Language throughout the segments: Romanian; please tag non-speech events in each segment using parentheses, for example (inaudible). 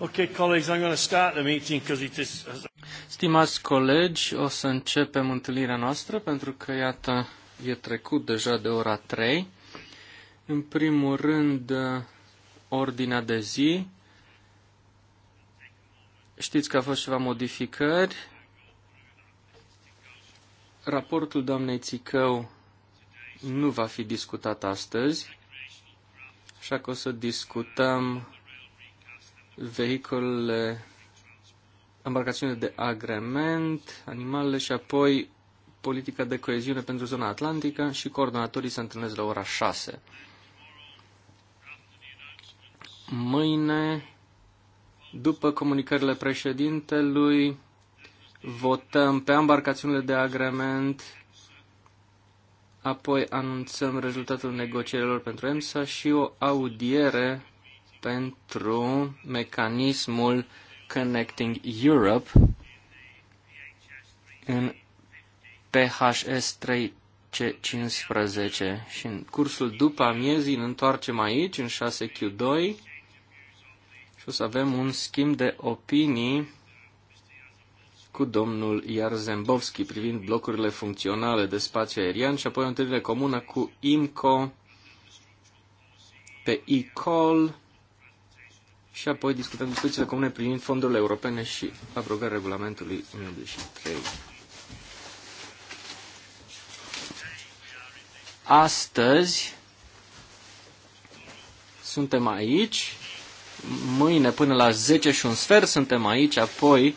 Uh, Stimați colegi, o să începem întâlnirea noastră pentru că, iată, e trecut deja de ora 3. În primul rând, uh, ordinea de zi. Știți că a fost ceva modificări. Raportul doamnei Țicău nu va fi discutat astăzi, așa că o să discutăm vehiculele, embarcațiunile de agrement, animalele și apoi politica de coeziune pentru zona atlantică și coordonatorii se întâlnesc la ora 6. Mâine, după comunicările președintelui, votăm pe embarcațiunile de agrement, apoi anunțăm rezultatul negocierilor pentru EMSA și o audiere pentru mecanismul Connecting Europe în PHS 3C15 și în cursul după amiezii ne întoarcem aici, în 6Q2 și o să avem un schimb de opinii cu domnul Iar Zembovski privind blocurile funcționale de spațiu aerian și apoi o întâlnire comună cu IMCO pe e-call și apoi discutăm discuțiile comune privind fondurile europene și abrogarea regulamentului 1983. Astăzi suntem aici, mâine până la 10 și un sfert suntem aici, apoi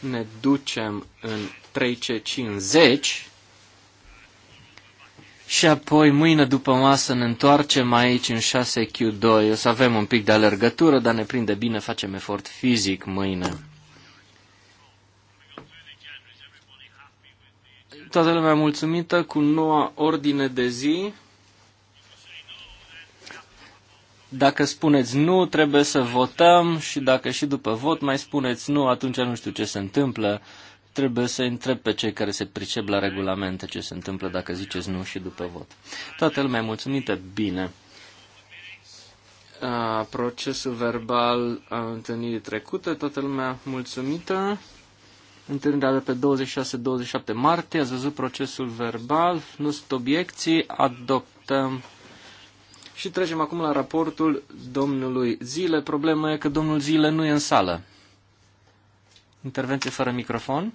ne ducem în 3C50 și apoi mâine după masă ne întoarcem aici în 6Q2. O să avem un pic de alergătură, dar ne prinde bine, facem efort fizic mâine. Toată lumea mulțumită cu noua ordine de zi. Dacă spuneți nu, trebuie să votăm și dacă și după vot mai spuneți nu, atunci nu știu ce se întâmplă trebuie să întreb pe cei care se pricep la regulamente ce se întâmplă dacă ziceți nu și după vot. Toată lumea mulțumită? Bine. A, procesul verbal a întâlnirii trecute, toată lumea mulțumită. Întâlnirea de pe 26-27 martie, ați văzut procesul verbal, nu sunt obiecții, adoptăm. Și trecem acum la raportul domnului Zile. Problema e că domnul Zile nu e în sală. Intervenție fără microfon.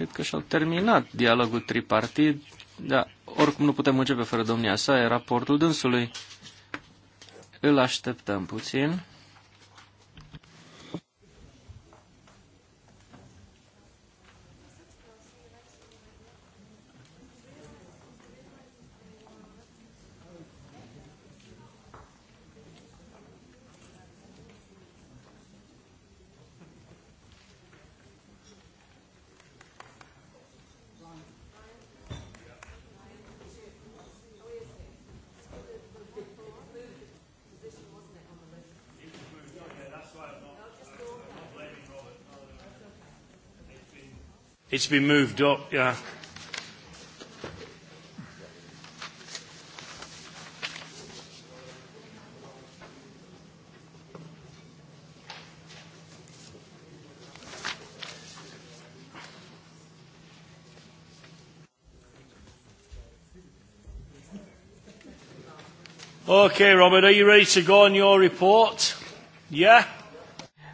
Cred că și-au terminat dialogul tripartit, dar oricum nu putem începe fără domnia sa, e raportul dânsului. Îl așteptăm puțin. It's been moved up, yeah. Okay, Robert, are you ready to go on your report? Yeah?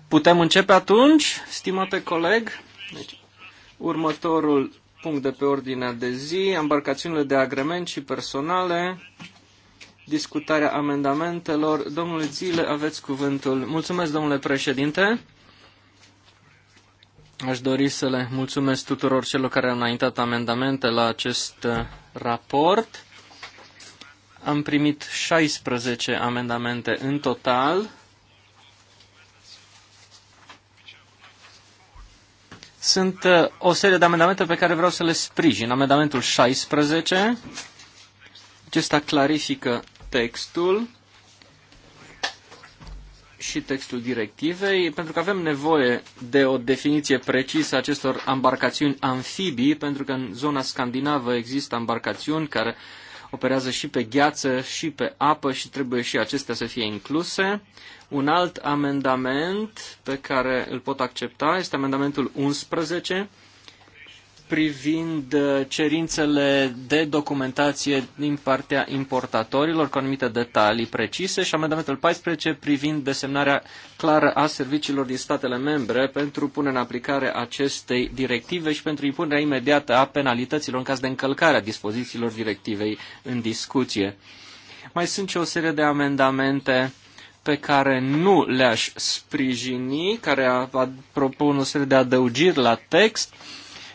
Putem începe atunci, stimate coleg? Deci, Următorul punct de pe ordinea de zi, embarcațiunile de agrement și personale, discutarea amendamentelor. Domnule Zile, aveți cuvântul. Mulțumesc, domnule președinte. Aș dori să le mulțumesc tuturor celor care au înaintat amendamente la acest uh, raport. Am primit 16 amendamente în total Sunt uh, o serie de amendamente pe care vreau să le sprijin. Amendamentul 16, acesta clarifică textul și textul directivei, pentru că avem nevoie de o definiție precisă a acestor embarcațiuni amfibii, pentru că în zona scandinavă există embarcațiuni care uh, operează și pe gheață și pe apă și trebuie și acestea să fie incluse. Un alt amendament pe care îl pot accepta este amendamentul 11 privind uh, cerințele de documentație din partea importatorilor cu anumite detalii precise și amendamentul 14 privind desemnarea clară a serviciilor din statele membre pentru punerea în aplicare acestei directive și pentru impunerea imediată a penalităților în caz de încălcare a dispozițiilor directivei în discuție. Mai sunt și o serie de amendamente pe care nu le-aș sprijini, care propun o serie de adăugiri la text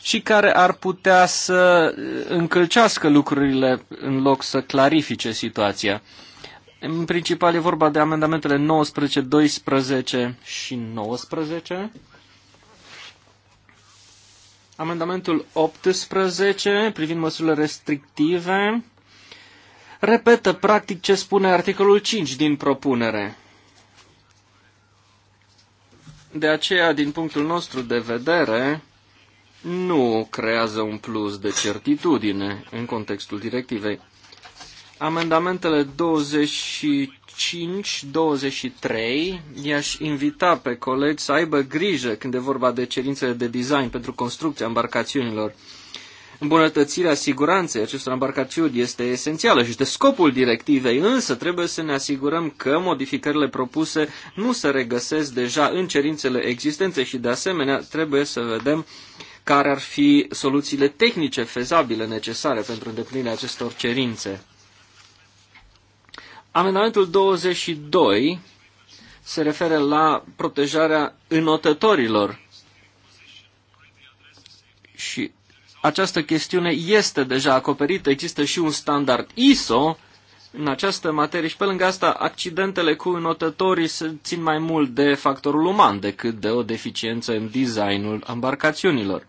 și care ar putea să încălcească lucrurile în loc să clarifice situația. În principal e vorba de amendamentele 19, 12 și 19. Amendamentul 18 privind măsurile restrictive repetă practic ce spune articolul 5 din propunere. De aceea, din punctul nostru de vedere, nu creează un plus de certitudine în contextul directivei. Amendamentele 25-23 i-aș invita pe colegi să aibă grijă când e vorba de cerințele de design pentru construcția embarcațiunilor. Îmbunătățirea siguranței acestor embarcațiuni este esențială și este scopul directivei, însă trebuie să ne asigurăm că modificările propuse nu se regăsesc deja în cerințele existente și de asemenea trebuie să vedem uh, care ar fi soluțiile tehnice fezabile necesare pentru îndeplinirea acestor cerințe. Amendamentul 22 se referă la protejarea înotătorilor și această chestiune este deja acoperită. Există și un standard ISO în această materie și pe lângă asta accidentele cu înotătorii se țin mai mult de factorul uman decât de o deficiență în designul embarcațiunilor.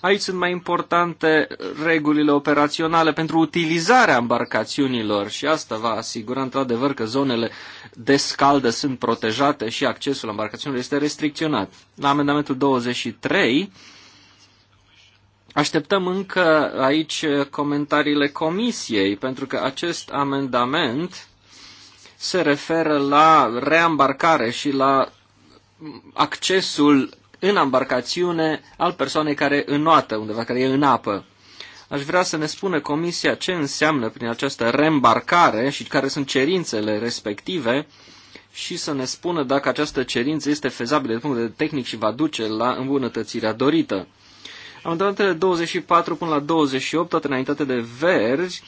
Aici sunt mai importante regulile operaționale pentru utilizarea embarcațiunilor și asta va asigura într-adevăr că zonele de scaldă sunt protejate și accesul la embarcațiunilor este restricționat. La amendamentul 23 Așteptăm încă aici comentariile comisiei, pentru că acest amendament se referă la reambarcare și la accesul în embarcațiune al persoanei care înoată undeva, care e în apă. Aș vrea să ne spună comisia ce înseamnă prin această reîmbarcare și care sunt cerințele respective și să ne spună dacă această cerință este fezabilă de punct de vedere tehnic și va duce la îmbunătățirea dorită. Amendamentele 24 până la 28, toate înaintate de verzi,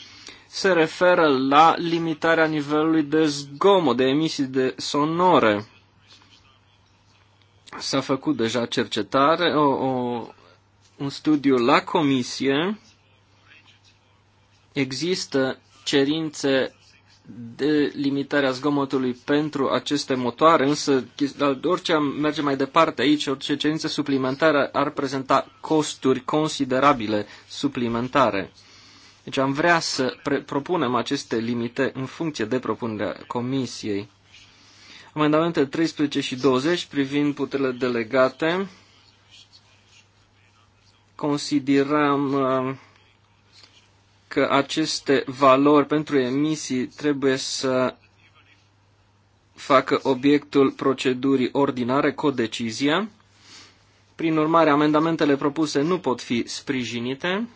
se referă la limitarea nivelului de zgomot, de emisii de sonore. S-a făcut deja cercetare, o, o, un studiu la comisie. Există cerințe de limitarea zgomotului pentru aceste motoare, însă orice am merge mai departe aici, orice cerință suplimentară ar prezenta costuri considerabile suplimentare. Deci am vrea să propunem aceste limite în funcție de propunerea Comisiei. Amendamente 13 și 20 privind puterile delegate considerăm uh, că aceste valori pentru emisii trebuie să facă obiectul procedurii ordinare, codecizia. Prin urmare, amendamentele propuse nu pot fi sprijinite.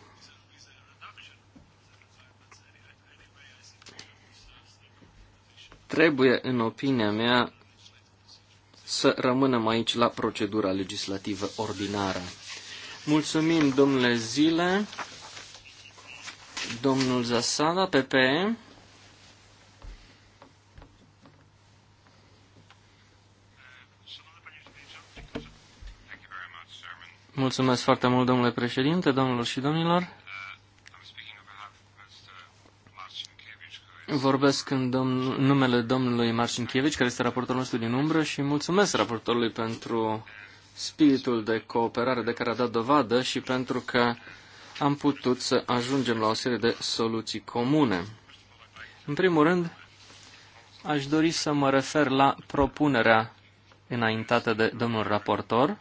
Trebuie, în opinia mea, să rămânem aici la procedura legislativă ordinară. Mulțumim, domnule Zile. Domnul Zasada, PPE. Mulțumesc foarte mult, domnule președinte, domnilor și domnilor. Vorbesc în domn- numele domnului Marcinchievici, care este raportorul nostru din umbră, și mulțumesc raportorului pentru spiritul de cooperare de care a dat dovadă și pentru că am putut să ajungem la o serie de soluții comune. În primul rând, aș dori să mă refer la propunerea înaintată de domnul raportor.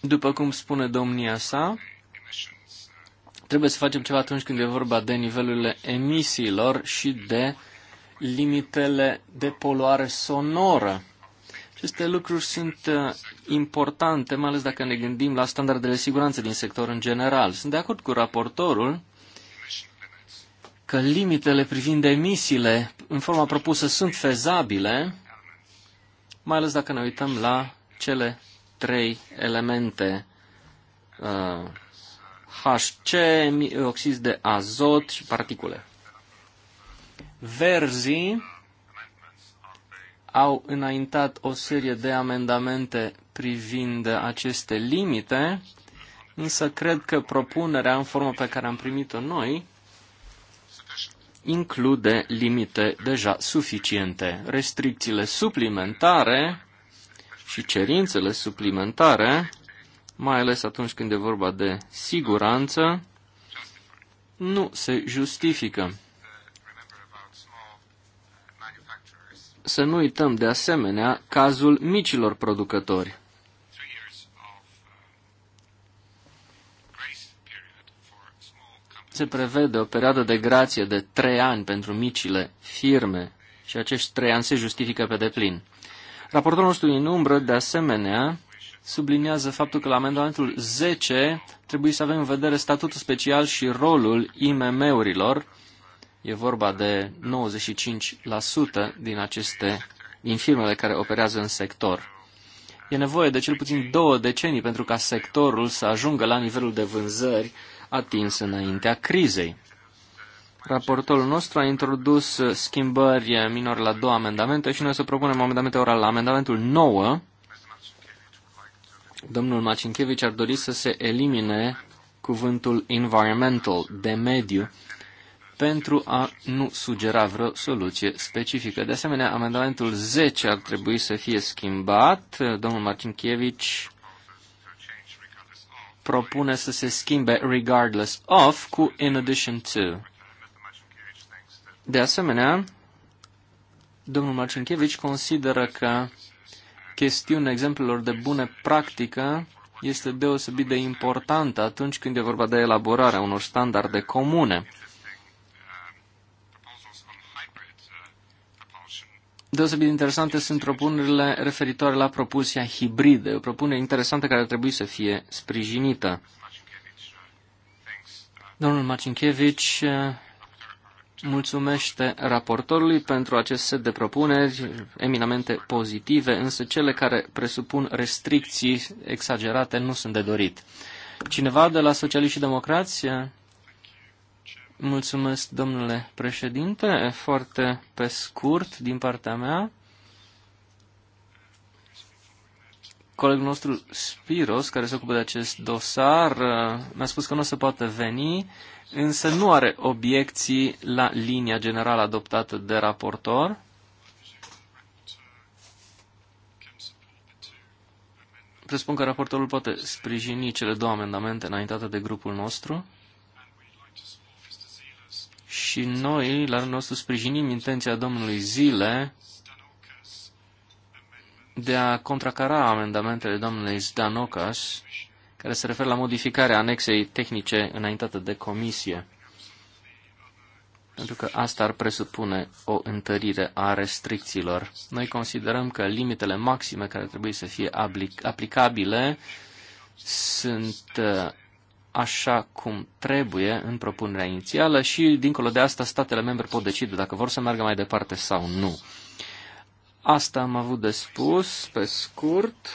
După cum spune domnia sa, trebuie să facem ceva atunci când e vorba de nivelurile emisiilor și de limitele de poluare sonoră. Aceste lucruri sunt uh, importante, mai ales dacă ne gândim la standardele de siguranță din sector în general. Sunt de acord cu raportorul că limitele privind emisiile în forma propusă sunt fezabile, mai ales dacă ne uităm la cele trei elemente uh, HC, oxid de azot și particule. Verzii au înaintat o serie de amendamente privind aceste limite, însă cred că propunerea în formă pe care am primit-o noi include limite deja suficiente. Restricțiile suplimentare și cerințele suplimentare, mai ales atunci când e vorba de siguranță, nu se justifică. să nu uităm de asemenea cazul micilor producători. Se prevede o perioadă de grație de trei ani pentru micile firme și acești trei ani se justifică pe deplin. Raportul nostru în umbră, de asemenea, subliniază faptul că la amendamentul 10 trebuie să avem în vedere statutul special și rolul IMM-urilor E vorba de 95% din aceste, din firmele care operează în sector. E nevoie de cel puțin două decenii pentru ca sectorul să ajungă la nivelul de vânzări atins înaintea crizei. Raportorul nostru a introdus schimbări minore la două amendamente și noi să propunem amendamente orale la amendamentul 9. Domnul Macinchevici ar dori să se elimine cuvântul environmental, de mediu, pentru a nu sugera vreo soluție specifică. De asemenea, amendamentul 10 ar trebui să fie schimbat. Domnul Martin Chievici propune să se schimbe regardless of cu in addition to. De asemenea, domnul Marcinkevici consideră că chestiunea exemplelor de bune practică este deosebit de importantă atunci când e vorba de elaborarea unor standarde comune. Deosebit interesante sunt propunerile referitoare la propulsia hibridă, o propunere interesantă care ar trebui să fie sprijinită. Domnul Marcinkevici eh, mulțumește raportorului pentru acest set de propuneri eminamente pozitive, însă cele care presupun restricții exagerate nu sunt de dorit. Cineva de la Socialiști și Democrație? Eh, Mulțumesc, domnule președinte. Foarte pe scurt din partea mea. Colegul nostru Spiros, care se ocupă de acest dosar, mi-a spus că nu se poate veni, însă nu are obiecții la linia generală adoptată de raportor. Presupun că raportorul poate sprijini cele două amendamente înaintate de grupul nostru și noi, la rândul nostru, sprijinim intenția domnului Zile de a contracara amendamentele domnului Zdanokas, care se referă la modificarea anexei tehnice înaintată de comisie, pentru că asta ar presupune o întărire a restricțiilor. Noi considerăm că limitele maxime care trebuie să fie aplicabile sunt uh, așa cum trebuie în propunerea inițială și, dincolo de asta, statele membre pot decide dacă vor să meargă mai departe sau nu. Asta am avut de spus, pe scurt.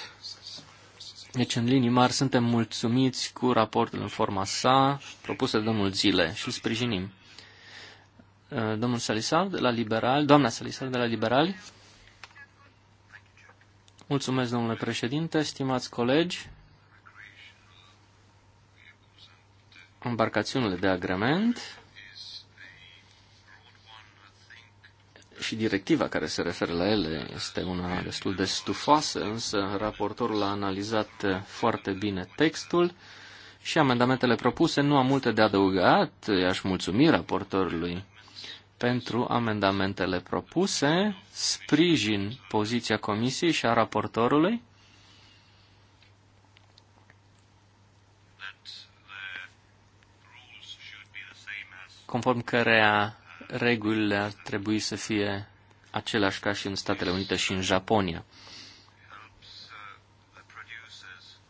Deci, în linii mari, suntem mulțumiți cu raportul în forma sa, propusă de domnul Zile și îl sprijinim. Uh, domnul Salisal de la Liberal, doamna Salisal de la Liberali. Mulțumesc, domnule președinte, stimați colegi. embarcațiunile de agrement și directiva care se referă la ele este una destul de stufoasă, însă raportorul a analizat foarte bine textul și amendamentele propuse. Nu am multe de adăugat, i-aș mulțumi raportorului pentru amendamentele propuse, sprijin poziția comisiei și a raportorului conform cărea regulile ar trebui să fie aceleași ca și în Statele Unite și în Japonia.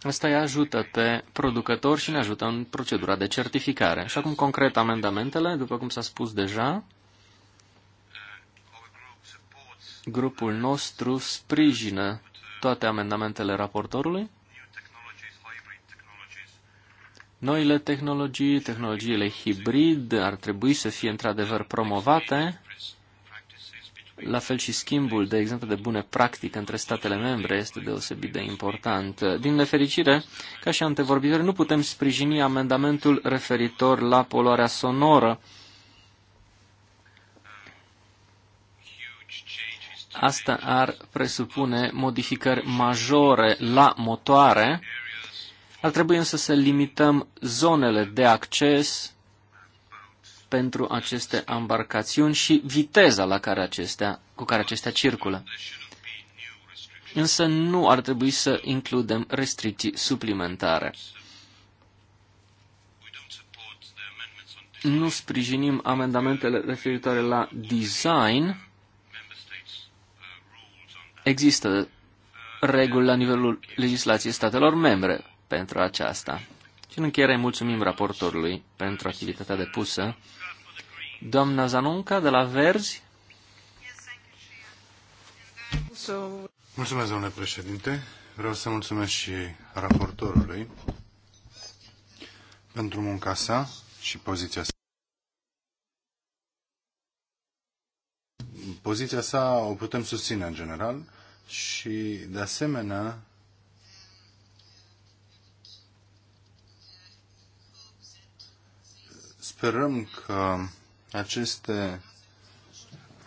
Asta îi ajută pe producători și ne ajută în procedura de certificare. Și acum, concret, amendamentele, după cum s-a spus deja, grupul nostru sprijină toate amendamentele raportorului. Noile tehnologii, tehnologiile hibrid ar trebui să fie într-adevăr promovate, la fel și schimbul, de exemplu, de bune practici între statele membre este deosebit de important. Din nefericire, ca și antevorbitori, nu putem sprijini amendamentul referitor la poluarea sonoră. Asta ar presupune modificări majore la motoare, ar trebui însă să limităm zonele de acces pentru aceste embarcațiuni și viteza la care acestea, cu care acestea circulă. Însă nu ar trebui să includem restricții suplimentare. Nu sprijinim amendamentele referitoare la design. Există reguli la nivelul legislației statelor membre pentru aceasta. Și în încheiere mulțumim raportorului pentru activitatea depusă. Doamna Zanunca de la Verzi. Mulțumesc, domnule președinte. Vreau să mulțumesc și raportorului pentru munca sa și poziția sa. Poziția sa o putem susține în general și, de asemenea, Sperăm că aceste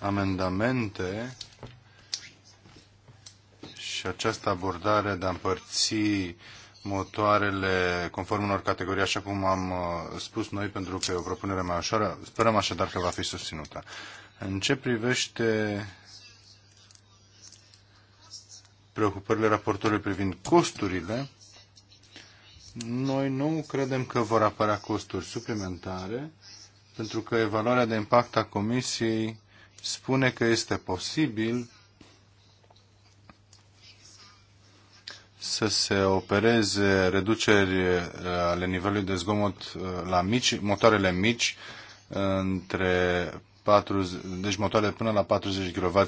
amendamente și această abordare de a împărți motoarele conform unor categorii, așa cum am uh, spus noi, pentru că e o propunere mai ușoară, sperăm așadar că va fi susținută. În ce privește preocupările raportorului privind costurile, noi nu credem că vor apărea costuri suplimentare, pentru că evaluarea de impact a Comisiei spune că este posibil să se opereze reduceri uh, ale nivelului de zgomot uh, la mici, motoarele mici uh, între 40, deci motoarele până la 40 kW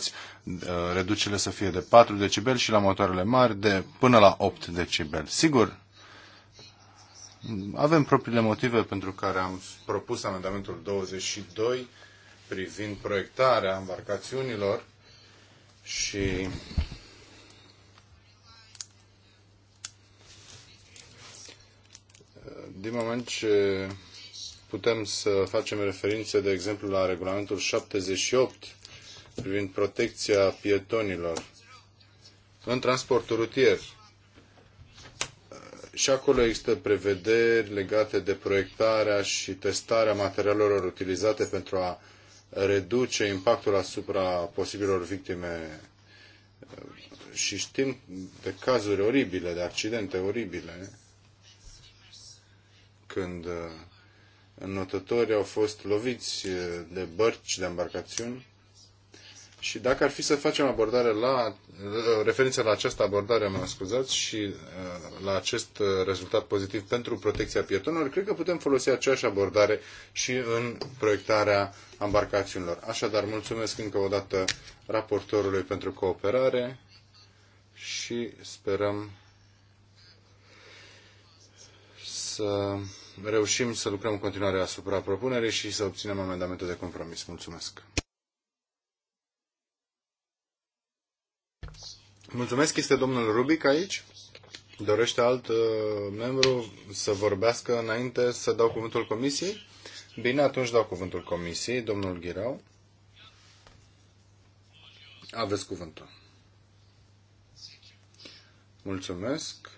reducerile să fie de 4 decibel și la motoarele mari de până la 8 decibel. Sigur, avem propriile motive pentru care am propus amendamentul 22 privind proiectarea embarcațiunilor și din moment ce putem să facem referință, de exemplu, la regulamentul 78 privind protecția pietonilor în transportul rutier, și acolo există prevederi legate de proiectarea și testarea materialelor utilizate pentru a reduce impactul asupra posibilor victime și știm de cazuri oribile, de accidente oribile, când uh, notători au fost loviți uh, de bărci, de embarcațiuni și dacă ar fi să facem abordare la, uh, referință la această abordare, mă scuzați, și uh, la acest uh, rezultat pozitiv pentru protecția pietonilor, cred că putem folosi aceeași abordare și în proiectarea embarcațiunilor. Așadar, mulțumesc încă o dată raportorului pentru cooperare și sperăm să reușim să lucrăm în continuare asupra propunerii și să obținem amendamente de compromis. Mulțumesc! Mulțumesc, este domnul Rubic aici. Dorește alt uh, membru să vorbească înainte să dau cuvântul comisiei? Bine, atunci dau cuvântul comisiei, domnul Ghirau. Aveți cuvântul. Mulțumesc.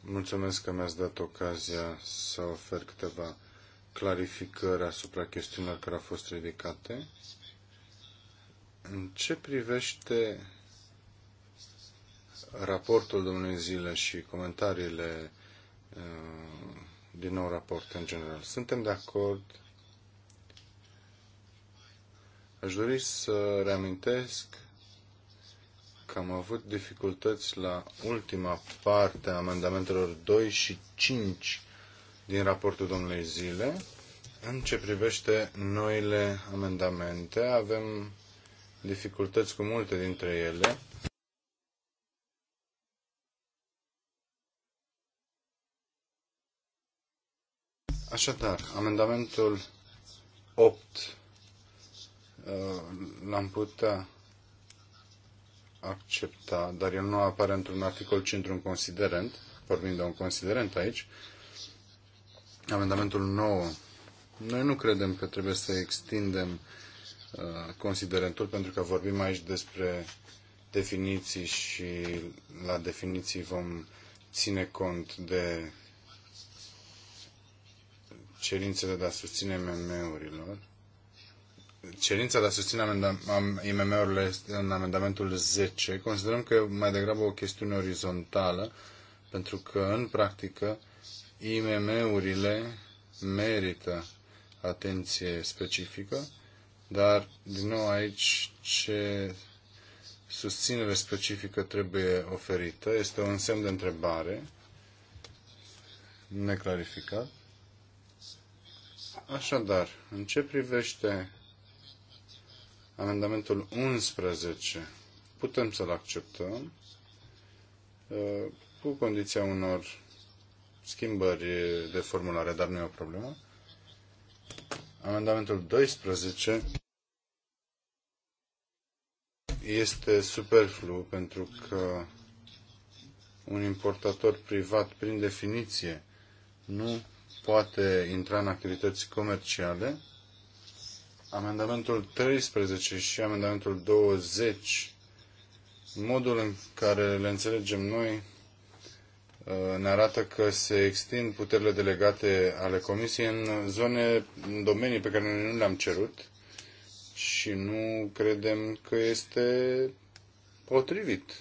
Mulțumesc că mi-ați dat ocazia să ofer câteva clarificări asupra chestiunilor care au fost ridicate. În ce privește raportul domnului Zile și comentariile uh, din nou raport în general. Suntem de acord. Aș dori să reamintesc că am avut dificultăți la ultima parte a amendamentelor 2 și 5 din raportul domnului Zile. În ce privește noile amendamente, avem dificultăți cu multe dintre ele Așadar, amendamentul 8 uh, l-am putea accepta, dar el nu apare într-un articol, ci într-un considerent, vorbim de un considerent aici. Amendamentul 9. Noi nu credem că trebuie să extindem uh, considerentul, pentru că vorbim aici despre definiții și la definiții vom ține cont de cerințele de a susține MM-urilor. Cerința de a susține IMM-urile în amendamentul 10 considerăm că e mai degrabă o chestiune orizontală, pentru că, în practică, IMM-urile merită atenție specifică, dar, din nou, aici ce susținere specifică trebuie oferită este un semn de întrebare neclarificat. Așadar, în ce privește amendamentul 11, putem să-l acceptăm uh, cu condiția unor schimbări de formulare, dar nu e o problemă. Amendamentul 12 este superflu pentru că un importator privat, prin definiție, nu poate intra în activități comerciale. Amendamentul 13 și amendamentul 20, modul în care le înțelegem noi, uh, ne arată că se extind puterile delegate ale Comisiei în zone, în domenii pe care noi nu le-am cerut și nu credem că este potrivit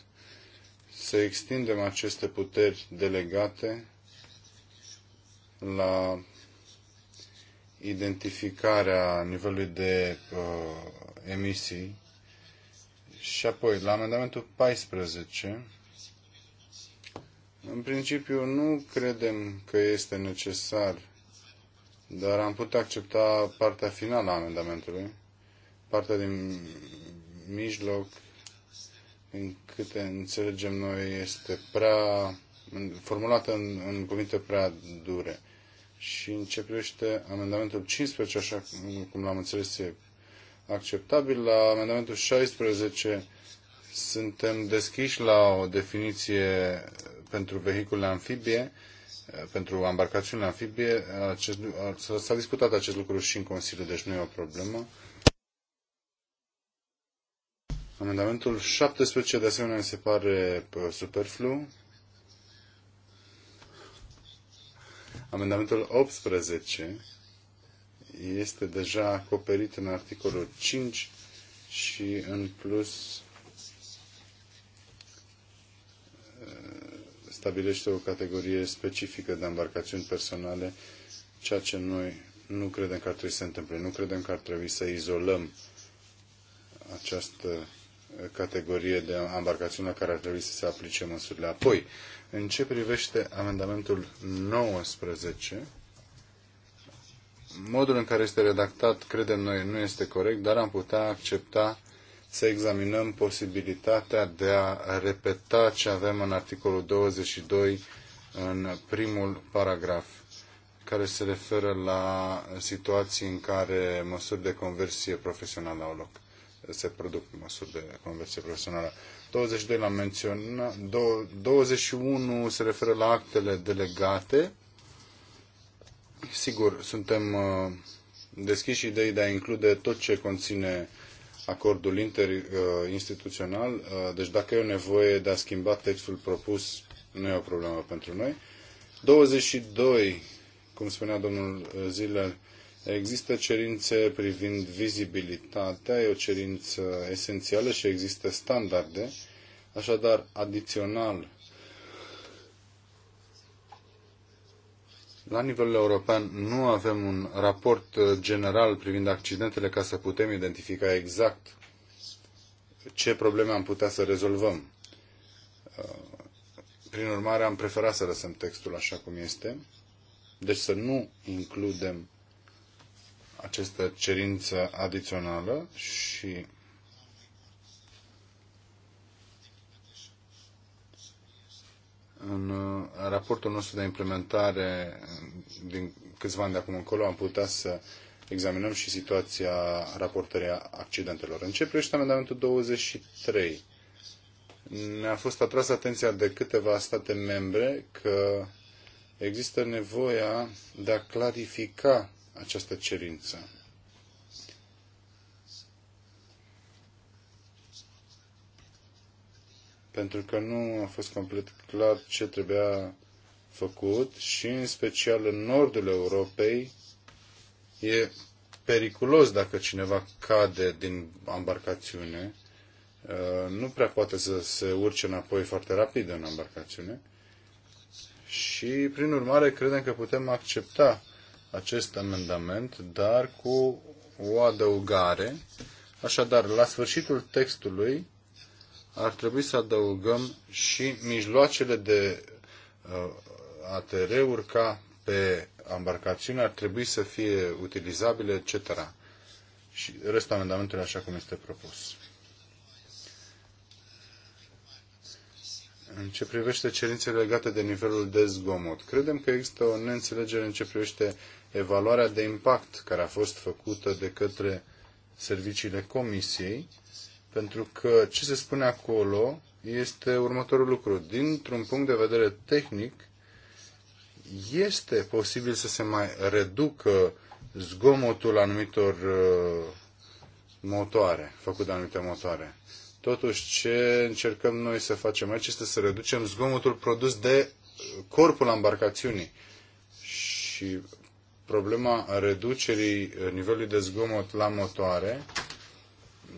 să extindem aceste puteri delegate la identificarea nivelului de uh, emisii și apoi la amendamentul 14 în principiu nu credem că este necesar dar am putea accepta partea finală a amendamentului partea din mijloc în câte înțelegem noi este prea formulată în, în cuvinte prea dure și începește amendamentul 15, așa cum l-am înțeles, e acceptabil. La amendamentul 16 suntem deschiși la o definiție pentru vehiculele amfibie, pentru embarcațiunile amfibie. S-a discutat acest lucru și în Consiliu, deci nu e o problemă. Amendamentul 17, de asemenea, mi se pare uh, superflu. Amendamentul 18 este deja acoperit în articolul 5 și în plus uh, stabilește o categorie specifică de embarcațiuni personale, ceea ce noi nu credem că ar trebui să se întâmple. Nu credem că ar trebui să izolăm această categorie de embarcațiune care ar trebui să se aplice măsurile. Apoi, în ce privește amendamentul 19, modul în care este redactat, credem noi, nu este corect, dar am putea accepta să examinăm posibilitatea de a repeta ce avem în articolul 22 în primul paragraf, care se referă la situații în care măsuri de conversie profesională au loc se produc măsuri de conversie profesională. 22 la menționat, 21 se referă la actele delegate. Sigur, suntem uh, deschiși idei de a include tot ce conține acordul interinstituțional, uh, uh, deci dacă e o nevoie de a schimba textul propus, nu e o problemă pentru noi. 22, cum spunea domnul Ziller, Există cerințe privind vizibilitatea, e o cerință esențială și există standarde. Așadar, adițional, la nivel european nu avem un raport general privind accidentele ca să putem identifica exact ce probleme am putea să rezolvăm. Prin urmare, am preferat să lăsăm textul așa cum este, deci să nu includem această cerință adițională și în raportul nostru de implementare din câțiva ani de acum încolo am putea să examinăm și situația raportării accidentelor. În ce privește amendamentul 23? Ne-a fost atras atenția de câteva state membre că există nevoia de a clarifica această cerință. Pentru că nu a fost complet clar ce trebuia făcut și în special în nordul Europei e periculos dacă cineva cade din embarcațiune. Uh, nu prea poate să se urce înapoi foarte rapid în embarcațiune și, prin urmare, credem că putem accepta acest amendament, dar cu o adăugare. Așadar, la sfârșitul textului ar trebui să adăugăm și mijloacele de uh, ATR-uri ca pe embarcațiune ar trebui să fie utilizabile, etc. Și restul amendamentului așa cum este propus. În ce privește cerințele legate de nivelul de zgomot, credem că există o neînțelegere în ce privește uh, evaluarea de impact care a fost făcută de către serviciile comisiei, pentru că ce se spune acolo este următorul lucru. Dintr-un punct de vedere tehnic, este posibil să se mai reducă zgomotul anumitor uh, motoare, făcut de anumite motoare. Totuși, ce încercăm noi să facem aici este să reducem zgomotul produs de corpul embarcațiunii. Și problema reducerii eh, nivelului de zgomot la motoare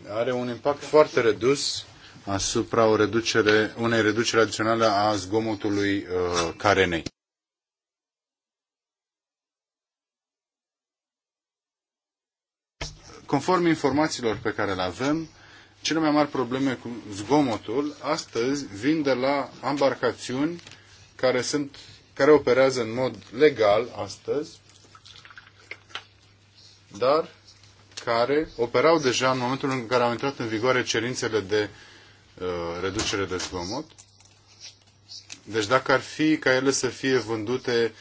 are un impact foarte redus asupra o reducere, unei reduceri adiționale a zgomotului uh, carenei. Conform informațiilor pe care le avem, cele mai mari probleme cu zgomotul astăzi vin de la embarcațiuni care, sunt, care operează în mod legal astăzi dar care operau deja în momentul în care au intrat în vigoare cerințele de uh, reducere de zgomot. Deci dacă ar fi ca ele să fie vândute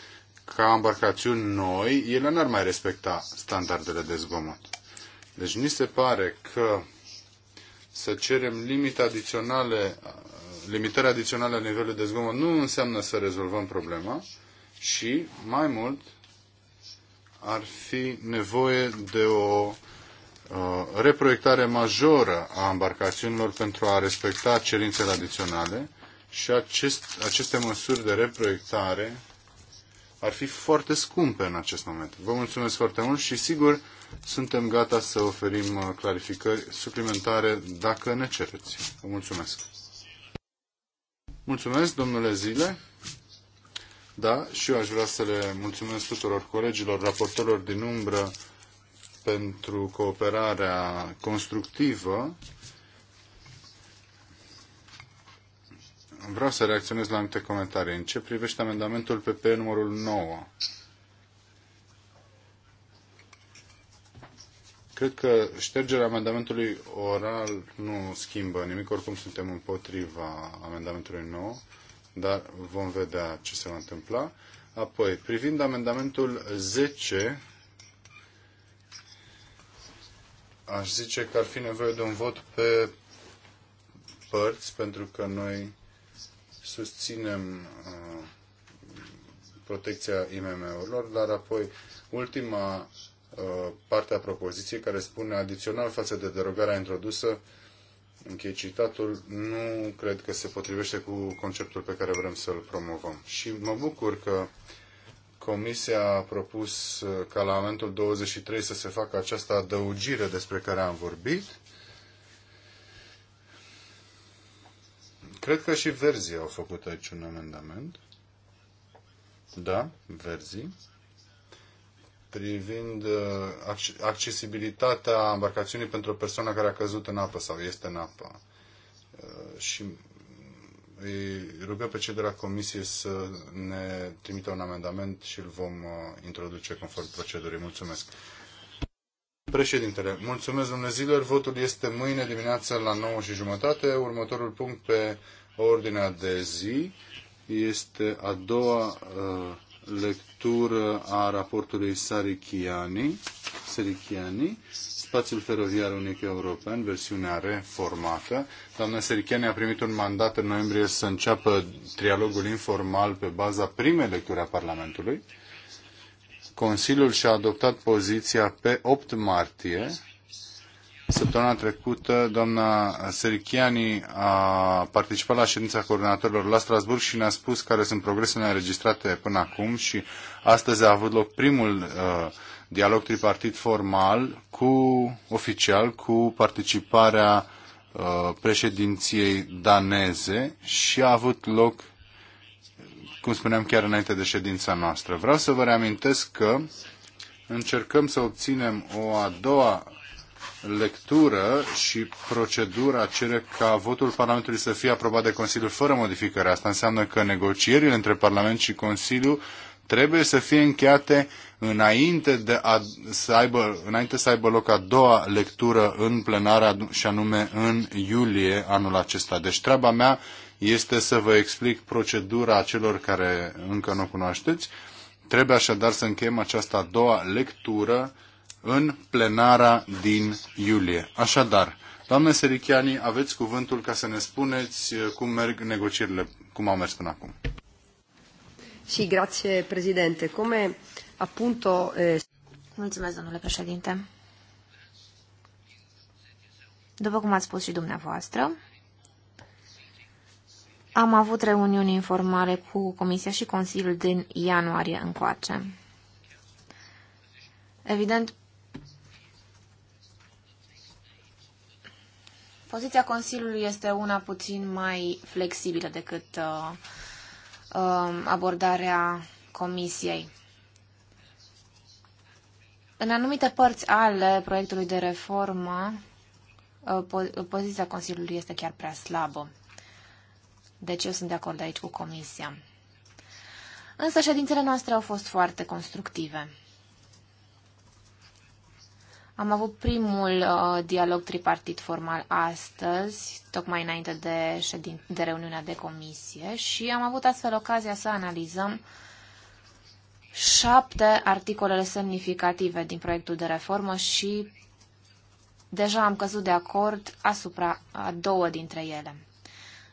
ca embarcațiuni noi, ele n-ar mai respecta standardele de zgomot. Deci ni se pare că să cerem limite adiționale, limitări adiționale la nivelul de zgomot nu înseamnă să rezolvăm problema și mai mult ar fi nevoie de o uh, reproiectare majoră a embarcațiunilor pentru a respecta cerințele adiționale și acest, aceste măsuri de reproiectare ar fi foarte scumpe în acest moment. Vă mulțumesc foarte mult și sigur suntem gata să oferim uh, clarificări suplimentare dacă ne cereți. Vă mulțumesc. Mulțumesc, domnule Zile. Da, și eu aș vrea să le mulțumesc tuturor colegilor, raportorilor din umbră pentru cooperarea constructivă. Vreau să reacționez la anumite comentarii. În ce privește amendamentul PP numărul 9? Cred că ștergerea amendamentului oral nu schimbă nimic, oricum suntem împotriva amendamentului 9 dar vom vedea ce se va întâmpla. Apoi, privind amendamentul 10, aș zice că ar fi nevoie de un vot pe părți, pentru că noi susținem uh, protecția IMM-urilor, dar apoi ultima uh, parte a propoziției care spune adițional față de derogarea introdusă, Închei citatul, nu cred că se potrivește cu conceptul pe care vrem să-l promovăm. Și mă bucur că Comisia a propus ca la momentul 23 să se facă această adăugire despre care am vorbit. Cred că și verzii au făcut aici un amendament. Da, verzii privind uh, accesibilitatea embarcațiunii pentru o persoană care a căzut în apă sau este în apă. Uh, și îi rugăm pe cei de la comisie să ne trimită un amendament și îl vom uh, introduce conform procedurii. Mulțumesc. Președintele, mulțumesc domnule Ziller. Votul este mâine dimineață la 9 și jumătate. Următorul punct pe ordinea de zi este a doua uh, lectură a raportului Sarichiani, Sarichiani Spațiul Feroviar Unic European, versiunea reformată. Doamna Sarichiani a primit un mandat în noiembrie să înceapă trialogul informal pe baza primei lecturi a Parlamentului. Consiliul și-a adoptat poziția pe 8 martie Săptămâna trecută, doamna Serichiani a participat la ședința coordonatorilor la Strasburg și ne-a spus care sunt progresele înregistrate până acum și astăzi a avut loc primul uh, dialog tripartit formal cu oficial cu participarea uh, președinției daneze și a avut loc cum spuneam chiar înainte de ședința noastră. Vreau să vă reamintesc că încercăm să obținem o a doua lectură și procedura cere ca votul Parlamentului să fie aprobat de Consiliu fără modificare. Asta înseamnă că negocierile între Parlament și Consiliu trebuie să fie încheiate înainte, de a, să aibă, înainte să aibă loc a doua lectură în plenară și anume în iulie anul acesta. Deci treaba mea este să vă explic procedura celor care încă nu o cunoașteți. Trebuie așadar să încheiem această a doua lectură în plenara din iulie. Așadar, doamne Serichiani, aveți cuvântul ca să ne spuneți uh, cum merg negocierile, cum au mers până acum. Și grație, președinte. Cum appunto... Eh... Mulțumesc, domnule președinte. După cum ați spus și dumneavoastră, am avut reuniuni informale cu Comisia și Consiliul din ianuarie încoace. Evident, Poziția Consiliului este una puțin mai flexibilă decât uh, uh, abordarea Comisiei. În anumite părți ale proiectului de reformă, uh, po poziția Consiliului este chiar prea slabă. Deci eu sunt de acord aici cu Comisia. Însă ședințele noastre au fost foarte constructive. Am avut primul uh, dialog tripartit formal astăzi, tocmai înainte de, ședin, de reuniunea de comisie și am avut astfel ocazia să analizăm șapte articolele semnificative din proiectul de reformă și deja am căzut de acord asupra a două dintre ele.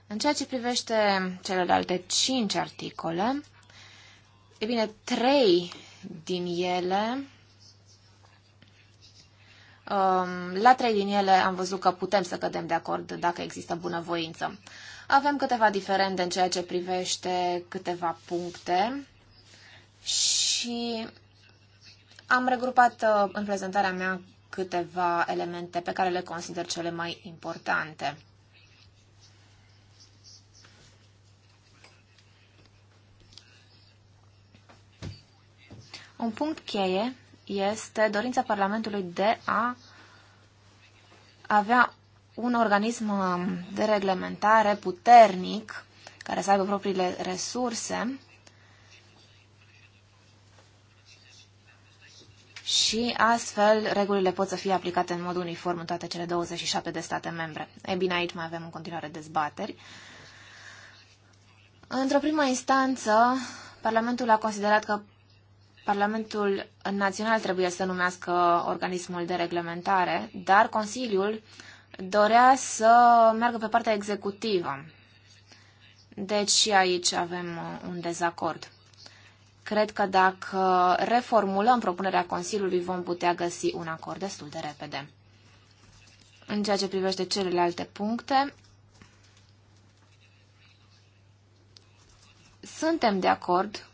În ceea ce privește celelalte cinci articole, e bine, trei din ele Um, la trei din ele am văzut că putem să cădem de acord dacă există bunăvoință. Avem câteva diferende în ceea ce privește câteva puncte și am regrupat uh, în prezentarea mea câteva elemente pe care le consider cele mai importante. Un punct cheie este dorința Parlamentului de a avea un organism um, de reglementare puternic care să aibă propriile resurse și astfel regulile pot să fie aplicate în mod uniform în toate cele 27 de state membre. E bine, aici mai avem în continuare dezbateri. Într-o primă instanță, Parlamentul a considerat că Parlamentul Național trebuie să numească organismul de reglementare, dar Consiliul dorea să meargă pe partea executivă. Deci și aici avem uh, un dezacord. Cred că dacă reformulăm propunerea Consiliului, vom putea găsi un acord destul de repede. În ceea ce privește celelalte puncte, suntem de acord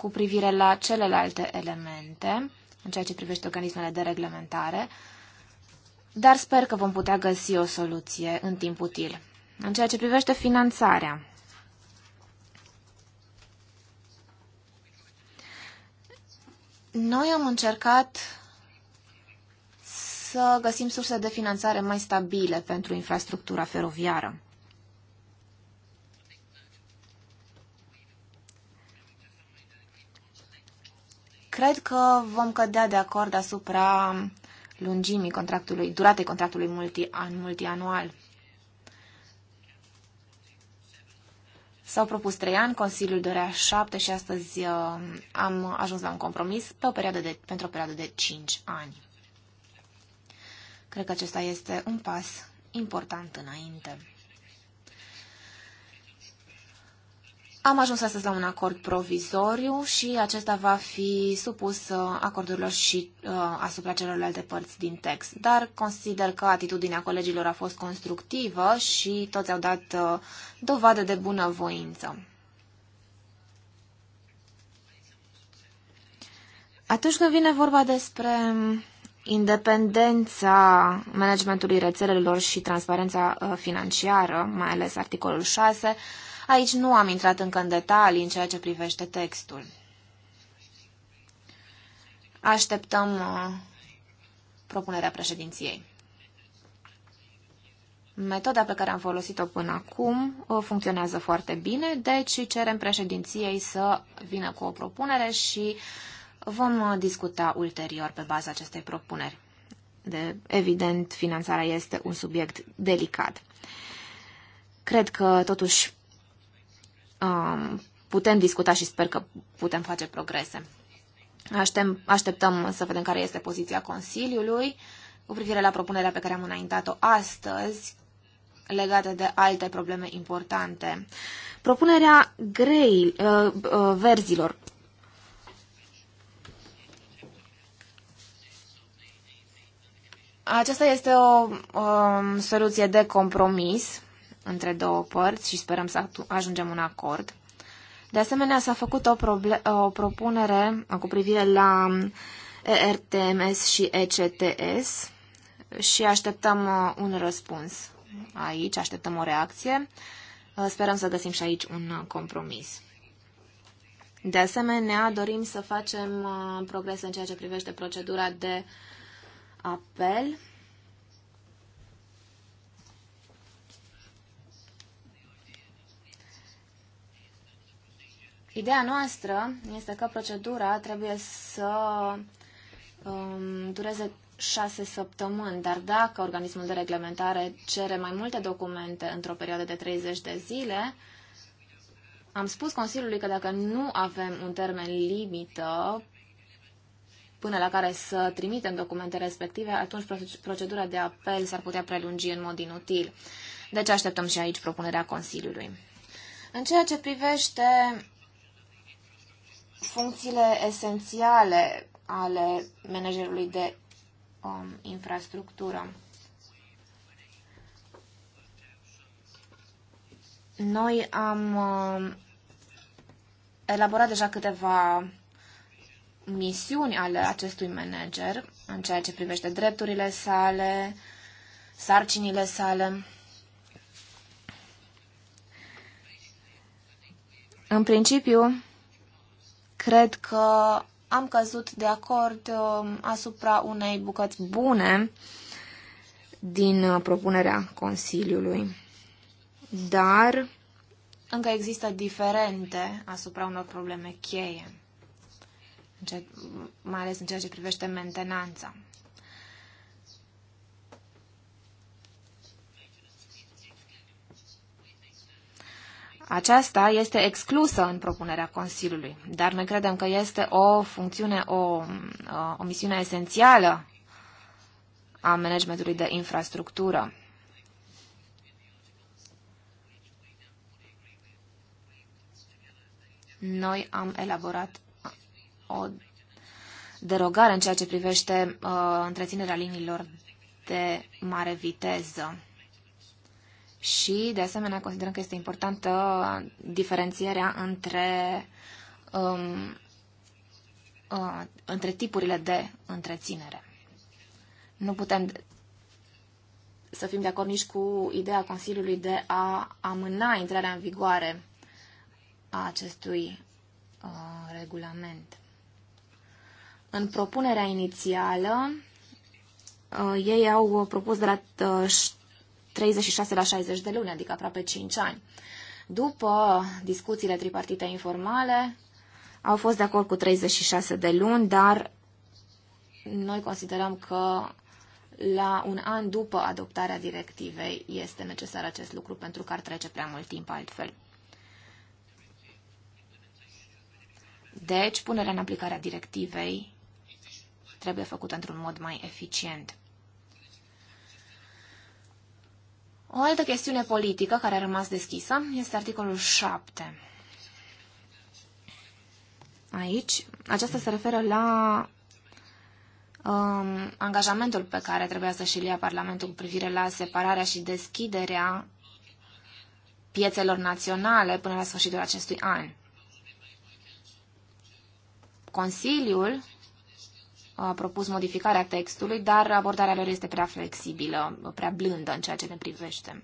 cu privire la celelalte elemente, în ceea ce privește organismele de reglementare, dar sper că vom putea găsi o soluție în timp util. În ceea ce privește finanțarea, noi am încercat să găsim surse de finanțare mai stabile pentru infrastructura feroviară. Cred că vom cădea de acord asupra lungimii contractului, duratei contractului multi-an, multianual. S-au propus trei ani, Consiliul dorea șapte și astăzi uh, am ajuns la un compromis pe o perioadă de, pentru o perioadă de cinci ani. Cred că acesta este un pas important înainte. Am ajuns astăzi la un acord provizoriu și acesta va fi supus uh, acordurilor și uh, asupra celorlalte părți din text. Dar consider că atitudinea colegilor a fost constructivă și toți au dat uh, dovadă de bunăvoință. Atunci când vine vorba despre independența managementului rețelelor și transparența uh, financiară, mai ales articolul 6, Aici nu am intrat încă în detalii în ceea ce privește textul. Așteptăm uh, propunerea președinției. Metoda pe care am folosit-o până acum uh, funcționează foarte bine, deci cerem președinției să vină cu o propunere și vom uh, discuta ulterior pe baza acestei propuneri. De, evident, finanțarea este un subiect delicat. Cred că, totuși, um, putem discuta și sper că putem face progrese. Aștem, așteptăm să vedem care este poziția Consiliului cu privire la propunerea pe care am înaintat-o astăzi legată de alte probleme importante. Propunerea grei, uh, uh, verzilor. Aceasta este o uh, soluție de compromis între două părți și sperăm să ajungem un acord. De asemenea, s-a făcut o, o propunere uh, cu privire la um, ERTMS și ECTS și așteptăm uh, un răspuns aici, așteptăm o reacție. Uh, sperăm să găsim și aici un compromis. De asemenea, dorim să facem progrese în ceea ce privește procedura de apel Ideea noastră este că procedura trebuie să um, dureze șase săptămâni, dar dacă organismul de reglementare cere mai multe documente într-o perioadă de 30 de zile, am spus Consiliului că dacă nu avem un termen limită până la care să trimitem documente respective, atunci procedura de apel s-ar putea prelungi în mod inutil. Deci așteptăm și aici propunerea Consiliului. În ceea ce privește funcțiile esențiale ale managerului de um, infrastructură. Noi am um, elaborat deja câteva misiuni ale acestui manager în ceea ce privește drepturile sale, sarcinile sale. În principiu, Cred că am căzut de acord um, asupra unei bucăți bune din uh, propunerea Consiliului. Dar încă există diferente asupra unor probleme cheie, mai ales în ceea ce privește mentenanța Aceasta este exclusă în propunerea Consiliului, dar noi credem că este o funcțiune, o, o misiune esențială a managementului de infrastructură. Noi am elaborat o derogare în ceea ce privește uh, întreținerea liniilor de mare viteză și, de asemenea, considerăm că este importantă diferențierea între, um, uh, între tipurile de întreținere. Nu putem să fim de acord nici cu ideea Consiliului de a amâna intrarea în vigoare a acestui uh, regulament. În propunerea inițială, uh, ei au propus de la uh, 36 la 60 de luni, adică aproape 5 ani. După discuțiile tripartite informale, au fost de acord cu 36 de luni, dar noi considerăm că la un an după adoptarea directivei este necesar acest lucru pentru că ar trece prea mult timp altfel. Deci, punerea în aplicare a directivei trebuie făcută într-un mod mai eficient. O altă chestiune politică care a rămas deschisă este articolul 7. Aici, aceasta se referă la um, angajamentul pe care trebuia să și ia Parlamentul cu privire la separarea și deschiderea piețelor naționale până la sfârșitul acestui an. Consiliul propus modificarea textului, dar abordarea lor este prea flexibilă, prea blândă în ceea ce ne privește.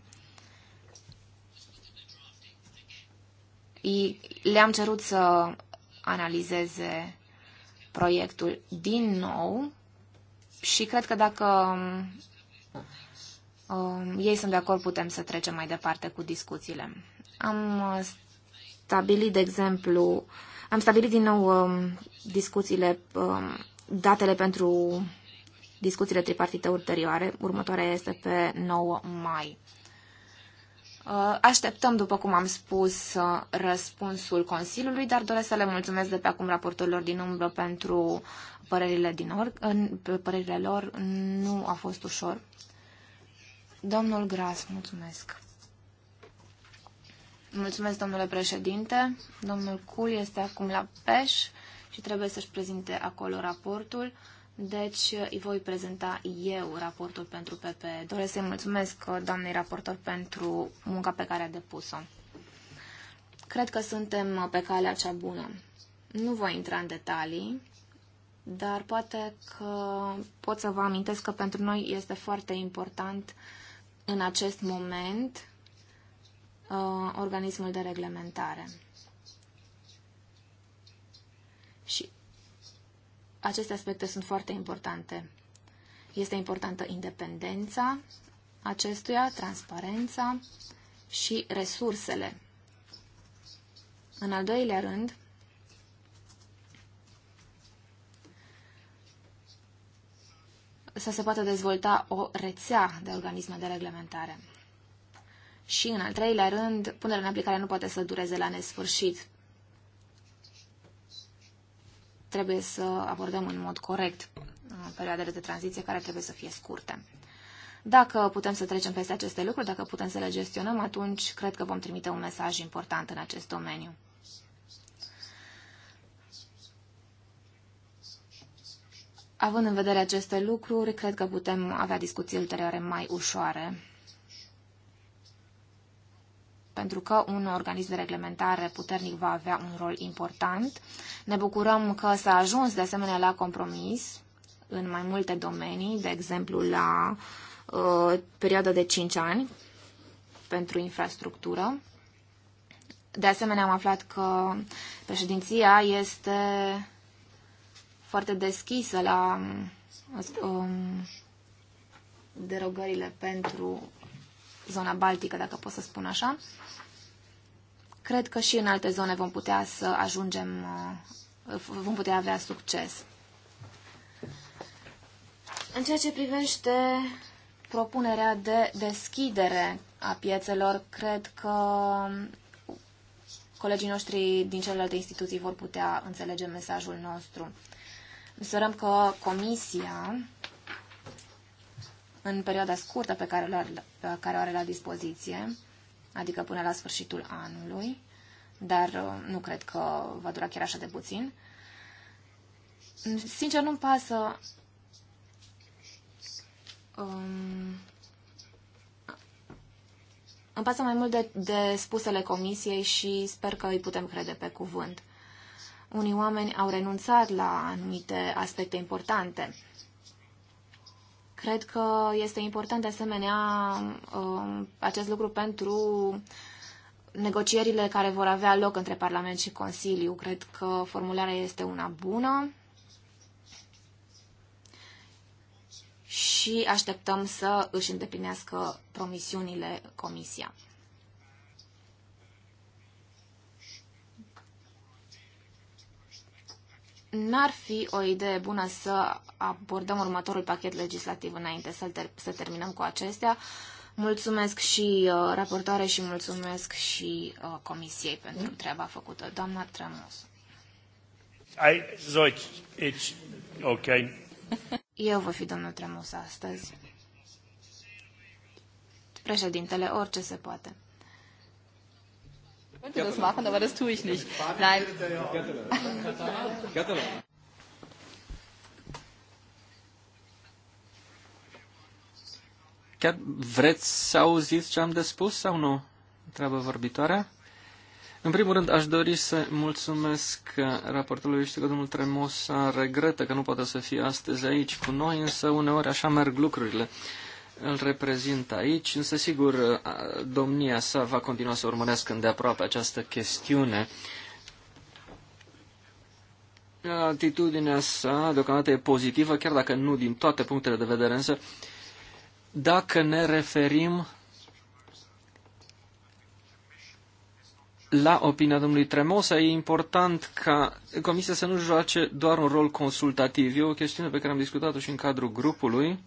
Le-am cerut să analizeze proiectul din nou și cred că dacă um, ei sunt de acord, putem să trecem mai departe cu discuțiile. Am stabilit, de exemplu, am stabilit din nou um, discuțiile um, datele pentru discuțiile tripartite ulterioare. Următoarea este pe 9 mai. Uh, așteptăm, după cum am spus, uh, răspunsul Consiliului, dar doresc să le mulțumesc de pe acum raportorilor din umbră pentru părerile, din or, părerile lor. Nu a fost ușor. Domnul Gras, mulțumesc. Mulțumesc, domnule președinte. Domnul Cul este acum la PEș și trebuie să-și prezinte acolo raportul. Deci îi voi prezenta eu raportul pentru PP. Doresc să-i mulțumesc uh, doamnei raportor pentru munca pe care a depus-o. Cred că suntem uh, pe calea cea bună. Nu voi intra în detalii, dar poate că pot să vă amintesc că pentru noi este foarte important în acest moment uh, organismul de reglementare. aceste aspecte sunt foarte importante. Este importantă independența acestuia, transparența și resursele. În al doilea rând, să se poată dezvolta o rețea de organisme de reglementare. Și, în al treilea rând, punerea în aplicare nu poate să dureze la nesfârșit trebuie să abordăm în mod corect uh, perioadele de tranziție care trebuie să fie scurte. Dacă putem să trecem peste aceste lucruri, dacă putem să le gestionăm, atunci cred că vom trimite un mesaj important în acest domeniu. Având în vedere aceste lucruri, cred că putem avea discuții ulterioare mai ușoare pentru că un organism de reglementare puternic va avea un rol important. Ne bucurăm că s-a ajuns de asemenea la compromis în mai multe domenii, de exemplu la uh, perioada de 5 ani pentru infrastructură. De asemenea, am aflat că președinția este foarte deschisă la um, derogările pentru zona baltică, dacă pot să spun așa. Cred că și în alte zone vom putea să ajungem, uh, vom putea avea succes. În ceea ce privește propunerea de deschidere a piețelor, cred că colegii noștri din celelalte instituții vor putea înțelege mesajul nostru. Sperăm că Comisia în perioada scurtă pe care, le are, pe care o are la dispoziție, adică până la sfârșitul anului, dar uh, nu cred că va dura chiar așa de puțin. Sincer, nu-mi pasă um, îmi pasă mai mult de, de spusele comisiei și sper că îi putem crede pe cuvânt. Unii oameni au renunțat la anumite aspecte importante Cred că este important de asemenea um, acest lucru pentru negocierile care vor avea loc între Parlament și Consiliu. Cred că formularea este una bună și așteptăm să își îndeplinească promisiunile Comisia. n-ar fi o idee bună să abordăm următorul pachet legislativ înainte să, ter- să terminăm cu acestea. Mulțumesc și uh, raportoare și mulțumesc și uh, comisiei pentru treaba făcută. Doamna Tremos. I, so it's, it's okay. (laughs) Eu voi fi domnul Tremos astăzi. Președintele, orice se poate. Ich könnte das machen, aber das tue ich nicht. Nein. Chiar vreți să auziți ce am de spus sau nu? Întreabă vorbitoarea. În primul rând, aș dori să mulțumesc raportului. Știu că domnul Tremosa regretă că nu poate să fie astăzi aici cu noi, însă uneori așa merg lucrurile. Uh, îl reprezint aici, însă sigur domnia sa va continua să urmărească îndeaproape această chestiune. Atitudinea sa deocamdată e pozitivă, chiar dacă nu din toate punctele de vedere, însă dacă ne referim la opinia domnului Tremosa, e important ca Comisia să nu joace doar un rol consultativ. E o chestiune pe care am discutat-o și în cadrul grupului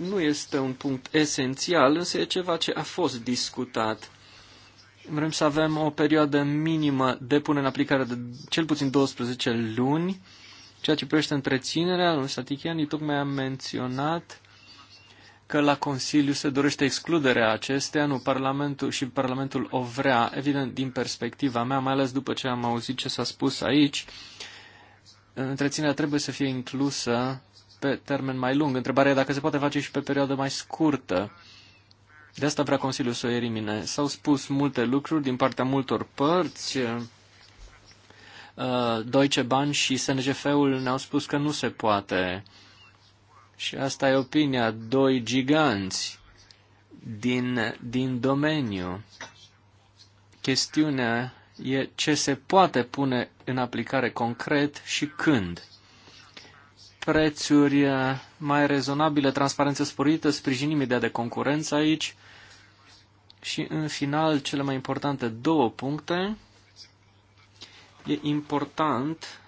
nu este un punct esențial, însă e ceva ce a fost discutat. Vrem să avem o perioadă minimă de pune în aplicare de cel puțin 12 luni, ceea ce privește întreținerea, domnul Satichiani tocmai a menționat că la Consiliu se dorește excluderea acestea, nu Parlamentul și Parlamentul o vrea, evident, din perspectiva mea, mai ales după ce am auzit ce s-a spus aici, întreținerea trebuie să fie inclusă pe termen mai lung. Întrebarea e dacă se poate face și pe perioadă mai scurtă. De asta vrea Consiliul să o elimine. S-au spus multe lucruri din partea multor părți. Uh, Deutsche Bahn și SNGF-ul ne-au spus că nu se poate. Și asta e opinia doi giganți din, din domeniu. Chestiunea e ce se poate pune în aplicare concret și când prețuri uh, mai rezonabile, transparență sporită, sprijinim ideea de concurență aici și, în final, cele mai importante două puncte. E important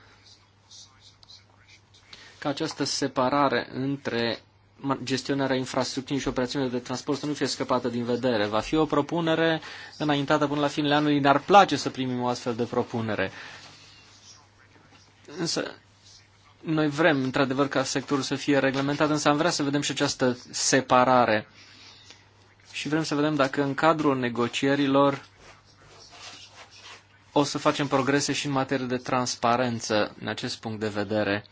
ca această separare între gestionarea infrastructurii și operațiunile de transport să nu fie scăpată din vedere. Va fi o propunere înaintată până la finele anului. Ne-ar place să primim o astfel de propunere. Însă noi vrem, într-adevăr, ca sectorul să fie reglementat, însă am vrea să vedem și această separare. Și vrem să vedem dacă în cadrul negocierilor o să facem progrese și în materie de transparență, în acest punct de vedere.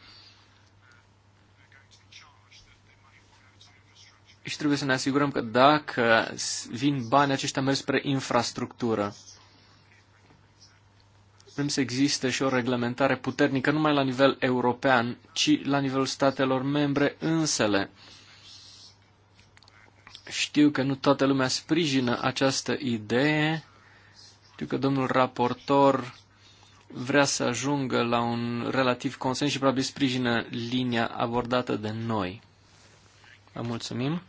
Și trebuie să ne asigurăm că dacă vin bani, aceștia merg spre infrastructură vrem să existe și o reglementare puternică, nu numai la nivel european, ci la nivelul statelor membre însele. Știu că nu toată lumea sprijină această idee. Știu că domnul raportor vrea să ajungă la un relativ consens și probabil sprijină linia abordată de noi. Vă mulțumim.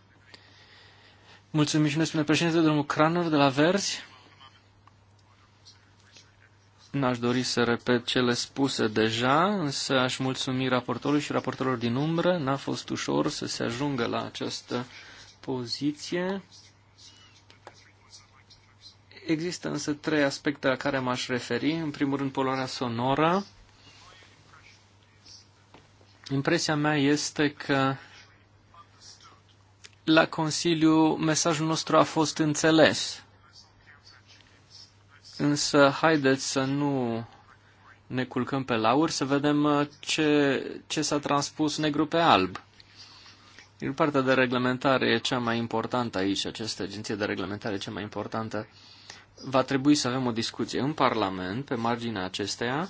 Mulțumim și noi, spune președinte, domnul Cranor de la Verzi. N-aș dori să repet cele spuse deja, însă aș mulțumi raportorului și raportorilor din umbră. N-a fost ușor să se ajungă la această poziție. Există însă trei aspecte la care m-aș referi. În primul rând, poluarea sonoră. Impresia mea este că la Consiliu mesajul nostru a fost înțeles Însă, haideți să nu ne culcăm pe lauri, să vedem uh, ce, ce s-a transpus negru pe alb. Din partea de reglementare e cea mai importantă aici, această agenție de reglementare e cea mai importantă. Va trebui să avem o discuție în Parlament pe marginea acesteia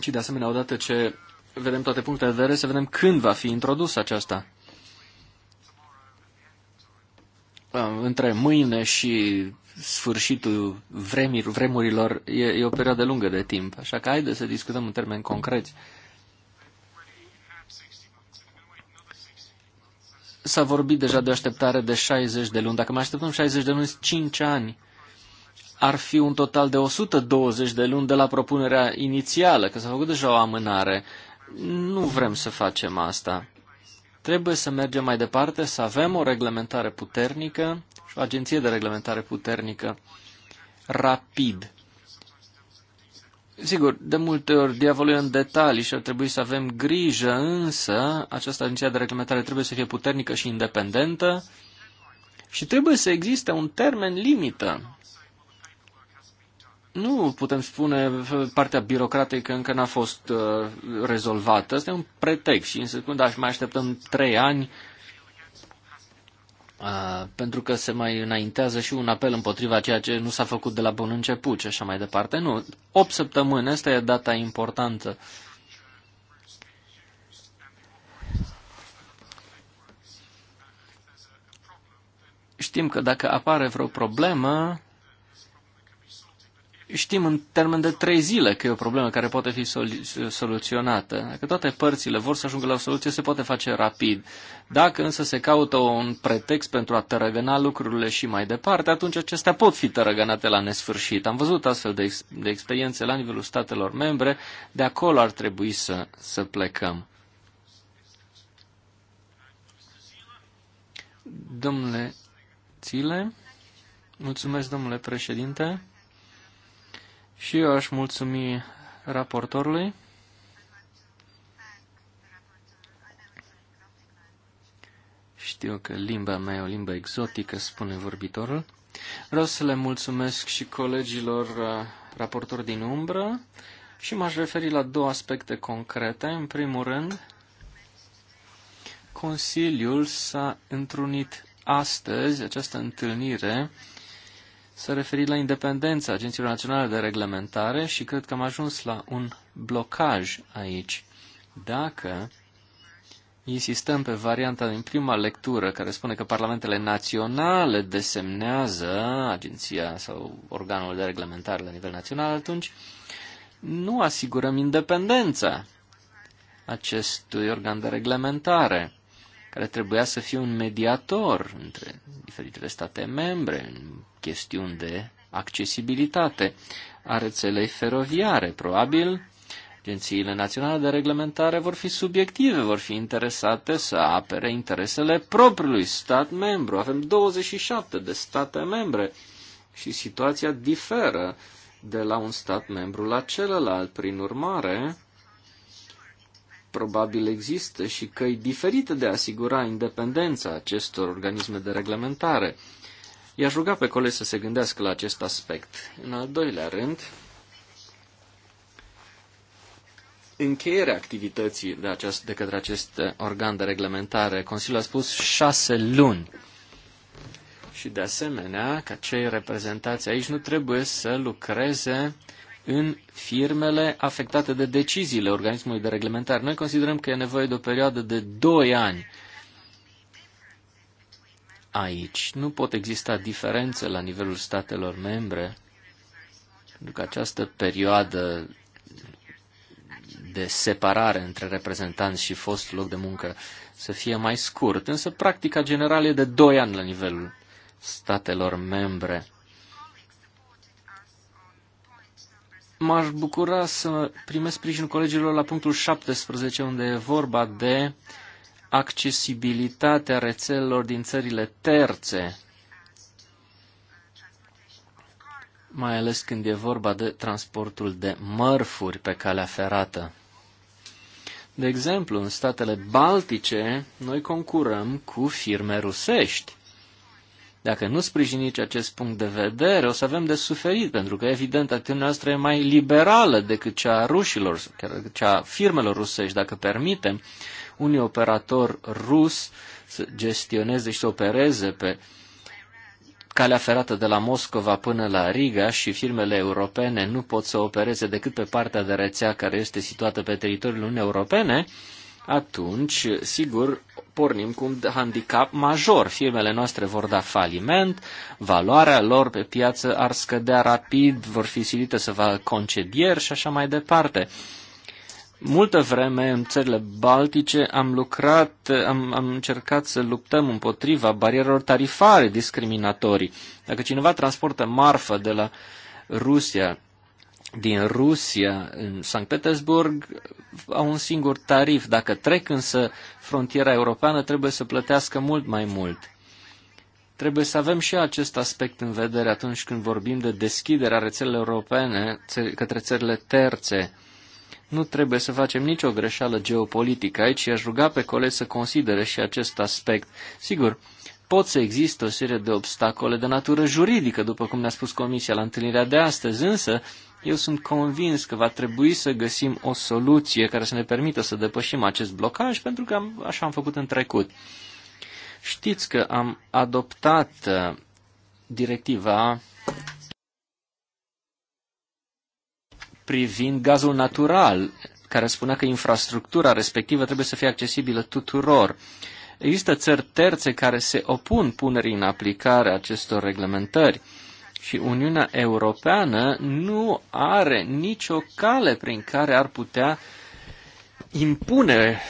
și de asemenea, odată ce vedem toate punctele de vedere, să vedem când va fi introdusă aceasta. Uh, între mâine și sfârșitul vremir, vremurilor e, e o perioadă lungă de timp, așa că haideți să discutăm în termeni concreți. S-a vorbit deja de o așteptare de 60 de luni. Dacă mai așteptăm 60 de luni, 5 ani ar fi un total de 120 de luni de la propunerea inițială, că s-a făcut deja o amânare. Nu vrem să facem asta. Trebuie să mergem mai departe, să avem o reglementare puternică și o agenție de reglementare puternică rapid. Sigur, de multe ori diavolul e în detalii și ar trebui să avem grijă, însă această agenție de reglementare trebuie să fie puternică și independentă și trebuie să existe un termen limită nu putem spune partea birocratică încă n-a fost uh, rezolvată. Asta e un pretext și în secundă aș mai așteptăm trei ani uh, pentru că se mai înaintează și un apel împotriva ceea ce nu s-a făcut de la bun început și așa mai departe. Nu, 8 săptămâni, asta e data importantă. Știm că dacă apare vreo problemă, Știm în termen de trei zile că e o problemă care poate fi soluționată. Dacă toate părțile vor să ajungă la o soluție, se poate face rapid. Dacă însă se caută un pretext pentru a tărăgăna lucrurile și mai departe, atunci acestea pot fi tărăgănate la nesfârșit. Am văzut astfel de, ex- de experiențe la nivelul statelor membre, de acolo ar trebui să, să plecăm. Domnule Țile, mulțumesc, domnule președinte. Și eu aș mulțumi raportorului. Știu că limba mea e o limbă exotică, spune vorbitorul. Vreau să le mulțumesc și colegilor uh, raportori din umbră și m-aș referi la două aspecte concrete. În primul rând, Consiliul s-a întrunit astăzi, această întâlnire s-a referit la independența Agențiilor Naționale de Reglementare și cred că am ajuns la un blocaj aici. Dacă insistăm pe varianta din prima lectură care spune că parlamentele naționale desemnează agenția sau organul de reglementare la nivel național, atunci nu asigurăm independența acestui organ de reglementare care trebuia să fie un mediator între diferitele state membre în chestiuni de accesibilitate a rețelei feroviare. Probabil, agențiile naționale de reglementare vor fi subiective, vor fi interesate să apere interesele propriului stat membru. Avem 27 de state membre și situația diferă de la un stat membru la celălalt. Prin urmare, probabil există și căi diferite de a asigura independența acestor organisme de reglementare. I-aș ruga pe colegi să se gândească la acest aspect. În al doilea rând, încheierea activității de, aceast, de către acest organ de reglementare. Consiliul a spus șase luni. Și de asemenea, ca cei reprezentați aici nu trebuie să lucreze uh, în firmele afectate de deciziile organismului de reglementare. Noi considerăm că e nevoie de o perioadă de 2 ani aici. Nu pot exista diferențe la nivelul statelor membre, pentru că această perioadă de separare între reprezentanți și fost loc de muncă să fie mai scurt, însă practica generală e de 2 ani la nivelul statelor membre. M-aș bucura să primesc sprijinul colegilor la punctul 17, unde e vorba de accesibilitatea rețelelor din țările terțe, mai ales când e vorba de transportul de mărfuri pe calea ferată. De exemplu, în statele baltice, noi concurăm cu firme rusești dacă nu sprijiniți acest punct de vedere, o să avem de suferit, pentru că, evident, acțiunea noastră e mai liberală decât cea a rușilor, chiar decât cea a firmelor rusești, dacă permitem unui operator rus să gestioneze și să opereze pe calea ferată de la Moscova până la Riga și firmele europene nu pot să opereze decât pe partea de rețea care este situată pe teritoriul Uniunii Europene, atunci, sigur, pornim cu un handicap major. Firmele noastre vor da faliment, valoarea lor pe piață ar scădea rapid, vor fi silite să facă concedieri și așa mai departe. Multă vreme în țările baltice am lucrat, am, am încercat să luptăm împotriva barierelor tarifare discriminatorii. Dacă cineva transportă marfă de la Rusia din Rusia în Sankt Petersburg au un singur tarif. Dacă trec însă frontiera europeană, trebuie să plătească mult mai mult. Trebuie să avem și acest aspect în vedere atunci când vorbim de deschiderea rețelelor europene către țările terțe. Nu trebuie să facem nicio greșeală geopolitică aici și aș ruga pe colegi să considere și acest aspect. Sigur, pot să existe o serie de obstacole de natură juridică, după cum ne-a spus Comisia la întâlnirea de astăzi, însă eu sunt convins că va trebui să găsim o soluție care să ne permită să depășim acest blocaj, pentru că am, așa am făcut în trecut. Știți că am adoptat uh, directiva privind gazul natural, care spunea că infrastructura respectivă trebuie să fie accesibilă tuturor. Există țări terțe care se opun punerii în aplicare acestor reglementări. Și Uniunea Europeană nu are nicio cale prin care ar putea impune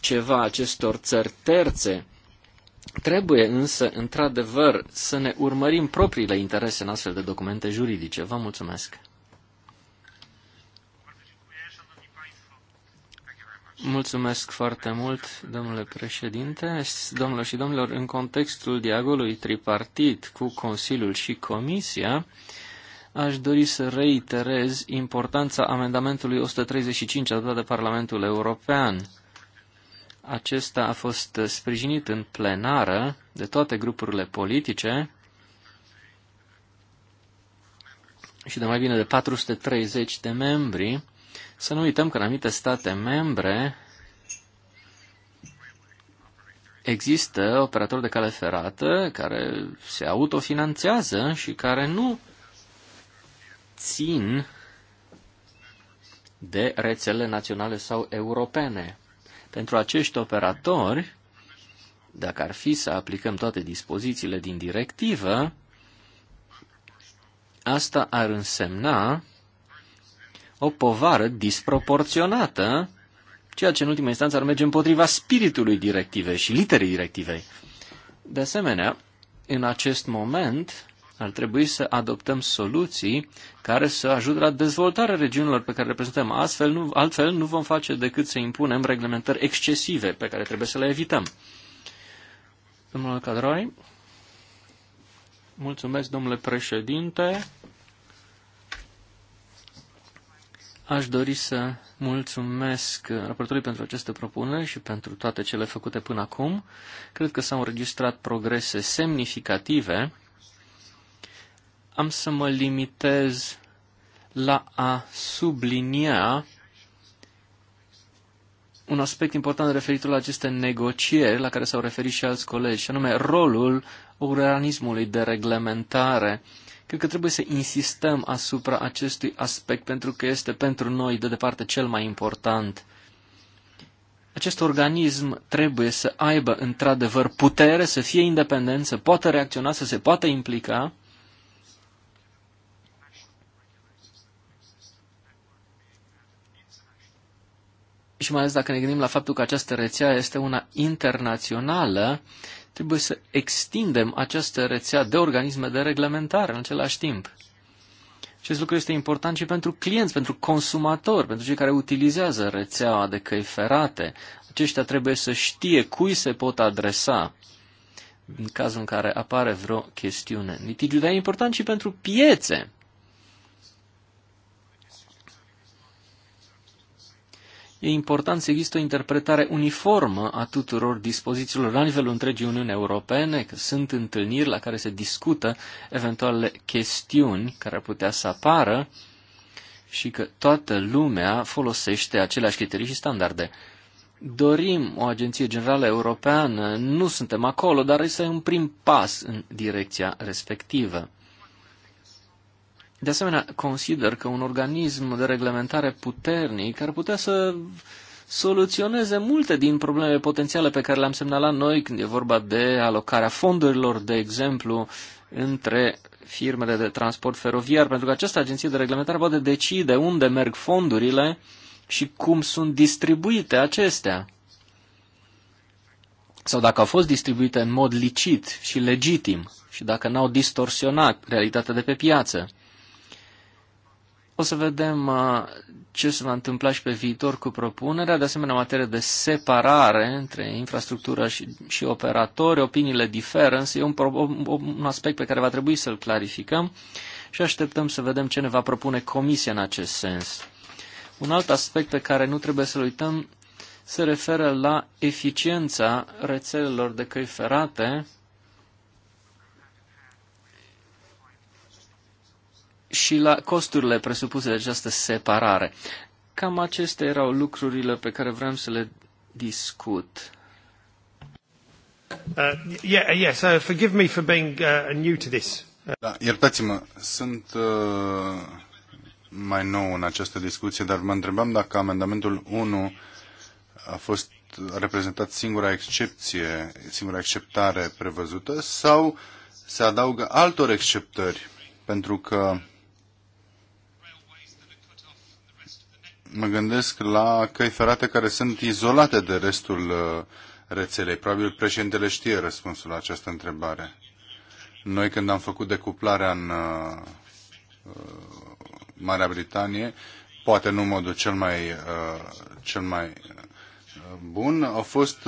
ceva acestor țări terțe. Trebuie însă, într-adevăr, să ne urmărim propriile interese în astfel de documente juridice. Vă mulțumesc! Mulțumesc foarte mult, domnule președinte. Domnilor și domnilor, în contextul dialogului tripartit cu Consiliul și Comisia, aș dori să reiterez importanța amendamentului 135 adoptat de Parlamentul European. Acesta a fost sprijinit în plenară de toate grupurile politice și de mai bine de 430 de membri să nu uităm că în anumite state membre există operatori de cale ferată care se autofinanțează și care nu țin de rețele naționale sau europene. Pentru acești operatori, dacă ar fi să aplicăm toate dispozițiile din directivă, asta ar însemna o povară disproporționată, ceea ce în ultima instanță ar merge împotriva spiritului directivei și literii directivei. De asemenea, în acest moment ar trebui să adoptăm soluții care să ajute la dezvoltarea regiunilor pe care le prezentăm. Astfel, nu, altfel nu vom face decât să impunem reglementări excesive pe care trebuie să le evităm. Domnul Cadroi, mulțumesc, domnule președinte. Aș dori să mulțumesc raportorului pentru aceste propuneri și pentru toate cele făcute până acum. Cred că s-au înregistrat progrese semnificative. Am să mă limitez la a sublinia un aspect important referitor la aceste negocieri la care s-au referit și alți colegi, și anume rolul organismului de reglementare Cred că trebuie să insistăm asupra acestui aspect pentru că este pentru noi de departe cel mai important. Acest organism trebuie să aibă într-adevăr putere, să fie independent, să poată reacționa, să se poată implica. și mai ales dacă ne gândim la faptul că această rețea este una internațională, Trebuie să extindem această rețea de organisme de reglementare în același timp. Acest lucru este important și pentru clienți, pentru consumatori, pentru cei care utilizează rețeaua de căi ferate. Aceștia trebuie să știe cui se pot adresa în cazul în care apare vreo chestiune. Litigiul, dar e important și pentru piețe, e important să există o interpretare uniformă a tuturor dispozițiilor la nivelul întregii Uniuni Europene, că sunt întâlniri la care se discută eventuale chestiuni care ar putea să apară și că toată lumea folosește aceleași criterii și standarde. Dorim o agenție generală europeană, nu suntem acolo, dar este un prim pas în direcția respectivă. De asemenea, consider că un organism de reglementare puternic ar putea să soluționeze multe din problemele potențiale pe care le-am semnalat noi când e vorba de alocarea fondurilor, de exemplu, între firmele de transport feroviar, pentru că această agenție de reglementare poate decide unde merg fondurile și cum sunt distribuite acestea. Sau dacă au fost distribuite în mod licit și legitim și dacă n-au distorsionat realitatea de pe piață. O să vedem uh, ce se va întâmpla și pe viitor cu propunerea, de asemenea, în materie de separare între infrastructură și, și operatori, opiniile diferă, însă e un, un aspect pe care va trebui să-l clarificăm și așteptăm să vedem ce ne va propune Comisia în acest sens. Un alt aspect pe care nu trebuie să-l uităm se referă la eficiența rețelelor de căi ferate și la costurile presupuse de această separare. Cam acestea erau lucrurile pe care vreau să le discut. Uh, yeah, uh, yes, uh, forgive me for being uh, new to this. Uh, da, iertați-mă, sunt uh, mai nou în această discuție, dar mă întrebam dacă amendamentul 1 a fost a reprezentat singura excepție, singura acceptare prevăzută sau se adaugă altor exceptări, pentru că mă gândesc la căi ferate care sunt izolate de restul uh, rețelei. Probabil președintele știe răspunsul la această întrebare. Noi când am făcut decuplarea în uh, uh, Marea Britanie, poate nu în modul cel mai, cel mai bun, au fost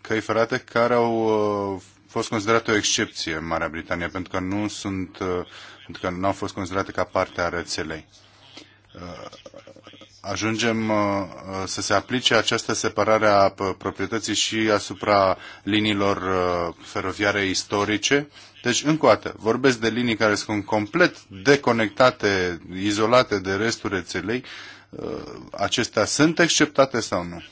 căi ferate care au fost considerate o excepție în Marea Britanie, pentru că nu sunt, pentru că nu au fost considerate ca parte a rețelei. Uh, ajungem uh, uh, să se aplice această separare a proprietății și asupra liniilor feroviare istorice. Deci, încă o dată, vorbesc de linii care sunt complet deconectate, izolate de restul rețelei. Acestea sunt exceptate sau nu?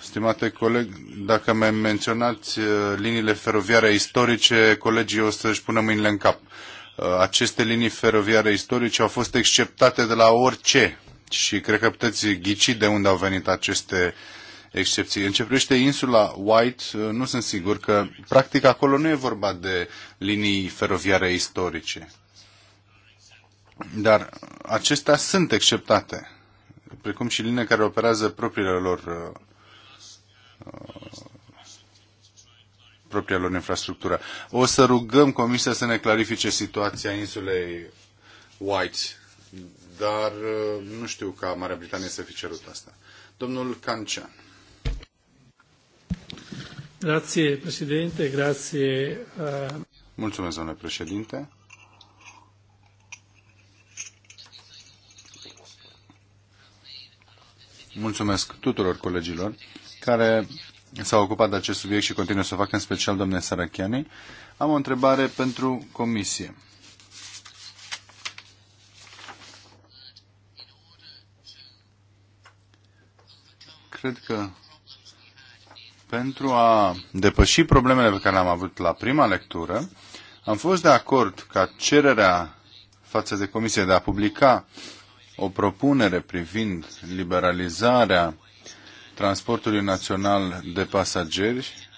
Stimate coleg, dacă mi menționați liniile feroviare istorice, colegii o să-și pună mâinile în cap. Uh, aceste linii feroviare istorice au fost exceptate de la orice și cred că puteți ghici de unde au venit aceste excepții. În ce privește insula White, uh, nu sunt sigur că practic acolo nu e vorba de linii feroviare istorice. Dar acestea sunt exceptate, precum și linii care operează propriile lor uh, uh propria lor infrastructură. O să rugăm Comisia să ne clarifice situația insulei White, dar uh, nu știu ca Marea Britanie să fi cerut asta. Domnul Cancian. Grazie, președinte, grazie. Uh... Mulțumesc, domnule președinte. Mulțumesc tuturor colegilor care s-a ocupat de acest subiect și continuă să o facă, în special domnule Sarachiani. Am o întrebare pentru comisie. Cred că pentru a depăși problemele pe care le-am avut la prima lectură, am fost de acord ca cererea față de comisie de a publica o propunere privind liberalizarea transportului național de pasageri,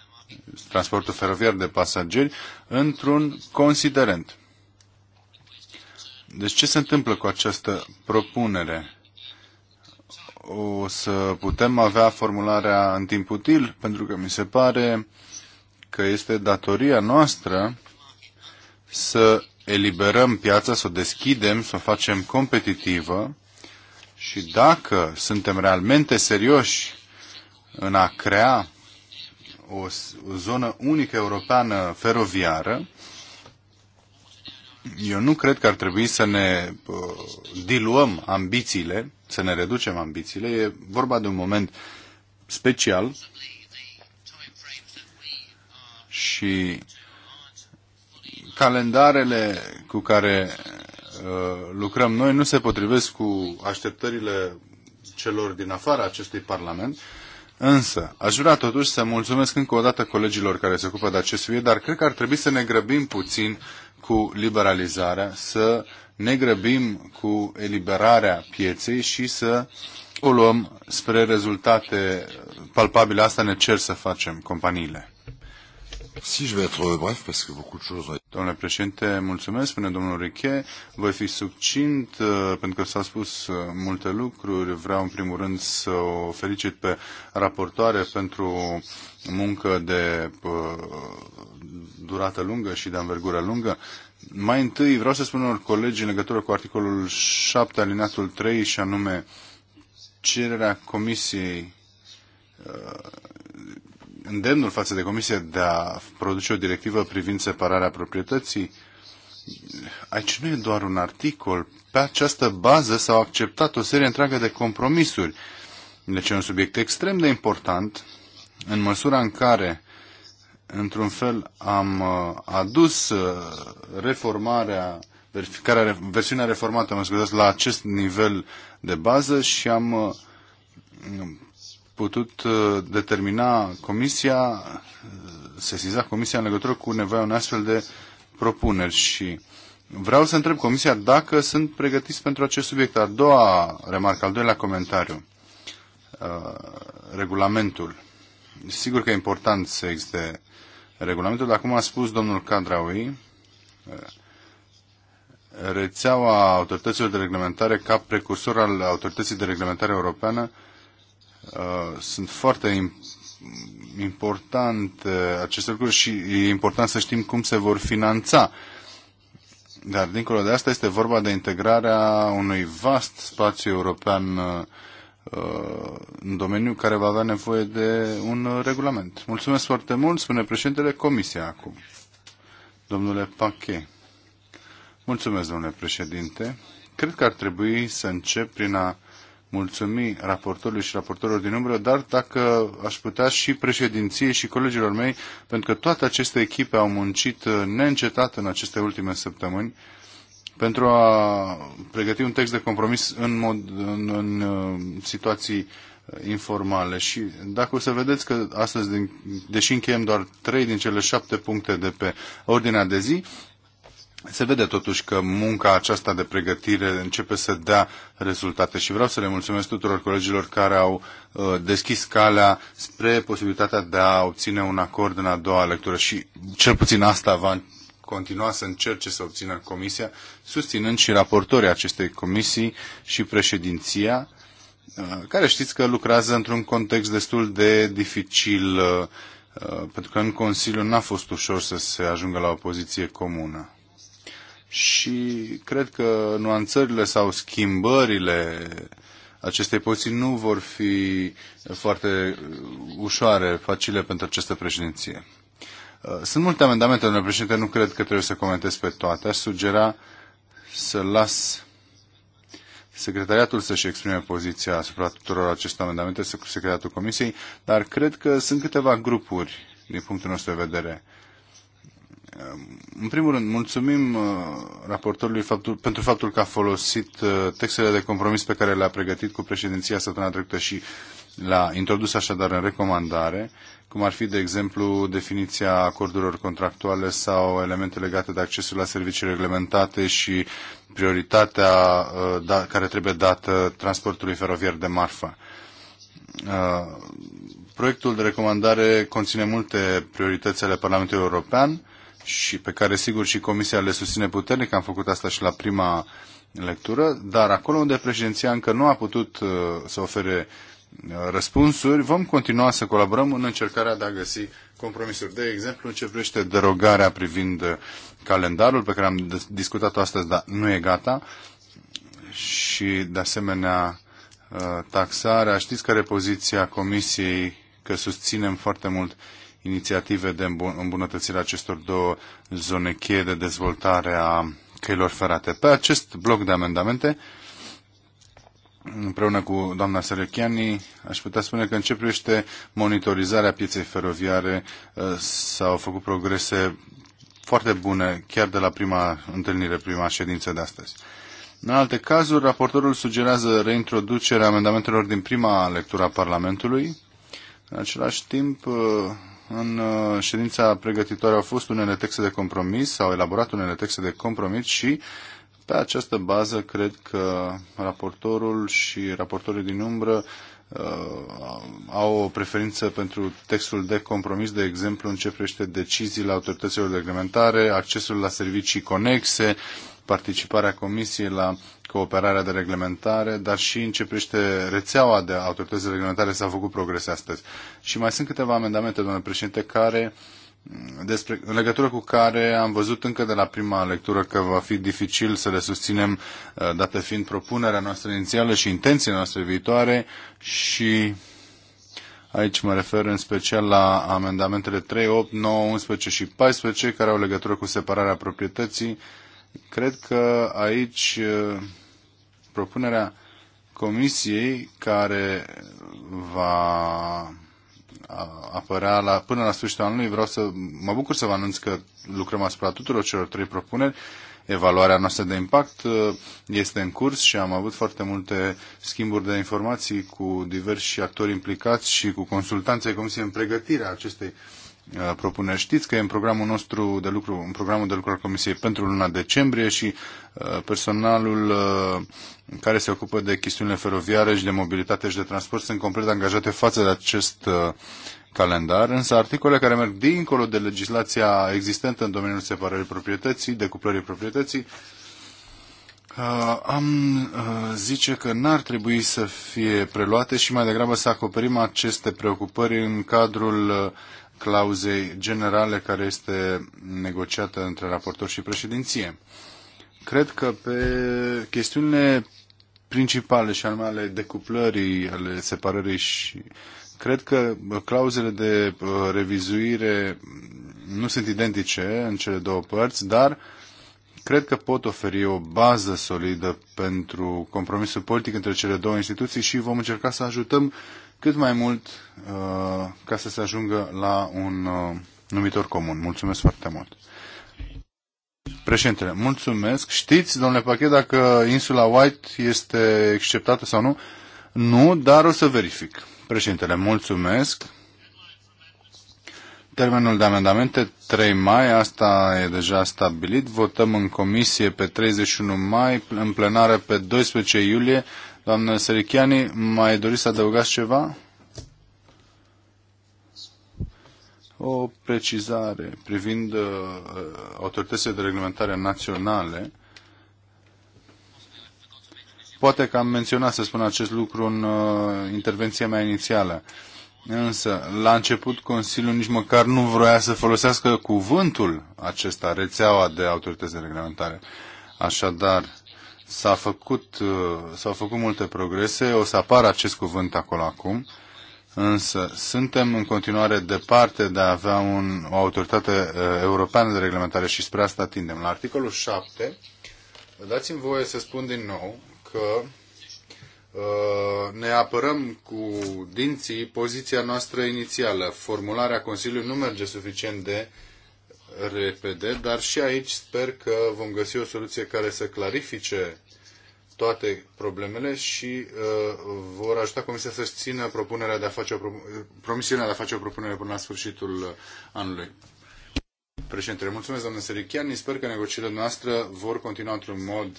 transportul feroviar de pasageri, într-un considerent. Deci ce se întâmplă cu această propunere? O să putem avea formularea în timp util, pentru că mi se pare că este datoria noastră să eliberăm piața, să o deschidem, să o facem competitivă și dacă suntem realmente serioși în a crea o, o zonă unică europeană feroviară, eu nu cred că ar trebui să ne uh, diluăm ambițiile, să ne reducem ambițiile. E vorba de un moment special și calendarele cu care uh, lucrăm noi nu se potrivesc cu așteptările celor din afara acestui Parlament. Uh, Însă, aș vrea totuși să mulțumesc încă o dată colegilor care se ocupă de acest subiect, dar cred că ar trebui să ne grăbim puțin cu liberalizarea, să ne grăbim cu eliberarea pieței și să o luăm spre rezultate palpabile. Asta ne cer să facem companiile. Si, je vais être bref, parce que beaucoup de choses... Domnule președinte, mulțumesc, spune domnul Riche. Voi fi succint, uh, pentru că s-au spus uh, multe lucruri. Vreau, în primul rând, să o felicit pe raportoare pentru muncă de uh, durată lungă și de învergură lungă. Mai întâi vreau să spun unor colegi în legătură cu articolul 7, alineatul 3, și anume cererea Comisiei îndemnul față de Comisie de a produce o directivă privind separarea proprietății, aici nu e doar un articol. Pe această bază s-au acceptat o serie întreagă de compromisuri. Deci e un subiect extrem de important în măsura în care, într-un fel, am uh, adus uh, reformarea, verificarea, versiunea reformată, mă scuzați, la acest nivel de bază și am uh, putut uh, determina comisia, uh, sesiza comisia în legătură cu nevoia unei astfel de propuneri și vreau să întreb comisia dacă sunt pregătiți pentru acest subiect. A doua remarcă, al doilea comentariu, uh, regulamentul. Sigur că e important să existe regulamentul, dar cum a spus domnul Cadraui, rețeaua autorităților de reglementare ca precursor al autorității de reglementare europeană Uh, sunt foarte important aceste lucruri și e important să știm cum se vor finanța. Dar dincolo de asta este vorba de integrarea unui vast spațiu european uh, uh, în domeniu care va avea nevoie de un regulament. Mulțumesc foarte mult, spune președintele Comisia acum. Domnule Pache. Mulțumesc, domnule președinte. Cred că ar trebui să încep prin a mulțumi raportorului și raportorilor din umbră, dar dacă aș putea și președinției și colegilor mei, pentru că toate aceste echipe au muncit neîncetat în aceste ultime săptămâni pentru a pregăti un text de compromis în, mod, în, în uh, situații uh, informale. Și dacă o să vedeți că astăzi, deși încheiem doar trei din cele șapte puncte de pe ordinea de zi, se vede totuși că munca aceasta de pregătire începe să dea rezultate și vreau să le mulțumesc tuturor colegilor care au uh, deschis calea spre posibilitatea de a obține un acord în a doua lectură și cel puțin asta va continua să încerce să obțină Comisia, susținând și raportorii acestei comisii și președinția, uh, care știți că lucrează într-un context destul de dificil, uh, pentru că în Consiliu n-a fost ușor să se ajungă la o poziție comună și cred că nuanțările sau schimbările acestei poziții nu vor fi foarte uh, ușoare, facile pentru această președinție. Uh, sunt multe amendamente, domnule președinte, nu cred că trebuie să comentez pe toate. Aș sugera să las secretariatul să-și exprime poziția asupra tuturor acestor amendamente, secretariatul comisiei, dar cred că sunt câteva grupuri, din punctul nostru de vedere, în primul rând, mulțumim uh, raportorului faptul, pentru faptul că a folosit uh, textele de compromis pe care le-a pregătit cu președinția săptămâna trecută și l-a introdus așadar în recomandare, cum ar fi, de exemplu, definiția acordurilor contractuale sau elemente legate de accesul la servicii reglementate și prioritatea uh, da, care trebuie dată transportului feroviar de marfă. Proiectul de recomandare conține multe priorități ale Parlamentului European și pe care sigur și Comisia le susține puternic, am făcut asta și la prima lectură, dar acolo unde președinția încă nu a putut uh, să ofere uh, răspunsuri, vom continua să colaborăm în încercarea de a găsi compromisuri. De exemplu, în ce privește derogarea privind uh, calendarul pe care am discutat-o astăzi, dar nu e gata, și de asemenea taxarea. Știți care e poziția Comisiei, că susținem foarte mult inițiative de îmbunătățire a acestor două zone cheie de dezvoltare a căilor ferate. Pe acest bloc de amendamente, împreună cu doamna Sărăchiani, aș putea spune că în ce privește monitorizarea pieței feroviare uh, s-au făcut progrese foarte bune chiar de la prima întâlnire, prima ședință de astăzi. În alte cazuri, raportorul sugerează reintroducerea amendamentelor din prima lectură a Parlamentului. În același timp, uh, în uh, ședința pregătitoare au fost unele texte de compromis, s-au elaborat unele texte de compromis și pe această bază cred că raportorul și raportorii din umbră uh, au o preferință pentru textul de compromis, de exemplu, în ce privește deciziile autorităților de reglementare, accesul la servicii conexe, participarea Comisiei la cooperarea de reglementare, dar și privește rețeaua de autorități de reglementare s-a făcut progrese astăzi. Și mai sunt câteva amendamente, domnule președinte, care mm, despre, în legătură cu care am văzut încă de la prima lectură că va fi dificil să le susținem, uh, dată fiind propunerea noastră inițială și intenția noastră viitoare și aici mă refer în special la amendamentele 3, 8, 9, 11 și 14 care au legătură cu separarea proprietății. Cred că aici uh, propunerea Comisiei care va apărea la, până la sfârșitul anului. Vreau să mă bucur să vă anunț că lucrăm asupra tuturor celor trei propuneri. Evaluarea noastră de impact uh, este în curs și am avut foarte multe schimburi de informații cu diversi actori implicați și cu consultanții Comisiei în pregătirea acestei uh, Uh, propuneri. Știți că e în programul nostru de lucru, în programul de lucru al Comisiei pentru luna decembrie și uh, personalul uh, care se ocupă de chestiunile feroviare și de mobilitate și de transport sunt complet angajate față de acest calendar, însă articole care merg dincolo de legislația existentă în domeniul separării proprietății, decuplării proprietății, am zice că n-ar trebui să fie preluate și mai degrabă să acoperim aceste preocupări în cadrul clauzei generale care este negociată între raportor și președinție. Cred că pe chestiunile principale și anume ale decuplării, ale separării și cred că clauzele de uh, revizuire nu sunt identice în cele două părți, dar cred că pot oferi o bază solidă pentru compromisul politic între cele două instituții și vom încerca să ajutăm cât mai mult uh, ca să se ajungă la un uh, numitor comun. Mulțumesc foarte mult. Președintele, mulțumesc. Știți, domnule Pachet, dacă insula White este acceptată sau nu? Nu, dar o să verific. Președintele, mulțumesc. Termenul de amendamente 3 mai, asta e deja stabilit. Votăm în comisie pe 31 mai, în plenară pe 12 iulie Doamnă Serechiani, mai doriți să adăugați ceva? O precizare privind uh, autoritățile de reglementare naționale. Poate că am menționat să spun acest lucru în uh, intervenția mea inițială. Însă, la început, Consiliul nici măcar nu vroia să folosească cuvântul acesta, rețeaua de autorități de reglementare. Așadar, S-a făcut, uh, s-au făcut multe progrese, o să apară acest cuvânt acolo acum, însă suntem în continuare departe de a avea un, o autoritate uh, europeană de reglementare și spre asta tindem. La articolul 7, dați-mi voie să spun din nou că uh, ne apărăm cu dinții poziția noastră inițială. Formularea Consiliului nu merge suficient de repede, dar și aici sper că vom găsi o soluție care să clarifice toate problemele și uh, vor ajuta Comisia să-și țină propunerea de a face o pro- promisiunea de a face o propunere până la sfârșitul uh, anului. Președintele, mulțumesc, doamnă Serichiani. Sper că negocierile noastre vor continua într-un mod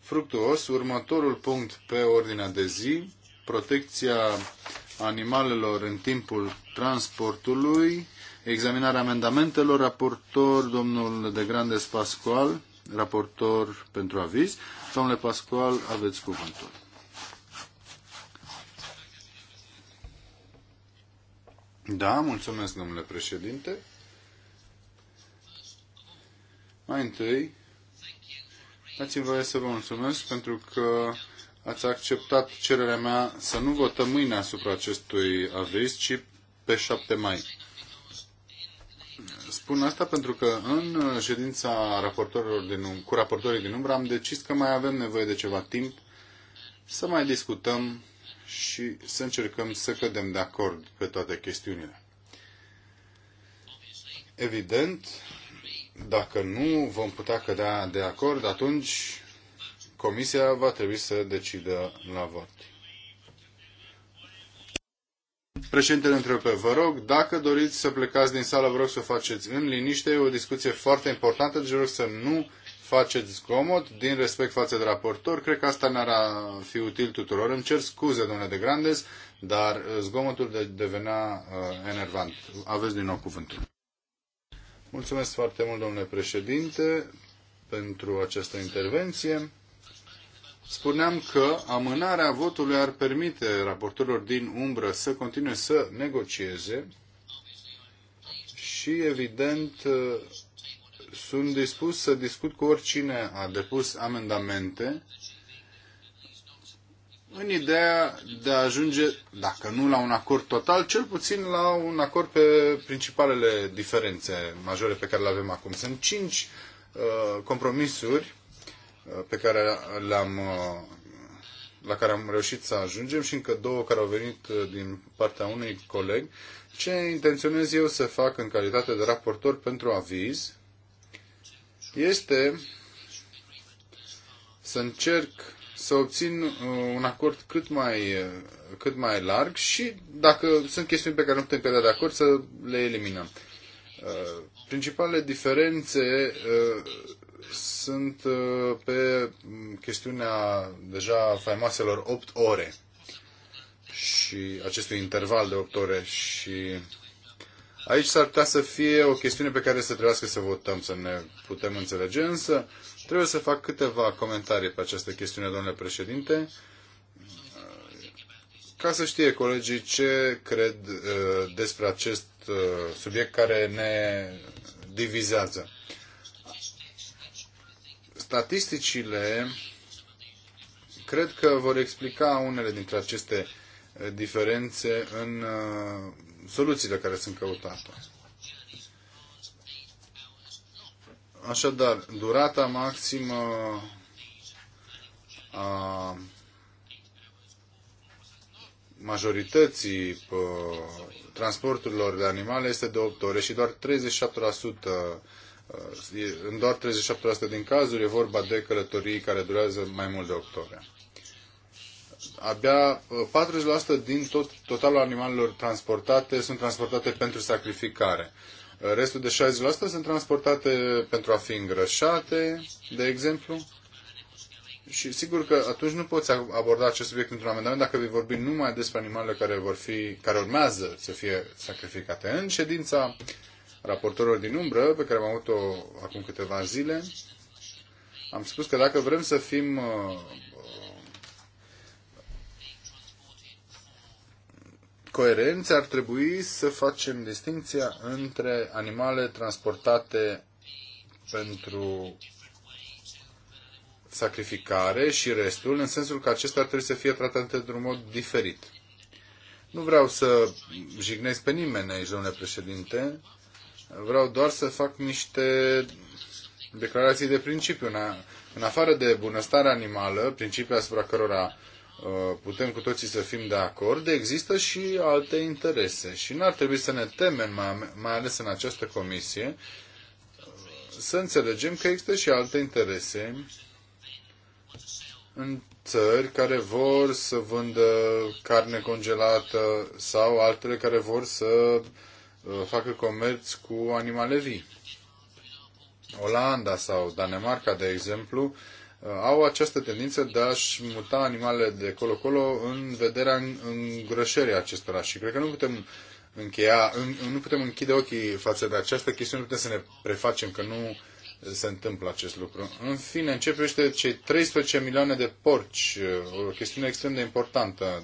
fructuos. Următorul punct pe ordinea de zi, protecția animalelor în timpul transportului. Examinarea amendamentelor, raportor domnul de Grandes Pascual, raportor pentru aviz. Domnule Pascual, aveți cuvântul. Da, mulțumesc, domnule președinte. Mai întâi, dați-mi voie să vă mulțumesc pentru că ați acceptat cererea mea să nu votăm mâine asupra acestui aviz, ci pe 7 mai. Spun asta pentru că în uh, ședința raportorilor din, um, cu raportorii din umbră am decis că mai avem nevoie de ceva timp să mai discutăm și să încercăm să cădem de acord pe toate chestiunile. Evident, dacă nu vom putea cădea de acord, atunci Comisia va trebui să decidă la vot. Președintele întrebă, vă rog, dacă doriți să plecați din sală, vă rog să o faceți în liniște, e o discuție foarte importantă, deci vă rog să nu faceți zgomot din respect față de raportor. Cred că asta ne-ar fi util tuturor. Îmi cer scuze, domnule de Grandes, dar uh, zgomotul de devenea uh, enervant. Aveți din nou cuvântul. Mulțumesc foarte mult, domnule președinte, pentru această intervenție spuneam că amânarea votului ar permite raportorilor din umbră să continue să negocieze și, evident, sunt dispus să discut cu oricine a depus amendamente în ideea de a ajunge, dacă nu la un acord total, cel puțin la un acord pe principalele diferențe majore pe care le avem acum. Sunt cinci uh, compromisuri pe care le-am, uh, la care am reușit să ajungem și încă două care au venit uh, din partea unui coleg. Ce intenționez eu să fac în calitate de raportor pentru aviz este să încerc să obțin uh, un acord cât mai, cât mai larg și dacă sunt chestiuni pe care nu putem cădea de acord, să le eliminăm. Principalele diferențe sunt uh, pe chestiunea deja faimoaselor 8 ore și acestui interval de 8 ore și aici s-ar putea să fie o chestiune pe care să trebuiască să votăm, să ne putem înțelege, însă trebuie să fac câteva comentarii pe această chestiune, domnule președinte, ca să știe colegii ce cred uh, despre acest uh, subiect care ne divizează. Statisticile cred că vor explica unele dintre aceste eh, diferențe în eh, soluțiile care sunt căutate. Așadar, durata maximă a majorității eh, transporturilor de animale este de 8 ore și doar 37% în doar 37% din cazuri e vorba de călătorii care durează mai mult de 8 ore. Abia 40% uh, din tot, totalul animalelor transportate sunt transportate pentru sacrificare. Uh, restul de 60% sunt transportate pentru a fi îngrășate, de exemplu. Și sigur că atunci nu poți aborda acest subiect într-un amendament dacă vei vorbi numai despre animalele care, vor fi, care urmează să fie sacrificate. În ședința raportorilor din umbră, pe care am avut-o acum câteva zile, am spus că dacă vrem să fim uh, uh, coerenți, ar trebui să facem distinția între animale transportate pentru sacrificare și restul, în sensul că acestea ar trebui să fie tratate într-un mod diferit. Nu vreau să jignesc pe nimeni aici, domnule președinte, Vreau doar să fac niște declarații de principiu. În afară de bunăstarea animală, principiul asupra cărora uh, putem cu toții să fim de acord, există și alte interese. Și nu ar trebui să ne temem, mai ales în această comisie, uh, să înțelegem că există și alte interese în țări care vor să vândă carne congelată sau altele care vor să Uh, facă comerț cu animale vii. Olanda sau Danemarca, de exemplu, uh, au această tendință de a-și muta animalele de colo-colo în vederea îngrășării acestora și cred că nu putem încheia, nu putem închide ochii față de această chestiune, nu putem să ne prefacem că nu se întâmplă acest lucru. În fine, începește cei 13 milioane de porci, uh, o chestiune extrem de importantă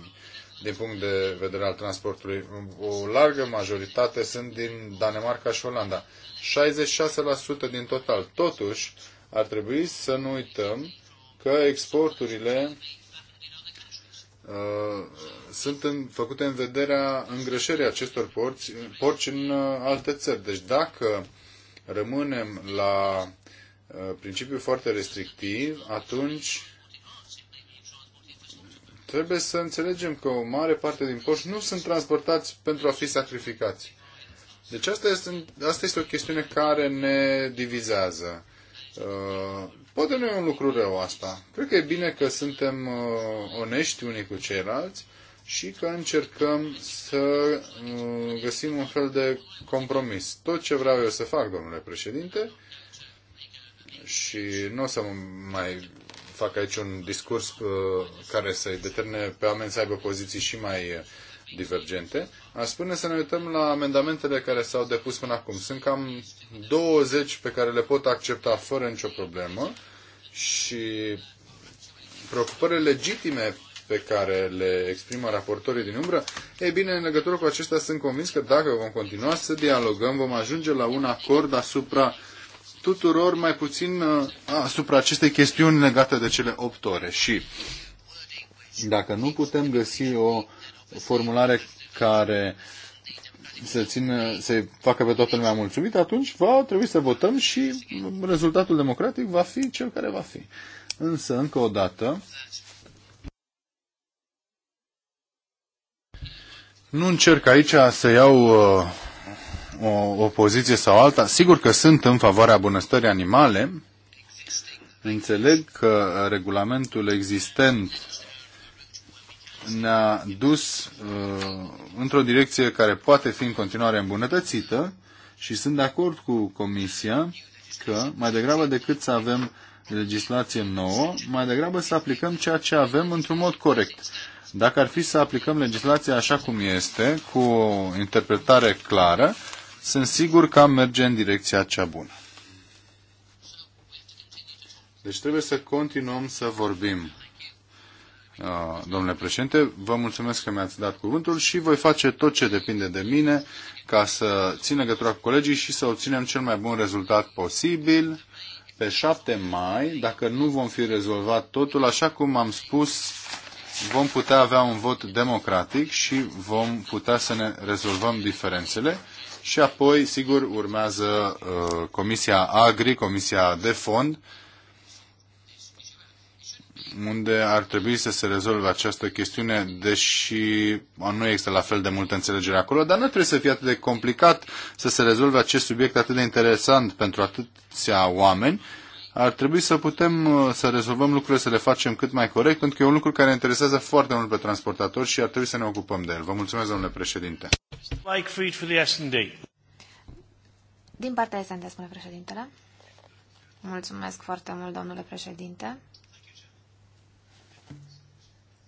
din punct de vedere al transportului. O largă majoritate sunt din Danemarca și Olanda. 66% din total. Totuși, ar trebui să nu uităm că exporturile uh, sunt în, făcute în vederea îngrășării acestor porți, porci în uh, alte țări. Deci dacă rămânem la uh, principiul foarte restrictiv, atunci Trebuie să înțelegem că o mare parte din porci nu sunt transportați pentru a fi sacrificați. Deci asta este, asta este o chestiune care ne divizează. Uh, poate nu e un lucru rău asta. Cred că e bine că suntem uh, onești unii cu ceilalți și că încercăm să uh, găsim un fel de compromis. Tot ce vreau eu să fac, domnule președinte, și nu o să mai fac aici un discurs uh, care să-i determine pe oameni să aibă poziții și mai uh, divergente, aș spune să ne uităm la amendamentele care s-au depus până acum. Sunt cam 20 pe care le pot accepta fără nicio problemă și preocupările legitime pe care le exprimă raportorii din umbră, E bine, în legătură cu acestea sunt convins că dacă vom continua să dialogăm, vom ajunge la un acord asupra uh, tuturor mai puțin uh, asupra acestei chestiuni legate de cele 8 ore. Și dacă nu putem găsi o formulare care să, țină, să facă pe toată lumea mulțumit, atunci va trebui să votăm și rezultatul democratic va fi cel care va fi. Însă, încă o dată, nu încerc aici să iau uh, o, o poziție sau alta. Sigur că sunt în favoarea bunăstării animale. Înțeleg că regulamentul existent ne-a dus uh, într-o direcție care poate fi în continuare îmbunătățită și sunt de acord cu Comisia că mai degrabă decât să avem legislație nouă, mai degrabă să aplicăm ceea ce avem într-un mod corect. Dacă ar fi să aplicăm legislația așa cum este, cu o interpretare clară, sunt sigur că merge în direcția cea bună. Deci trebuie să continuăm să vorbim. Uh, domnule președinte, vă mulțumesc că mi-ați dat cuvântul și voi face tot ce depinde de mine ca să țin legătura cu colegii și să obținem cel mai bun rezultat posibil pe 7 mai, dacă nu vom fi rezolvat totul, așa cum am spus, vom putea avea un vot democratic și vom putea să ne rezolvăm diferențele și apoi, sigur, urmează uh, Comisia Agri, Comisia de Fond, unde ar trebui să se rezolve această chestiune, deși uh, nu există la fel de multă înțelegere acolo, dar nu trebuie să fie atât de complicat să se rezolve acest subiect atât de interesant pentru atâția oameni, uh, ar trebui să putem uh, să rezolvăm lucrurile, să le facem cât mai corect, pentru că e un lucru care interesează foarte mult pe transportatori și ar trebui să ne ocupăm de el. Vă mulțumesc, domnule președinte. Mike Fried for the S&D. Din partea S&D, spune președintele. Mulțumesc foarte mult, domnule președinte.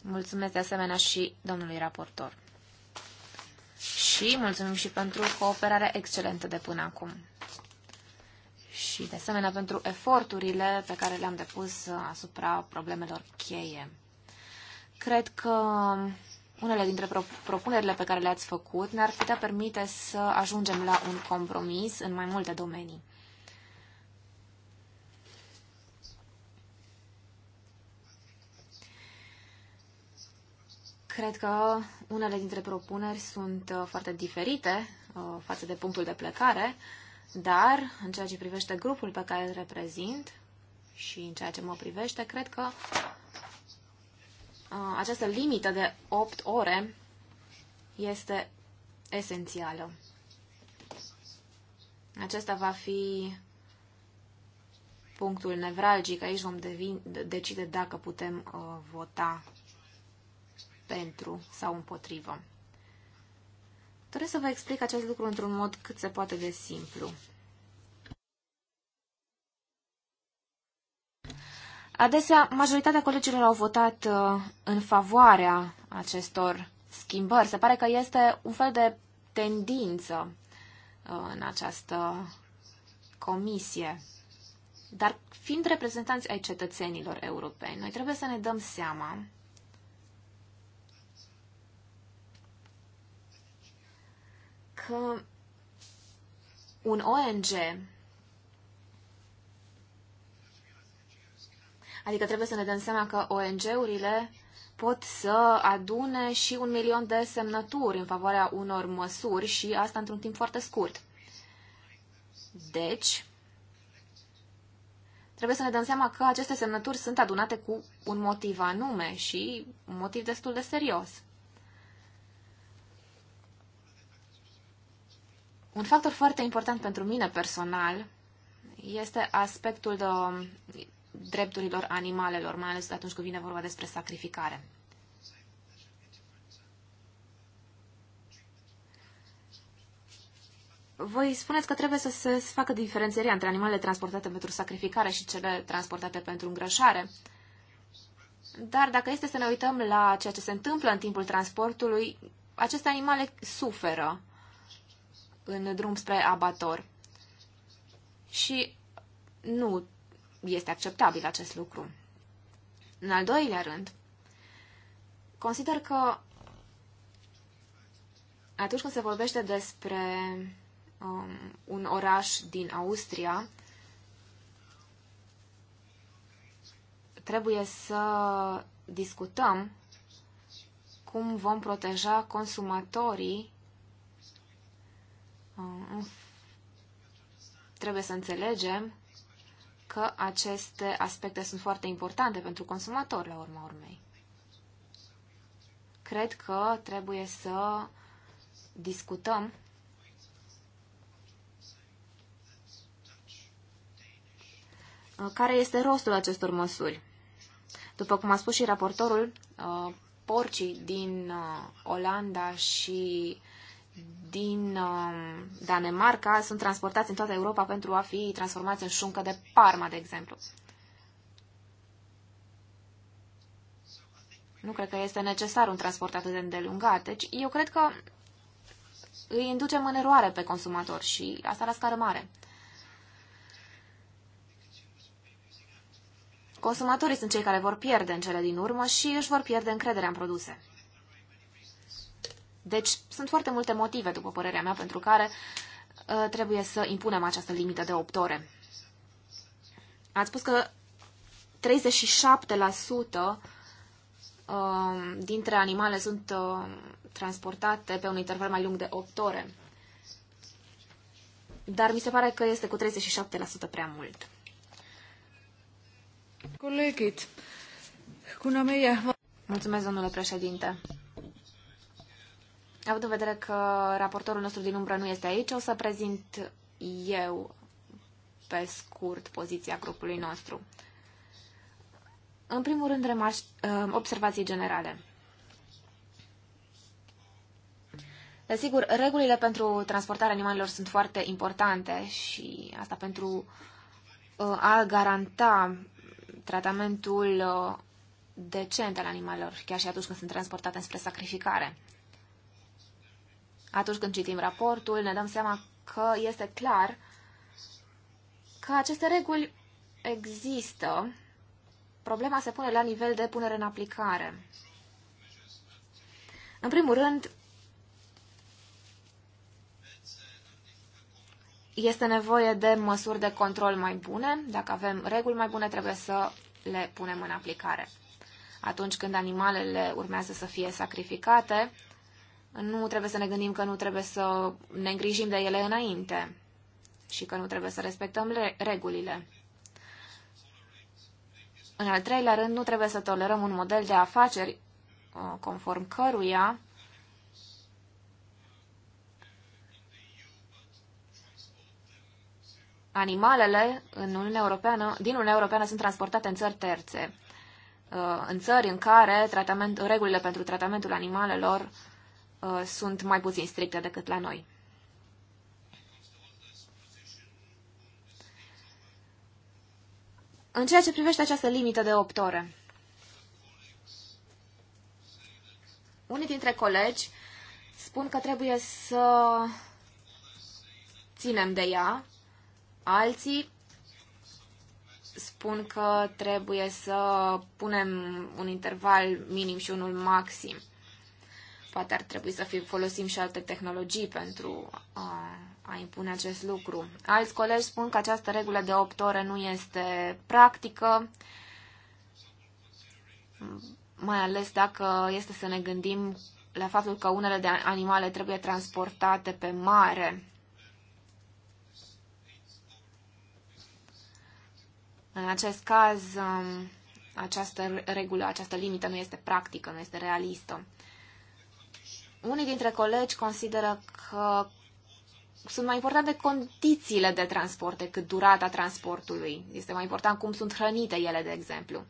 Mulțumesc de asemenea și domnului raportor. Și mulțumim și pentru cooperarea excelentă de până acum și, de asemenea, pentru eforturile pe care le-am depus asupra problemelor cheie. Cred că unele dintre propunerile pe care le-ați făcut ne-ar putea permite să ajungem la un compromis în mai multe domenii. Cred că unele dintre propuneri sunt uh, foarte diferite uh, față de punctul de plecare, dar, în ceea ce privește grupul pe care îl reprezint și în ceea ce mă privește, cred că uh, această limită de 8 ore este esențială. Acesta va fi punctul nevralgic. Aici vom devin, decide dacă putem uh, vota pentru sau împotrivă. Doresc să vă explic acest lucru într-un mod cât se poate de simplu. Adesea, majoritatea colegilor au votat uh, în favoarea acestor schimbări. Se pare că este un fel de tendință uh, în această comisie. Dar fiind reprezentanți ai cetățenilor europeni, noi trebuie să ne dăm seama că un ONG, adică trebuie să ne dăm seama că ONG-urile pot să adune și un milion de semnături în favoarea unor măsuri și asta într-un timp foarte scurt. Deci, trebuie să ne dăm seama că aceste semnături sunt adunate cu un motiv anume și un motiv destul de serios. Un factor foarte important pentru mine personal este aspectul de drepturilor animalelor, mai ales atunci când vine vorba despre sacrificare. Voi spuneți că trebuie să se facă diferențierea între animalele transportate pentru sacrificare și cele transportate pentru îngrășare. Dar dacă este să ne uităm la ceea ce se întâmplă în timpul transportului, aceste animale suferă în drum spre abator. Și nu este acceptabil acest lucru. În al doilea rând, consider că atunci când se vorbește despre um, un oraș din Austria, trebuie să discutăm cum vom proteja consumatorii trebuie să înțelegem că aceste aspecte sunt foarte importante pentru consumator, la urma urmei. Cred că trebuie să discutăm care este rostul acestor măsuri. După cum a spus și raportorul, uh, porcii din uh, Olanda și din um, Danemarca sunt transportați în toată Europa pentru a fi transformați în șuncă de Parma, de exemplu. Nu cred că este necesar un transport atât de îndelungat. Deci eu cred că îi inducem în eroare pe consumator și asta la scară mare. Consumatorii sunt cei care vor pierde în cele din urmă și își vor pierde încrederea în produse. Deci sunt foarte multe motive, după părerea mea, pentru care uh, trebuie să impunem această limită de 8 ore. Ați spus că 37% um, dintre animale sunt uh, transportate pe un interval mai lung de 8 ore. Dar mi se pare că este cu 37% prea mult. Colegii, cu Mulțumesc, domnule președinte. Având în vedere că raportorul nostru din umbră nu este aici, o să prezint eu pe scurt poziția grupului nostru. În primul rând, remaș, uh, observații generale. Desigur, regulile pentru transportarea animalelor sunt foarte importante și asta pentru uh, a garanta tratamentul uh, decent al animalelor, chiar și atunci când sunt transportate spre sacrificare atunci când citim raportul, ne dăm seama că este clar că aceste reguli există. Problema se pune la nivel de punere în aplicare. În primul rând, este nevoie de măsuri de control mai bune. Dacă avem reguli mai bune, trebuie să le punem în aplicare. Atunci când animalele urmează să fie sacrificate, nu trebuie să ne gândim că nu trebuie să ne îngrijim de ele înainte și că nu trebuie să respectăm regulile. În al treilea rând, nu trebuie să tolerăm un model de afaceri uh, conform căruia animalele în Uniunea Europeană, din Uniunea Europeană sunt transportate în țări terțe, uh, în țări în care regulile pentru tratamentul animalelor Uh, sunt mai puțin stricte decât la noi. În ceea ce privește această limită de 8 ore, unii dintre colegi spun că trebuie să ținem de ea, alții spun că trebuie să punem un interval minim și unul maxim. Poate ar trebui să fie, folosim și alte tehnologii pentru a, a impune acest lucru. Alți colegi spun că această regulă de 8 ore nu este practică, mai ales dacă este să ne gândim la faptul că unele de animale trebuie transportate pe mare. În acest caz, um, această regulă, această limită nu este practică, nu este realistă. Unii dintre colegi consideră că sunt mai importante condițiile de transport decât durata transportului. Este mai important cum sunt hrănite ele, de exemplu.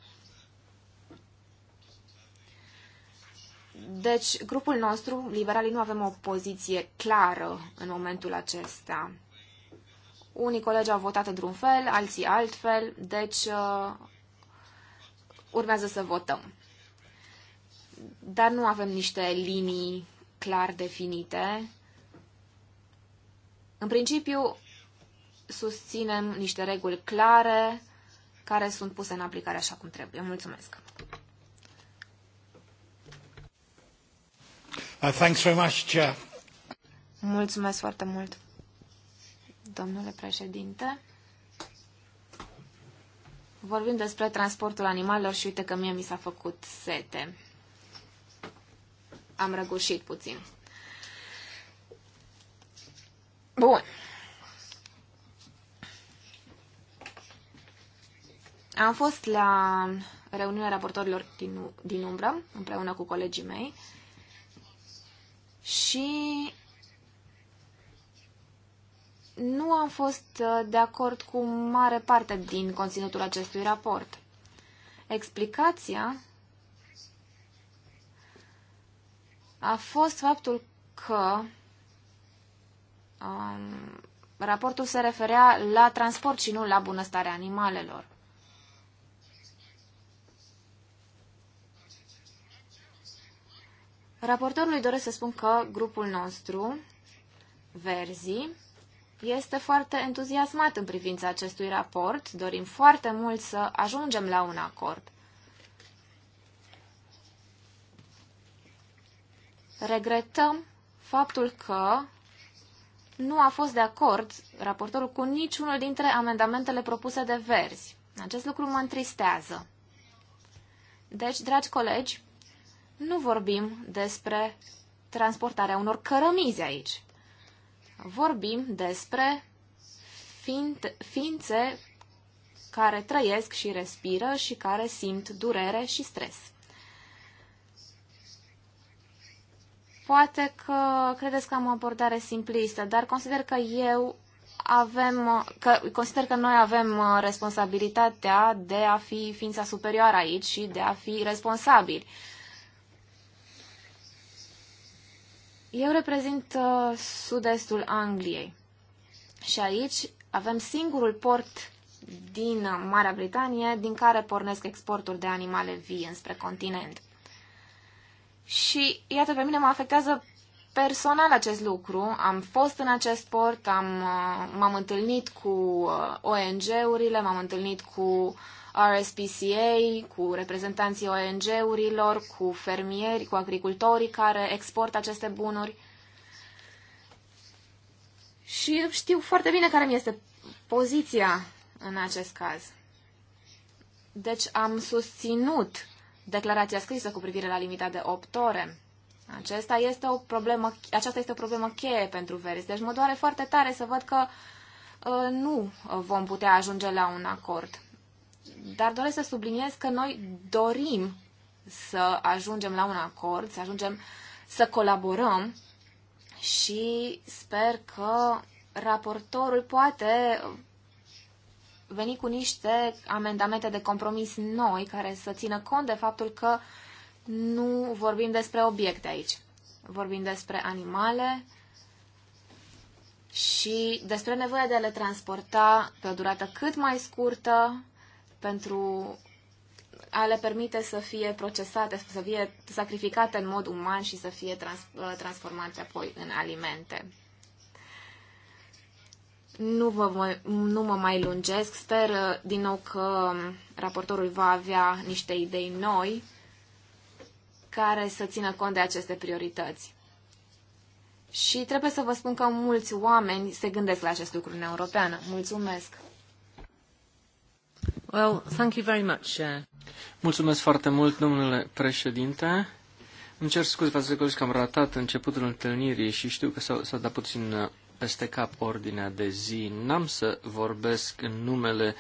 Deci, grupul nostru, liberalii, nu avem o poziție clară în momentul acesta. Unii colegi au votat într-un fel, alții altfel, deci uh, urmează să votăm. Dar nu avem niște linii clar definite. În principiu, susținem niște reguli clare care sunt puse în aplicare așa cum trebuie. Mulțumesc! Uh, thanks very much, Chair. Mulțumesc foarte mult, domnule președinte. Vorbim despre transportul animalelor și uite că mie mi s-a făcut sete am răgușit puțin. Bun. Am fost la reuniunea raportorilor din, din umbră, împreună cu colegii mei, și nu am fost uh, de acord cu mare parte din conținutul acestui raport. Explicația a fost faptul că um, raportul se referea la transport și nu la bunăstarea animalelor. Raportorului doresc să spun că grupul nostru, Verzi, este foarte entuziasmat în privința acestui raport. Dorim foarte mult să ajungem la un acord. regretăm faptul că nu a fost de acord raportorul cu niciunul dintre amendamentele propuse de verzi. Acest lucru mă întristează. Deci, dragi colegi, nu vorbim despre transportarea unor cărămizi aici. Vorbim despre ființe care trăiesc și respiră și care simt durere și stres. Poate că credeți că am o abordare simplistă, dar consider că eu avem, că, consider că noi avem uh, responsabilitatea de a fi ființa superioară aici și de a fi responsabili. Eu reprezint uh, sud-estul Angliei și aici avem singurul port din Marea Britanie din care pornesc exporturi de animale vii înspre continent. Și iată, pe mine mă afectează personal acest lucru. Am fost în acest sport, am, uh, m-am întâlnit cu uh, ONG-urile, m-am întâlnit cu RSPCA, cu reprezentanții ONG-urilor, cu fermieri, cu agricultorii care exportă aceste bunuri. Și știu foarte bine care mi este poziția în acest caz. Deci am susținut declarația scrisă cu privire la limita de 8 ore. Acesta este o problemă, aceasta este o problemă cheie pentru Veris. Deci mă doare foarte tare să văd că uh, nu vom putea ajunge la un acord. Dar doresc să subliniez că noi dorim să ajungem la un acord, să ajungem să colaborăm și sper că raportorul poate veni cu niște amendamente de compromis noi care să țină cont de faptul că nu vorbim despre obiecte aici. Vorbim despre animale și despre nevoia de a le transporta pe o durată cât mai scurtă pentru a le permite să fie procesate, să fie sacrificate în mod uman și să fie trans, uh, transformate apoi în alimente. Nu, vă, nu mă mai lungesc. Sper uh, din nou că um, raportorul va avea niște idei noi care să țină cont de aceste priorități. Și trebuie să vă spun că mulți oameni se gândesc la acest lucru în Europeană. Mulțumesc! Well, thank you very much. Uh. Mulțumesc foarte mult, domnule președinte. Îmi cer scuze față de că am ratat începutul întâlnirii și știu că s-a dat puțin uh, peste cap ordinea de zi. N-am să vorbesc în numele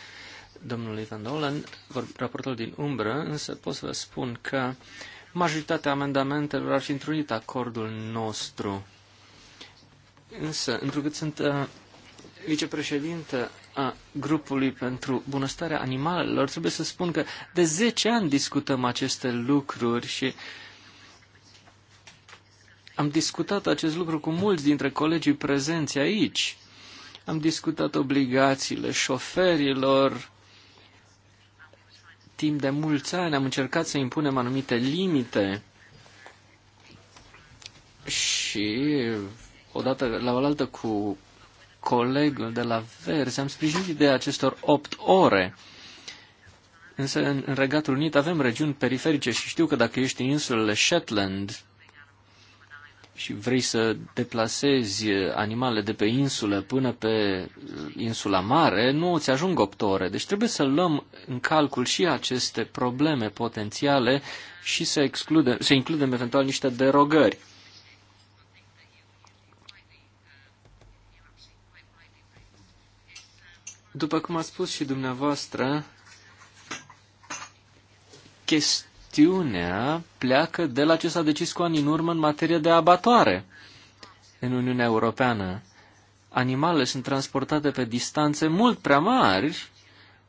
domnului Van Dolen, raportul din umbră, însă pot să vă spun că majoritatea amendamentelor ar fi întrunit acordul nostru. Însă, întrucât sunt uh, vicepreședinte a grupului pentru bunăstarea animalelor, trebuie să spun că de 10 ani discutăm aceste lucruri și uh, am discutat acest lucru cu mulți dintre colegii prezenți aici. Am discutat obligațiile șoferilor. Timp de mulți ani am încercat să impunem anumite limite și odată la oaltă cu colegul de la Verzi am sprijinit ideea acestor 8 ore. Însă în Regatul Unit avem regiuni periferice și știu că dacă ești în insulele Shetland, și vrei să deplasezi animale de pe insulă până pe uh, insula mare, nu îți ajung 8 ore. Deci trebuie să luăm în calcul și aceste probleme potențiale și să, excludem, să includem eventual niște derogări. După cum a spus și dumneavoastră, chesti chestiunea pleacă de la ce s-a decis cu ani în urmă în materie de abatoare în Uniunea Europeană. Animalele sunt transportate pe distanțe mult prea mari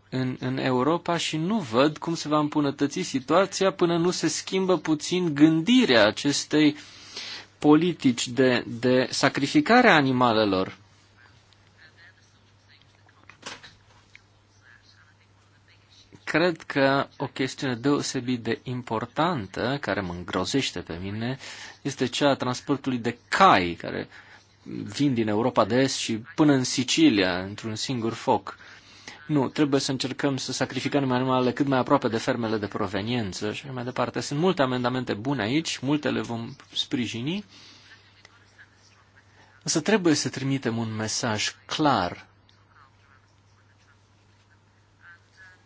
în, în Europa și nu văd cum se va îmbunătăți situația până nu se schimbă puțin gândirea acestei politici de, de sacrificare a animalelor. cred că o chestiune deosebit de importantă, care mă îngrozește pe mine, este cea a transportului de cai, care vin din Europa de Est și până în Sicilia, într-un singur foc. Nu, trebuie să încercăm să sacrificăm animalele cât mai aproape de fermele de proveniență și mai departe. Sunt multe amendamente bune aici, multe le vom sprijini, însă trebuie să trimitem un mesaj clar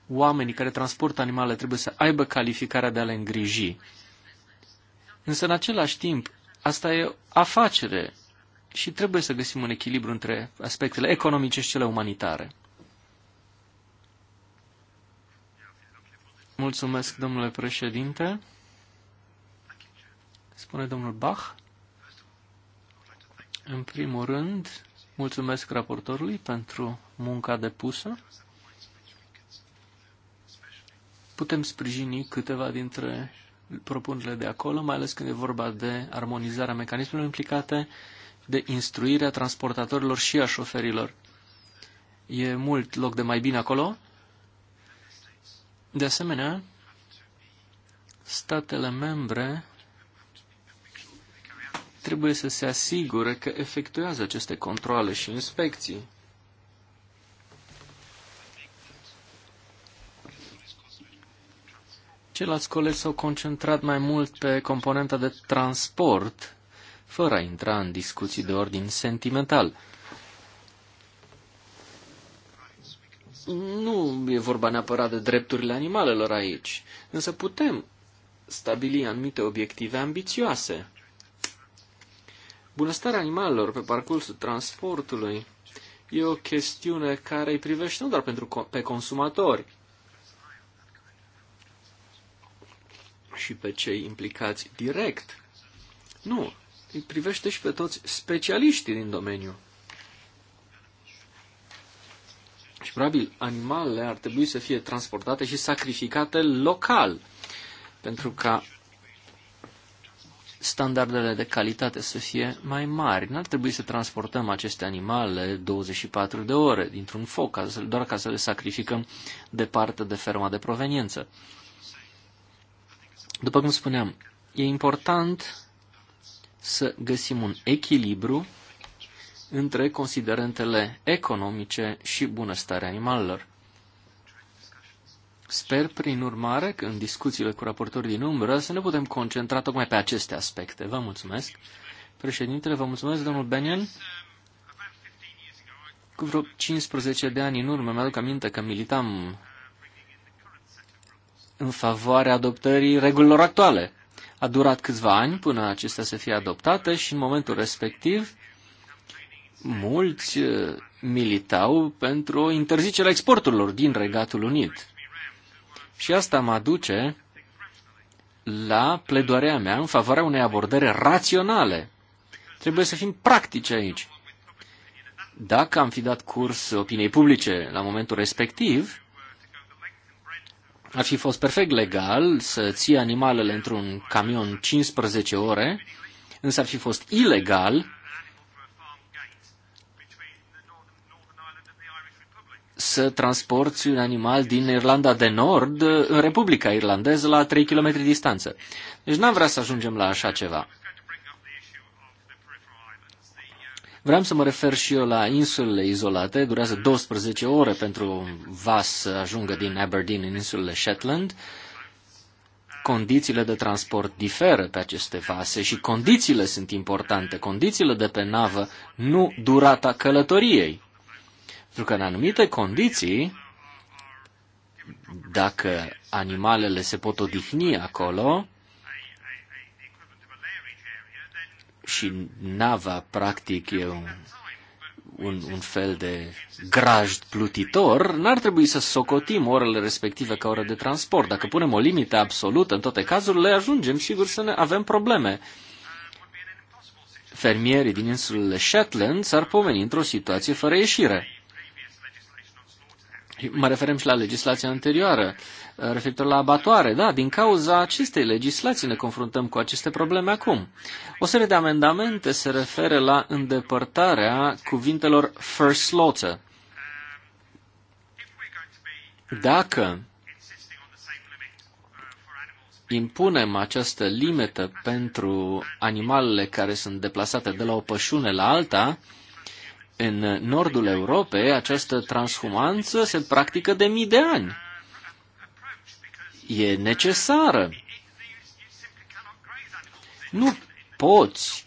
oamenii care transportă animale trebuie să aibă calificarea de a le îngriji. Însă, în același timp, asta e afacere și trebuie să găsim un echilibru între aspectele economice și cele umanitare. Mulțumesc, domnule președinte. Spune domnul Bach. În primul rând, mulțumesc raportorului pentru munca depusă putem sprijini câteva dintre propunerile de acolo, mai ales când e vorba de armonizarea mecanismelor implicate, de instruirea transportatorilor și a șoferilor. E mult loc de mai bine acolo. De asemenea, statele membre trebuie să se asigure că efectuează aceste controle și inspecții. Ceilalți colegi s-au concentrat mai mult pe componenta de transport, fără a intra în discuții de ordin sentimental. Nu e vorba neapărat de drepturile animalelor aici, însă putem stabili anumite obiective ambițioase. Bunăstarea animalelor pe parcursul transportului e o chestiune care îi privește nu doar pentru, pe consumatori, și pe cei implicați direct. Nu, îi privește și pe toți specialiștii din domeniu. Și probabil animalele ar trebui să fie transportate și sacrificate local, pentru ca standardele de calitate să fie mai mari. N-ar trebui să transportăm aceste animale 24 de ore dintr-un foc, doar ca să le sacrificăm departe de ferma de proveniență. După cum spuneam, e important să găsim un echilibru între considerentele economice și bunăstarea animalelor. Sper, prin urmare, că în discuțiile cu raportori din umbră să ne putem concentra tocmai pe aceste aspecte. Vă mulțumesc. Președintele, vă mulțumesc, domnul Benian. Cu vreo 15 de ani în urmă, mi-aduc aminte că militam în favoarea adoptării regulilor actuale. A durat câțiva ani până acestea să fie adoptate și în momentul respectiv mulți uh, militau pentru interzicerea exporturilor din Regatul Unit. Și asta mă aduce la pledoarea mea în favoarea unei abordări raționale. Trebuie să fim practici aici. Dacă am fi dat curs opiniei publice la momentul respectiv, ar fi fost perfect legal să ții animalele într-un camion 15 ore, însă ar fi fost ilegal să transporti un animal din Irlanda de Nord în Republica Irlandeză la 3 km distanță. Deci n-am vrea să ajungem la așa ceva. Vreau să mă refer și eu la insulele izolate. Durează 12 ore pentru un vas să ajungă din Aberdeen în insulele Shetland. Condițiile de transport diferă pe aceste vase și condițiile sunt importante. Condițiile de pe navă, nu durata călătoriei. Pentru că în anumite condiții, dacă animalele se pot odihni acolo, și nava, practic, e un, un, un fel de grajd plutitor, n-ar trebui să socotim orele respective ca ore de transport. Dacă punem o limită absolută în toate cazurile, ajungem sigur să ne avem probleme. Fermierii din insulele Shetland s-ar pomeni într-o situație fără ieșire. Mă referem și la legislația anterioară. Eh, referitor la abatoare. Da, din cauza acestei legislații ne confruntăm cu aceste probleme acum. O serie de amendamente se referă la îndepărtarea cuvintelor first slaughter. Dacă impunem această limită pentru animalele care sunt deplasate de la o pășune la alta, în nordul Europei această transhumanță se practică de mii de ani e necesară. Nu poți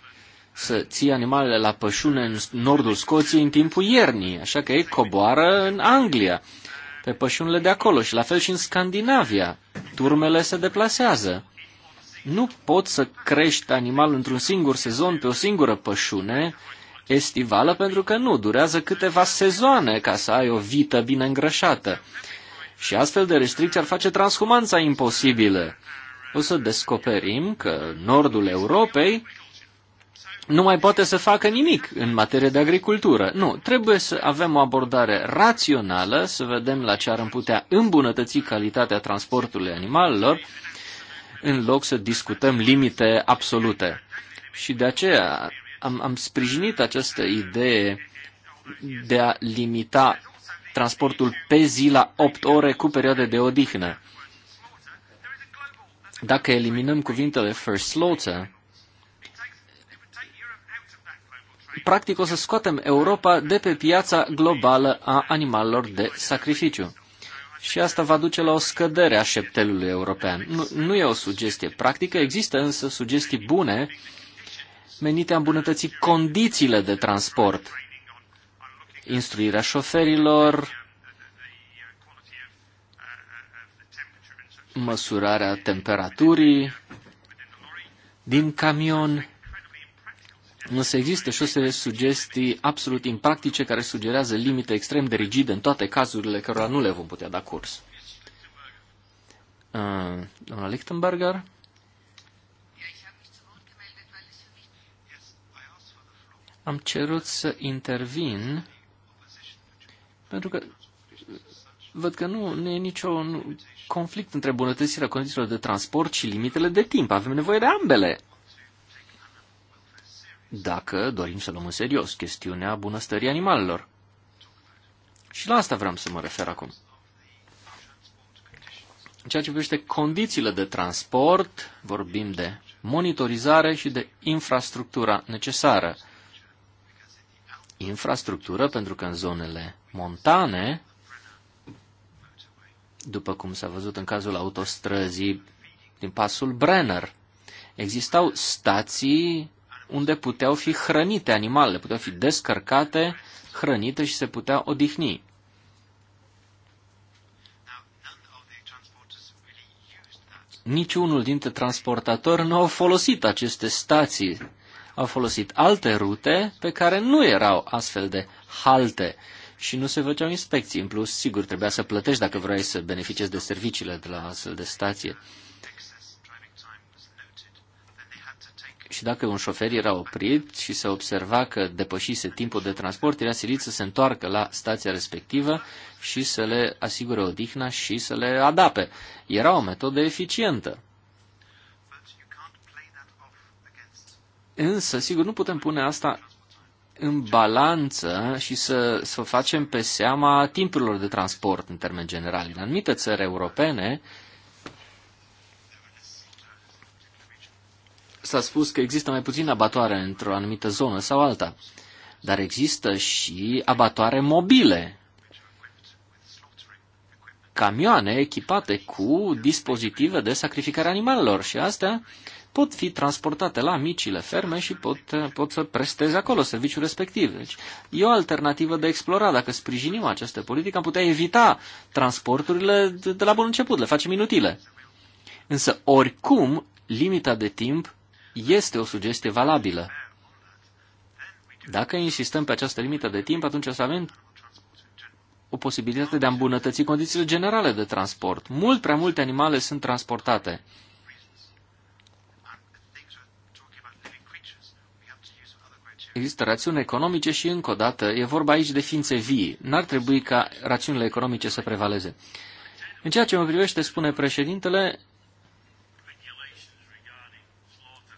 să ții animalele la pășune în nordul Scoției în timpul iernii, așa că ei coboară în Anglia, pe pășunile de acolo și la fel și în Scandinavia. Turmele se deplasează. Nu poți să crești animal într-un singur sezon pe o singură pășune estivală pentru că nu, durează câteva sezoane ca să ai o vită bine îngrășată. Și astfel de restricții ar face transhumanța imposibilă. O să descoperim că nordul Europei nu mai poate să facă nimic în materie de agricultură. Nu, trebuie să avem o abordare rațională, să vedem la ce ar putea îmbunătăți calitatea transportului animalelor, în loc să discutăm limite absolute. Și de aceea am, am sprijinit această idee de a limita transportul pe zi la 8 ore cu perioade de odihnă. Dacă eliminăm cuvintele first slaughter, practic o să scoatem Europa de pe piața globală a animalelor de sacrificiu. Și asta va duce la o scădere a șeptelului european. Nu, nu e o sugestie practică, există însă sugestii bune menite a îmbunătății condițiile de transport instruirea șoferilor, măsurarea temperaturii din camion. Însă există și o serie de sugestii absolut impractice care sugerează limite extrem de rigide în toate cazurile cărora nu le vom putea da curs. Uh, doamna Lichtenberger? Am cerut să intervin pentru că văd că nu, nu e niciun conflict între bunătățirea condițiilor de transport și limitele de timp. Avem nevoie de ambele. Dacă dorim să luăm în serios chestiunea bunăstării animalelor. Și la asta vreau să mă refer acum. În ceea ce privește condițiile de transport, vorbim de monitorizare și de infrastructura necesară infrastructură, pentru că în zonele montane, după cum s-a văzut în cazul autostrăzii din pasul Brenner, existau stații unde puteau fi hrănite animalele, puteau fi descărcate, hrănite și se putea odihni. Niciunul dintre transportatori nu au folosit aceste stații au folosit alte rute pe care nu erau astfel de halte și nu se făceau inspecții. În plus, sigur, trebuia să plătești dacă vrei să beneficiezi de serviciile de la astfel de stație. Și dacă un șofer era oprit și se observa că depășise timpul de transport, era silit să se întoarcă la stația respectivă și să le asigure odihna și să le adape. Era o metodă eficientă. Însă, sigur, nu putem pune asta în balanță și să, să facem pe seama timpurilor de transport în termen general. În anumite țări europene s-a spus că există mai puțin abatoare într-o anumită zonă sau alta, dar există și abatoare mobile, camioane echipate cu dispozitive de sacrificare animalelor și astea pot fi transportate la micile ferme și pot, pot să presteze acolo serviciul respectiv. Deci e o alternativă de explorat. Dacă sprijinim această politică, am putea evita transporturile de, de la bun început, le facem inutile. Însă, oricum, limita de timp este o sugestie valabilă. Dacă insistăm pe această limită de timp, atunci o să avem o posibilitate de a îmbunătăți condițiile generale de transport. Mult prea multe animale sunt transportate. există rațiuni economice și, încă o dată, e vorba aici de ființe vii. N-ar trebui ca rațiunile economice să prevaleze. În ceea ce mă privește, spune președintele,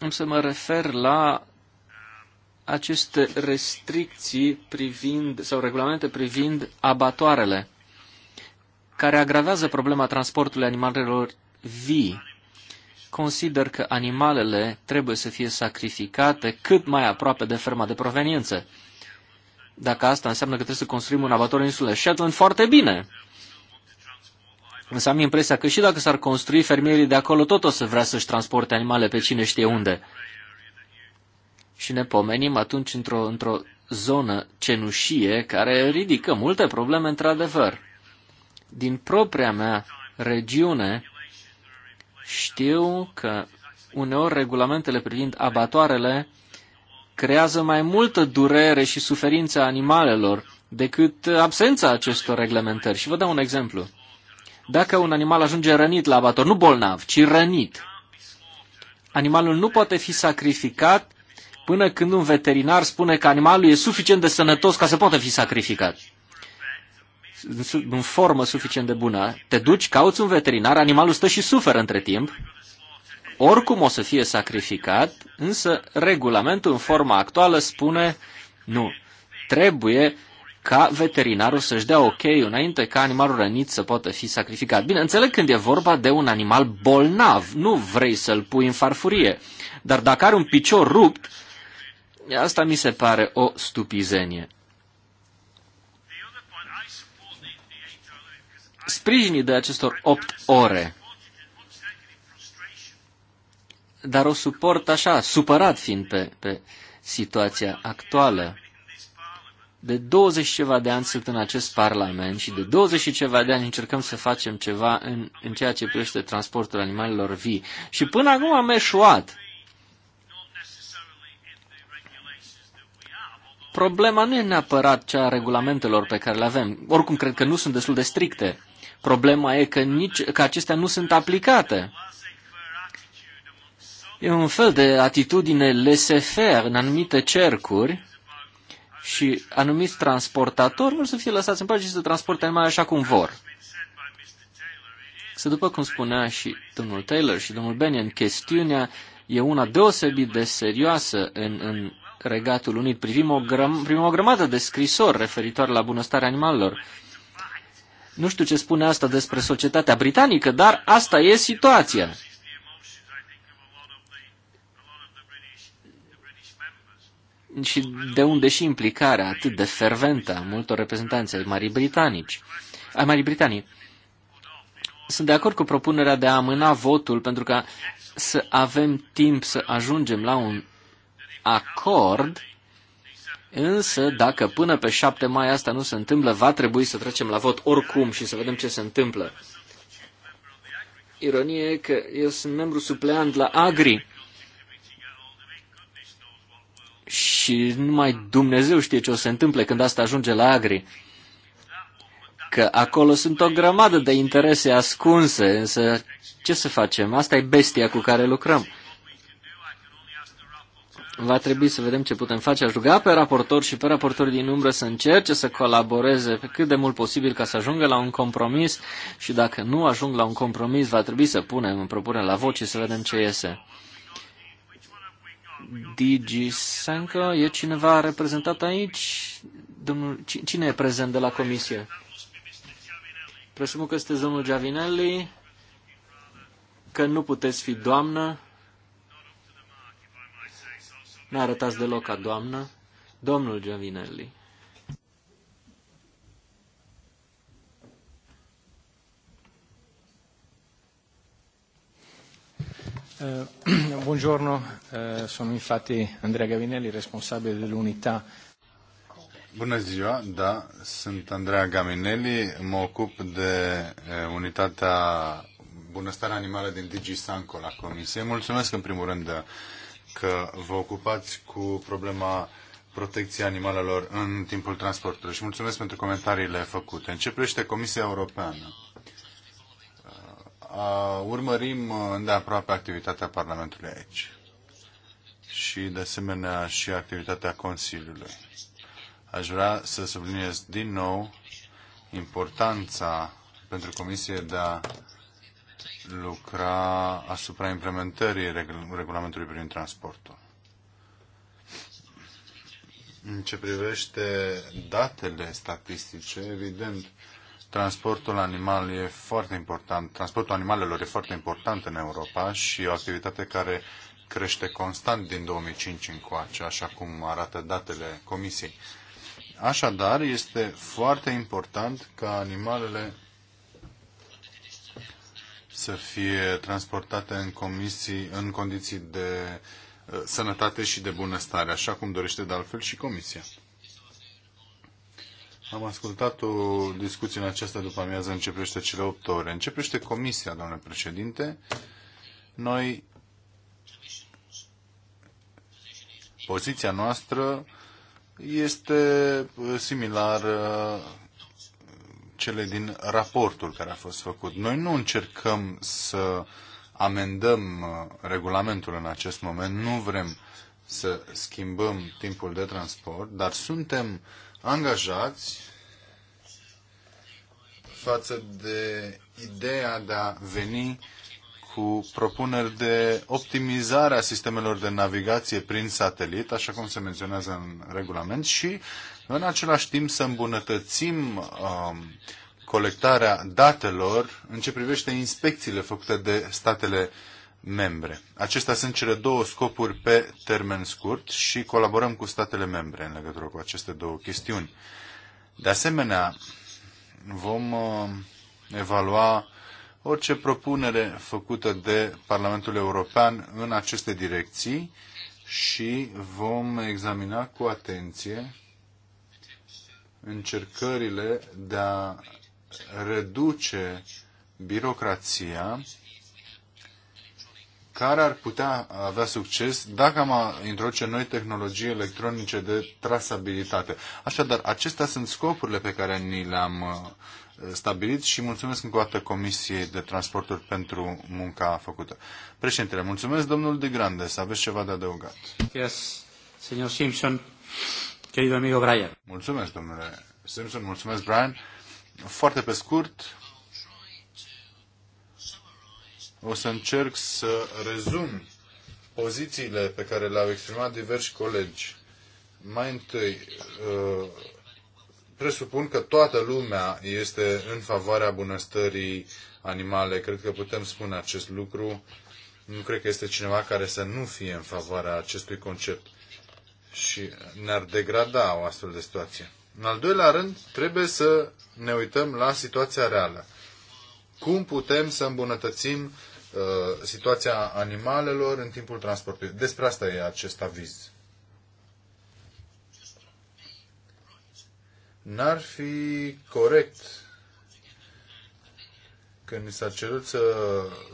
am să mă refer la aceste restricții privind, sau regulamente privind abatoarele, care agravează problema transportului animalelor vii consider că animalele trebuie să fie sacrificate cât mai aproape de ferma de proveniență. Dacă asta înseamnă că trebuie să construim un abator în insulă Shetland, foarte bine. Însă am impresia că și dacă s-ar construi fermierii de acolo, tot o să vrea să-și transporte animale pe cine știe unde. Și ne pomenim atunci într-o, într-o zonă cenușie care ridică multe probleme într-adevăr. Din propria mea regiune, știu că uneori regulamentele privind abatoarele creează mai multă durere și suferință a animalelor decât absența acestor reglementări. Și vă dau un exemplu. Dacă un animal ajunge rănit la abator, nu bolnav, ci rănit, animalul nu poate fi sacrificat până când un veterinar spune că animalul e suficient de sănătos ca să poată fi sacrificat în formă suficient de bună, te duci, cauți un veterinar, animalul stă și suferă între timp, oricum o să fie sacrificat, însă regulamentul în forma actuală spune nu. Trebuie ca veterinarul să-și dea ok înainte ca animalul rănit să poată fi sacrificat. Bine, înțeleg când e vorba de un animal bolnav, nu vrei să-l pui în farfurie, dar dacă are un picior rupt, asta mi se pare o stupizenie. sprijini de acestor opt ore. Dar o suport așa, supărat fiind pe, pe situația actuală. De 20 ceva de ani sunt în acest parlament și de 20 și ceva de ani încercăm să facem ceva în, în ceea ce privește transportul animalelor vii. Și până acum am eșuat. Problema nu e neapărat cea a regulamentelor pe care le avem. Oricum, cred că nu sunt destul de stricte. Problema e că, nici, că acestea nu sunt aplicate. E un fel de atitudine laissez-faire în anumite cercuri și anumiți transportatori vor să fie lăsați în pace și să transporte mai așa cum vor. Să după cum spunea și domnul Taylor și domnul Bennion, chestiunea e una deosebit de serioasă în, în Regatul Unit. Privim o, grăm, primim o grămadă de scrisori referitoare la bunăstarea animalelor. Nu știu ce spune asta despre societatea britanică, dar asta e situația. Și de unde și implicarea atât de ferventă a multor reprezentanți ai Marii Britanici. Ai Marii Britanii. Sunt de acord cu propunerea de a amâna votul pentru ca să avem timp să ajungem la un acord Însă, dacă până pe 7 mai asta nu se întâmplă, va trebui să trecem la vot oricum și să vedem ce se întâmplă. Ironie e că eu sunt membru supleant la Agri și numai Dumnezeu știe ce o se întâmple când asta ajunge la Agri. Că acolo sunt o grămadă de interese ascunse, însă ce să facem? Asta e bestia cu care lucrăm va trebui să vedem ce putem face. Aș ruga pe raportor și pe raportori din umbră să încerce să colaboreze pe cât de mult posibil ca să ajungă la un compromis și dacă nu ajung la un compromis, va trebui să punem în propunere la voce și să vedem ce iese. Digi Senko, e cineva reprezentat aici? Domnul, cine e prezent de la comisie? Presupun că este domnul Giavinelli, că nu puteți fi doamnă. Nu arătați deloc ca doamnă. Domnul Giovinelli. Uh, (clears throat) buongiorno, uh, sono infatti Andrea Gavinelli, responsabile dell'unità. Bună ziua, da, sunt Andrea Gavinelli, mă ocup de uh, unitatea bunăstare animală din Sanco la Comisie. Mulțumesc în primul rând de că vă ocupați cu problema protecției animalelor în timpul transportului și mulțumesc pentru comentariile făcute. Începește Comisia Europeană. Urmărim îndeaproape activitatea Parlamentului aici și, de asemenea, și activitatea Consiliului. Aș vrea să subliniez din nou importanța pentru Comisie de a lucra asupra implementării regulamentului privind transportul. În ce privește datele statistice, evident, transportul animal e foarte important, transportul animalelor e foarte important în Europa și o activitate care crește constant din 2005 încoace, așa cum arată datele Comisiei. Așadar, este foarte important ca animalele să fie transportate în, comisii, în condiții de uh, sănătate și de bunăstare, așa cum dorește de altfel și Comisia. Am ascultat o discuție în această după amiază, începește cele 8 ore. Începește Comisia, domnule președinte. Noi, poziția noastră este similară cele din raportul care a fost făcut. Noi nu încercăm să amendăm uh, regulamentul în acest moment, nu vrem să schimbăm timpul de transport, dar suntem angajați față de ideea de a veni cu propuneri de optimizare a sistemelor de navigație prin satelit, așa cum se menționează în regulament, și în același timp să îmbunătățim um, colectarea datelor în ce privește inspecțiile făcute de statele membre. Acestea sunt cele două scopuri pe termen scurt și colaborăm cu statele membre în legătură cu aceste două chestiuni. De asemenea, vom uh, evalua orice propunere făcută de Parlamentul European în aceste direcții și vom examina cu atenție încercările de a reduce birocrația care ar putea avea succes dacă am introduce noi tehnologii electronice de trasabilitate. Așadar, acestea sunt scopurile pe care ni le-am uh, stabilit și mulțumesc încă o dată Comisiei de Transporturi pentru munca făcută. Președintele, mulțumesc domnul de Grande, să aveți ceva de adăugat. Yes, Simpson. Querido amigo Brian. Mulțumesc, domnule Simpson, mulțumesc, Brian. Foarte pe scurt, o să încerc să rezum pozițiile pe care le-au exprimat diversi colegi. Mai întâi, uh, presupun că toată lumea este în favoarea bunăstării animale. Cred că putem spune acest lucru. Nu cred că este cineva care să nu fie în favoarea acestui concept și ne-ar degrada o astfel de situație. În al doilea rând, trebuie să ne uităm la situația reală. Cum putem să îmbunătățim uh, situația animalelor în timpul transportului? Despre asta e acest aviz. N-ar fi corect când ni s-a cerut să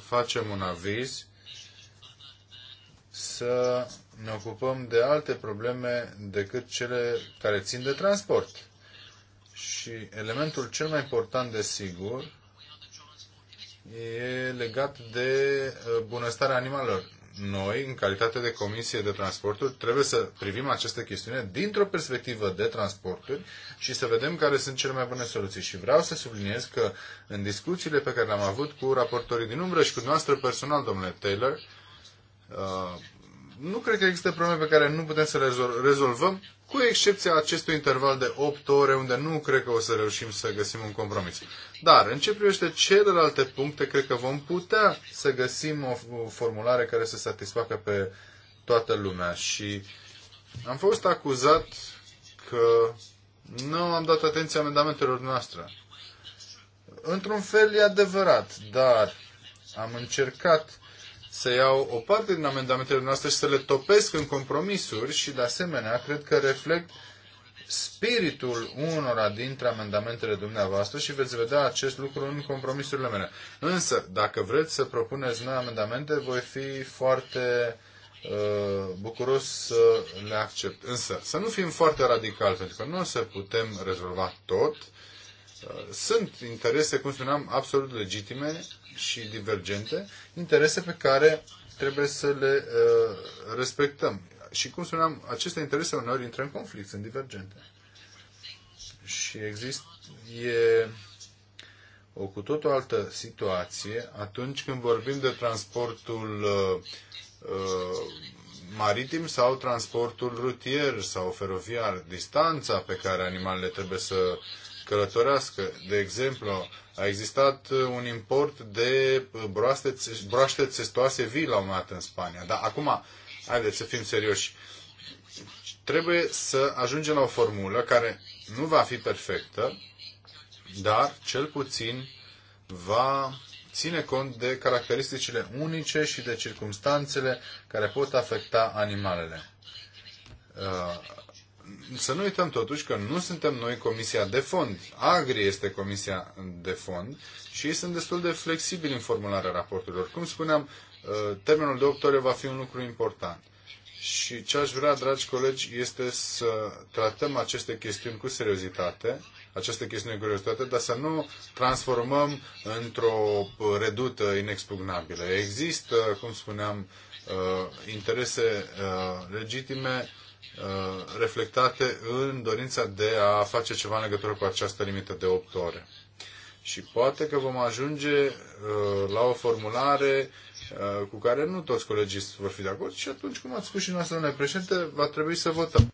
facem un aviz să ne ocupăm de alte probleme decât cele care țin de transport. Și elementul cel mai important, desigur, e legat de uh, bunăstarea animalelor. Noi, în calitate de Comisie de Transporturi, trebuie să privim aceste chestiune dintr-o perspectivă de transporturi și să vedem care sunt cele mai bune soluții. Și vreau să subliniez că în discuțiile pe care le-am avut cu raportorii din umbră și cu noastră personal, domnule Taylor, uh, nu cred că există probleme pe care nu putem să le rezolvăm, cu excepția acestui interval de 8 ore, unde nu cred că o să reușim să găsim un compromis. Dar, în ce privește celelalte puncte, cred că vom putea să găsim o formulare care să satisfacă pe toată lumea. Și am fost acuzat că nu am dat atenție amendamentelor noastre. Într-un fel e adevărat, dar am încercat să iau o parte din amendamentele noastre și să le topesc în compromisuri și, de asemenea, cred că reflect spiritul unora dintre amendamentele dumneavoastră și veți vedea acest lucru în compromisurile mele. Însă, dacă vreți să propuneți noi amendamente, voi fi foarte uh, bucuros să le accept. Însă, să nu fim foarte radicali, pentru că nu o să putem rezolva tot. Uh, sunt interese, cum spuneam, absolut legitime și divergente, interese pe care trebuie să le uh, respectăm. Și cum spuneam, aceste interese uneori intră în conflict, sunt divergente. Și există, e o cu totul altă situație atunci când vorbim de transportul uh, uh, maritim sau transportul rutier sau feroviar, distanța pe care animalele trebuie să călătorească. De exemplu, a existat uh, un import de uh, broaște, broaște țestoase vii la un moment dat în Spania. Dar acum, haideți să fim serioși, trebuie să ajungem la o formulă care nu va fi perfectă, dar cel puțin va ține cont de caracteristicile unice și de circumstanțele care pot afecta animalele. Uh, să nu uităm totuși că nu suntem noi comisia de fond. Agri este comisia de fond și ei sunt destul de flexibili în formularea raporturilor. Cum spuneam, uh, termenul de 8 ore va fi un lucru important. Și ce aș vrea, dragi colegi, este să tratăm aceste chestiuni cu seriozitate, aceste chestiuni cu seriozitate, dar să nu transformăm într-o redută inexpugnabilă. Există, cum spuneam, uh, interese uh, legitime Uh, reflectate în dorința de a face ceva în legătură cu această limită de 8 ore. Și poate că vom ajunge uh, la o formulare uh, cu care nu toți colegii vor fi de acord și atunci, cum ați spus și noastră, domnule președinte, va trebui să votăm.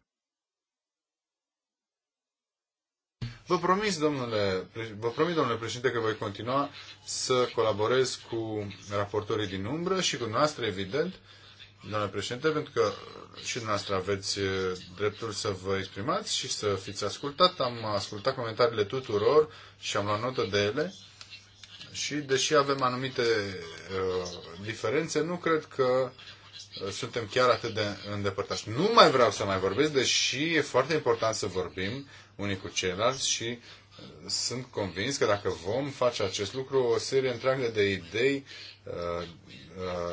Vă promit, domnule, vă promit, domnule președinte, că voi continua să colaborez cu raportorii din umbră și cu noastră, evident, domnule președinte, pentru că și dumneavoastră aveți dreptul să vă exprimați și să fiți ascultat. Am ascultat comentariile tuturor și am luat notă de ele. Și deși avem anumite uh, diferențe, nu cred că suntem chiar atât de îndepărtați. Nu mai vreau să mai vorbesc, deși e foarte important să vorbim unii cu ceilalți și sunt convins că dacă vom face acest lucru, o serie întreagă de idei uh, uh,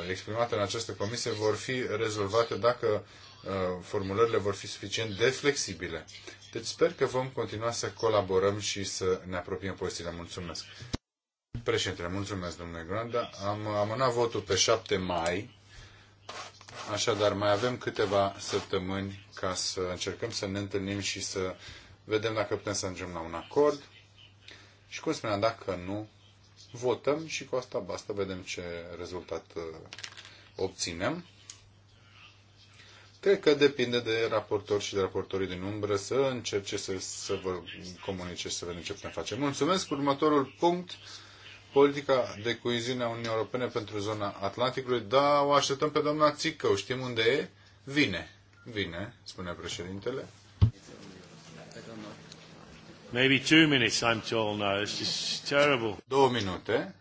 exprimate în această comisie vor fi rezolvate dacă uh, formulările vor fi suficient de flexibile. Deci sper că vom continua să colaborăm și să ne apropiem pozițiile. Mulțumesc. Președintele, mulțumesc, domnule Granda. Am amânat votul pe 7 mai, așadar mai avem câteva săptămâni ca să încercăm să ne întâlnim și să vedem dacă putem să ajungem la un acord și, cum spuneam, dacă nu, votăm și cu asta basta, vedem ce rezultat uh, obținem. Cred că depinde de raportori și de raportorii din umbră să încerce să, să vă comunice și să vedem ce putem face. Mulțumesc. Următorul punct, politica de coeziune a Uniunii Europene pentru zona Atlanticului. Da, o așteptăm pe doamna Țică, Știm unde e? Vine. Vine, spune președintele. Maybe two minutes, I'm told now. It's just terrible. Două minute.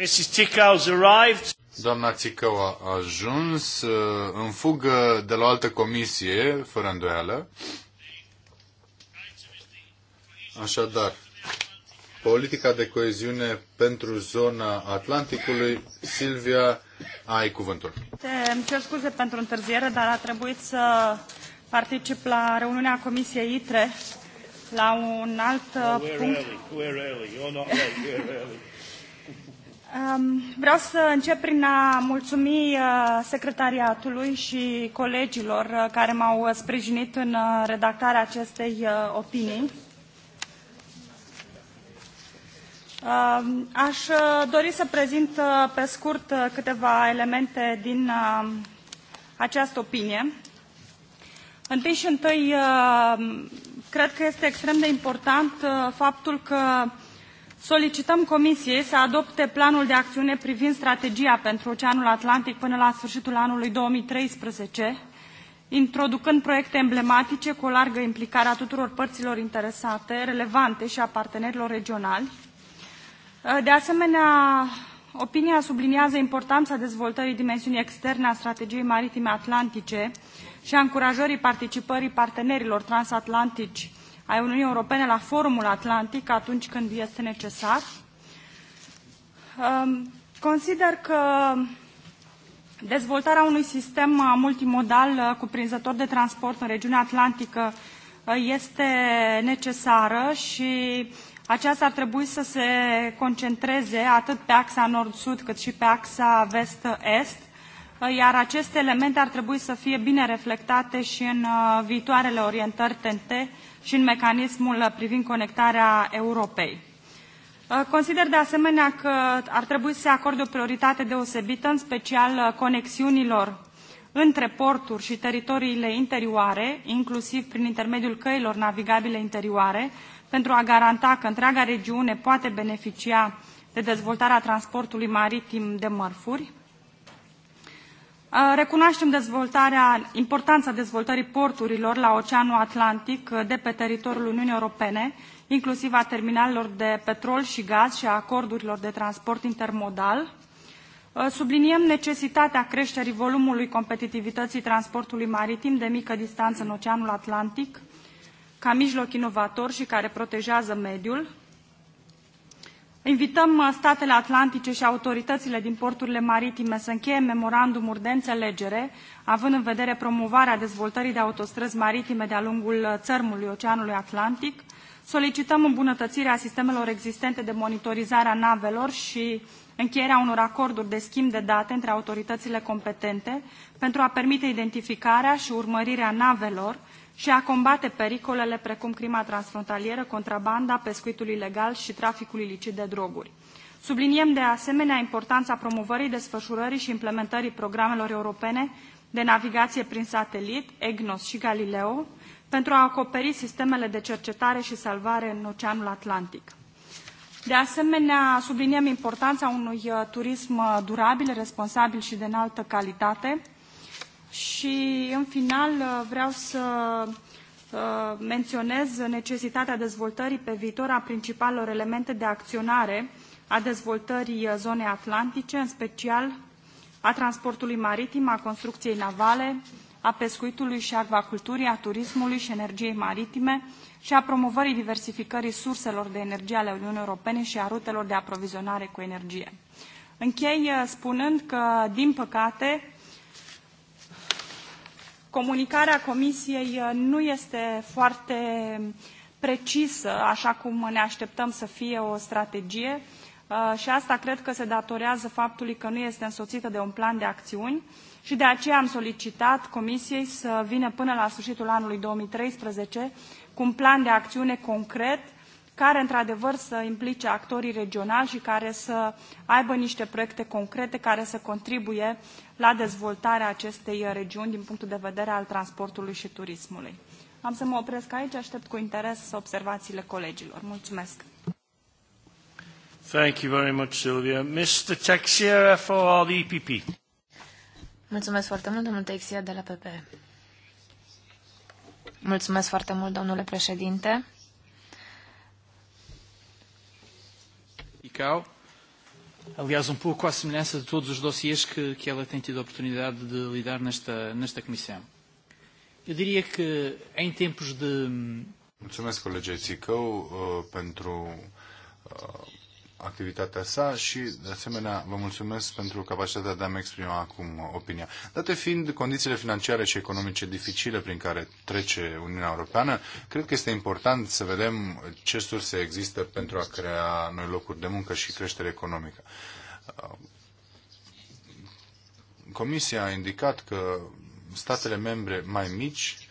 Mrs. Tickow's arrived. Doamna Țicău a ajuns uh, în fugă de la o altă comisie, fără îndoială. Așadar, politica de coeziune pentru zona Atlanticului. Silvia, ai cuvântul. Îmi cer scuze pentru întârziere, dar a trebuit să particip la reuniunea Comisiei ITRE la un alt uh, oh, punct. Early. early. Vreau să încep prin a mulțumi uh, secretariatului și colegilor uh, care m-au uh, sprijinit în redactarea acestei opinii. Um, aș dori să prezint pe scurt câteva elemente din um, această opinie. Întâi și întâi, cred că este extrem de important faptul că Solicităm Comisiei să adopte planul de acțiune privind strategia pentru Oceanul Atlantic până la sfârșitul anului 2013, introducând proiecte emblematice cu o largă implicare a tuturor părților interesate, relevante și a partenerilor regionali. De asemenea, opinia subliniază importanța dezvoltării dimensiunii externe a strategiei maritime atlantice și a încurajării participării partenerilor transatlantici ai Uniunii Europene la Forumul Atlantic atunci când este necesar. Um, consider că dezvoltarea unui sistem uh, multimodal uh, cuprinzător de transport în regiunea atlantică uh, este necesară și aceasta ar trebui să se concentreze atât pe axa nord-sud cât și pe axa vest-est, iar aceste elemente ar trebui să fie bine reflectate și în viitoarele orientări TNT și în mecanismul uh, privind conectarea Europei. Uh, consider de asemenea că ar trebui să se acorde o prioritate deosebită, în special uh, conexiunilor între porturi și teritoriile interioare, inclusiv prin intermediul căilor navigabile interioare, pentru a garanta că întreaga regiune poate beneficia de dezvoltarea transportului maritim de mărfuri. Recunoaștem dezvoltarea, importanța dezvoltării porturilor la Oceanul Atlantic de pe teritoriul Uniunii Europene, inclusiv a terminalelor de petrol și gaz și a acordurilor de transport intermodal. Subliniem necesitatea creșterii volumului competitivității transportului maritim de mică distanță în Oceanul Atlantic, ca mijloc inovator și care protejează mediul, Invităm uh, statele atlantice și autoritățile din porturile maritime să încheie memorandumuri de înțelegere, având în vedere promovarea dezvoltării de autostrăzi maritime de-a lungul uh, țărmului Oceanului Atlantic. Solicităm îmbunătățirea sistemelor existente de monitorizare a navelor și încheierea unor acorduri de schimb de date între autoritățile competente pentru a permite identificarea și urmărirea navelor și a combate pericolele precum crima transfrontalieră, contrabanda, pescuitul ilegal și traficul ilicit de droguri. Subliniem de asemenea importanța promovării, desfășurării și implementării programelor europene de navigație prin satelit, EGNOS și Galileo, pentru a acoperi sistemele de cercetare și salvare în Oceanul Atlantic. De asemenea, subliniem importanța unui uh, turism uh, durabil, responsabil și de înaltă calitate, și, în final, uh, vreau să uh, menționez necesitatea dezvoltării pe viitor a principalelor elemente de acționare a dezvoltării uh, zonei atlantice, în special a transportului maritim, a construcției navale, a pescuitului și acvaculturii, a turismului și energiei maritime și a promovării diversificării surselor de energie ale Uniunii Europene și a rutelor de aprovizionare cu energie. Închei spunând că, din păcate, Comunicarea Comisiei uh, nu este foarte precisă, așa cum ne așteptăm să fie o strategie uh, și asta cred că se datorează faptului că nu este însoțită de un plan de acțiuni și de aceea am solicitat Comisiei să vină până la sfârșitul anului 2013 cu un plan de acțiune concret care într-adevăr să implice actorii regionali și care să aibă niște proiecte concrete care să contribuie la dezvoltarea acestei regiuni din punctul de vedere al transportului și turismului. Am să mă opresc aici, aștept cu interes observațiile colegilor. Mulțumesc! Thank you very much, Silvia. Mr. Texiera for the EPP. Mulțumesc foarte mult, domnul Texiera de la PP. Mulțumesc foarte mult, domnule președinte. Icau aliás, um pouco à semelhança de todos os dossiês que, que ela tem tido a oportunidade de lidar nesta, nesta Comissão. Eu diria que em tempos de... Mulțumesc, colegei Țicău, uh, pentru uh, activitatea sa și, de asemenea, vă mulțumesc pentru capacitatea de a-mi exprima acum opinia. Date fiind condițiile financiare și economice dificile prin care trece Uniunea Europeană, cred că este important să vedem ce surse există pentru a crea noi locuri de muncă și creștere economică. Comisia a indicat că statele membre mai mici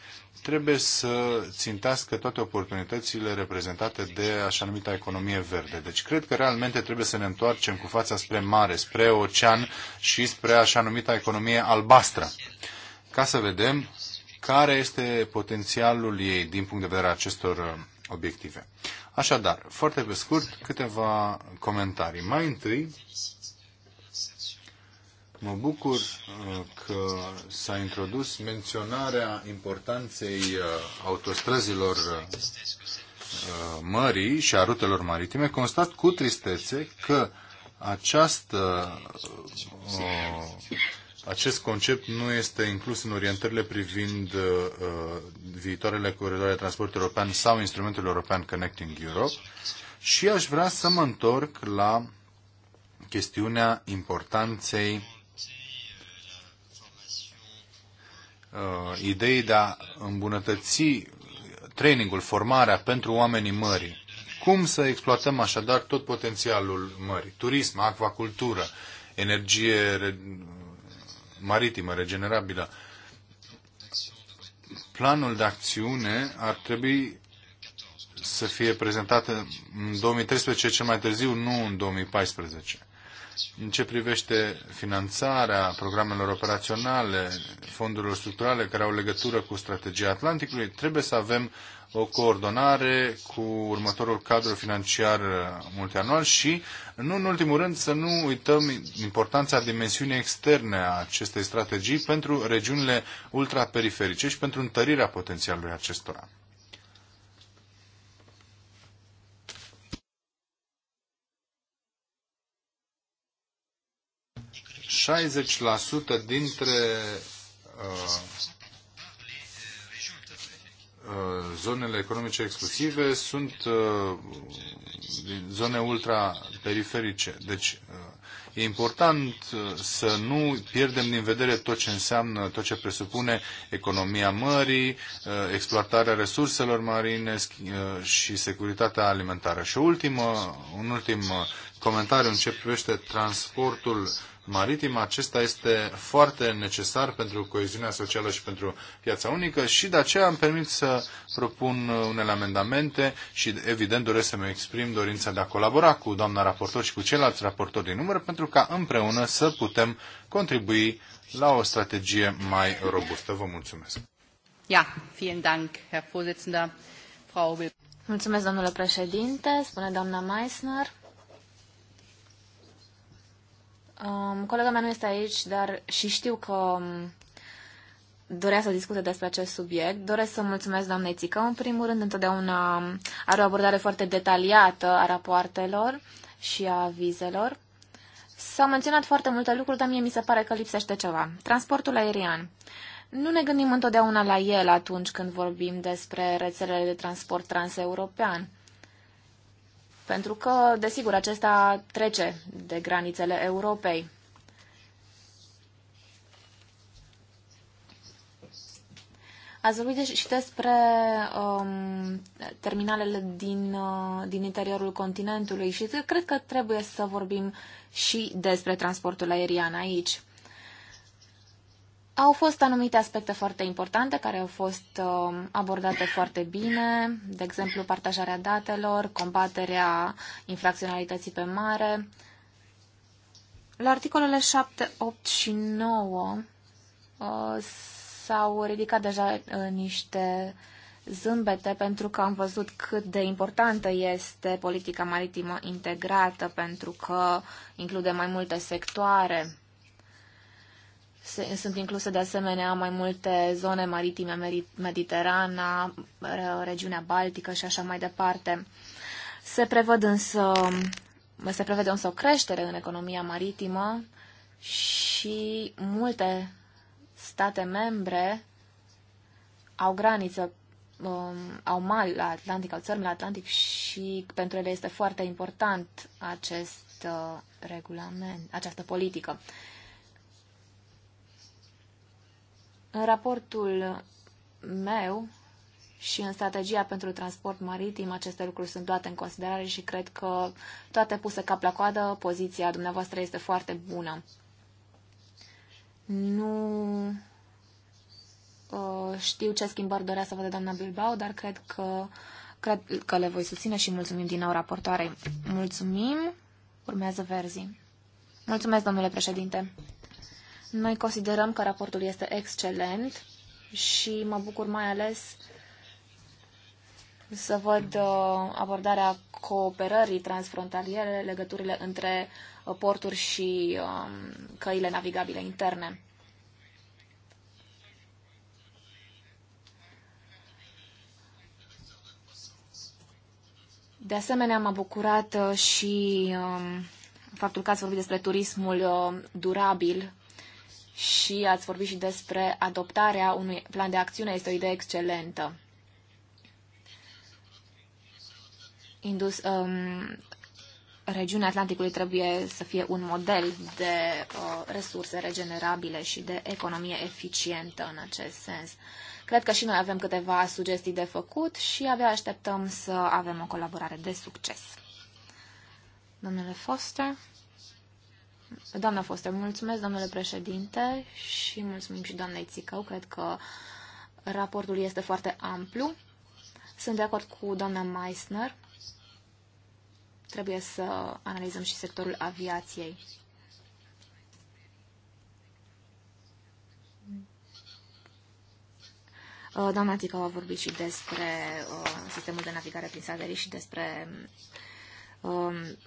trebuie să țintească toate oportunitățile reprezentate de așa numita economie verde. Deci cred că realmente trebuie să ne întoarcem cu fața spre mare, spre ocean și spre așa numita economie albastră, ca să vedem care este potențialul ei din punct de vedere a acestor uh, obiective. Așadar, foarte pe scurt, câteva comentarii. Mai întâi, Mă bucur uh, că s-a introdus menționarea importanței uh, autostrăzilor uh, mării și a rutelor maritime. Constat cu tristețe că această, acest concept nu este inclus în orientările privind viitoarele coridoare de transport european sau instrumentul european Connecting Europe. Și aș vrea să mă întorc la chestiunea importanței uh, idei de a îmbunătăți trainingul, formarea pentru oamenii mării. Cum să exploatăm așadar tot potențialul mării? Turism, acvacultură, energie re- maritimă, regenerabilă. Planul de acțiune ar trebui să fie prezentat în 2013 cel mai târziu, nu în 2014. În ce privește finanțarea programelor operaționale, fondurilor structurale care au legătură cu strategia Atlanticului, trebuie să avem o coordonare cu următorul cadru financiar multianual și, nu în ultimul rând, să nu uităm importanța dimensiunii externe a acestei strategii pentru regiunile ultraperiferice și pentru întărirea potențialului acestora. 60% dintre uh, uh, zonele economice exclusive sunt uh, zone ultraperiferice. Deci uh, e important să nu pierdem din vedere tot ce înseamnă, tot ce presupune economia mării, exploatarea resurselor marine și securitatea alimentară. Și ultimă, un ultim comentariu în ce privește transportul maritim. Acesta este foarte necesar pentru coeziunea socială și pentru piața unică și de aceea îmi permit să propun unele amendamente și evident doresc să-mi exprim dorința de a colabora cu doamna raportor și cu ceilalți raportori din număr pentru ca împreună să putem contribui la o strategie mai robustă. Vă mulțumesc! Ja, vielen Dank, Herr Vorsitzender. Frau Mulțumesc, domnule președinte, spune doamna Meissner. Um, colega mea nu este aici, dar și știu că um, dorea să discute despre acest subiect. Doresc să mulțumesc doamnei Țică, în primul rând, întotdeauna um, are o abordare foarte detaliată a rapoartelor și a vizelor, S-au menționat foarte multe lucruri, dar mie mi se pare că lipsește ceva. Transportul aerian. Nu ne gândim întotdeauna la el atunci când vorbim despre rețelele de transport transeuropean. Pentru că, desigur, acesta trece de granițele Europei. Ați vorbit și despre um, terminalele din, uh, din interiorul continentului și cred că trebuie să vorbim și despre transportul aerian aici. Au fost anumite aspecte foarte importante care au fost um, abordate foarte bine, de exemplu partajarea datelor, combaterea infracționalității pe mare. La articolele 7, 8 și 9 uh, s-au ridicat deja uh, niște zâmbete pentru că am văzut cât de importantă este politica maritimă integrată pentru că include mai multe sectoare sunt incluse de asemenea mai multe zone maritime, Mediterana, regiunea Baltică și așa mai departe. Se prevăd însă se prevede însă o creștere în economia maritimă și multe state membre au graniță, um, au mari la Atlantic, au țări la Atlantic și pentru ele este foarte important acest uh, regulament, această politică. În raportul meu și în strategia pentru transport maritim, aceste lucruri sunt luate în considerare și cred că toate puse cap la coadă, poziția dumneavoastră este foarte bună. Nu uh, știu ce schimbări dorea să vadă doamna Bilbao, dar cred că, cred că le voi susține și mulțumim din nou raportoarei. Mulțumim. Urmează verzii. Mulțumesc, domnule președinte. Noi considerăm că raportul este excelent și mă bucur mai ales să văd uh, abordarea cooperării transfrontaliere, legăturile între uh, porturi și um, căile navigabile interne. De asemenea, m-a bucurat uh, și um, faptul că ați vorbit despre turismul durabil și ați vorbit și despre adoptarea unui plan de acțiune. Este o idee excelentă. Indus, um, regiunea Atlanticului trebuie să fie un model de uh, resurse regenerabile și de economie eficientă în acest sens. Cred că și noi avem câteva sugestii de făcut și abia așteptăm să avem o colaborare de succes. Domnule Foster. Doamna Foster, mulțumesc, domnule președinte, și mulțumim și doamnei Țicău. Cred că raportul este foarte amplu. Sunt de acord cu doamna Meissner. Trebuie să analizăm și sectorul aviației. Uh, doamna Țicău a vorbit și despre uh, sistemul de navigare prin satelit și despre um,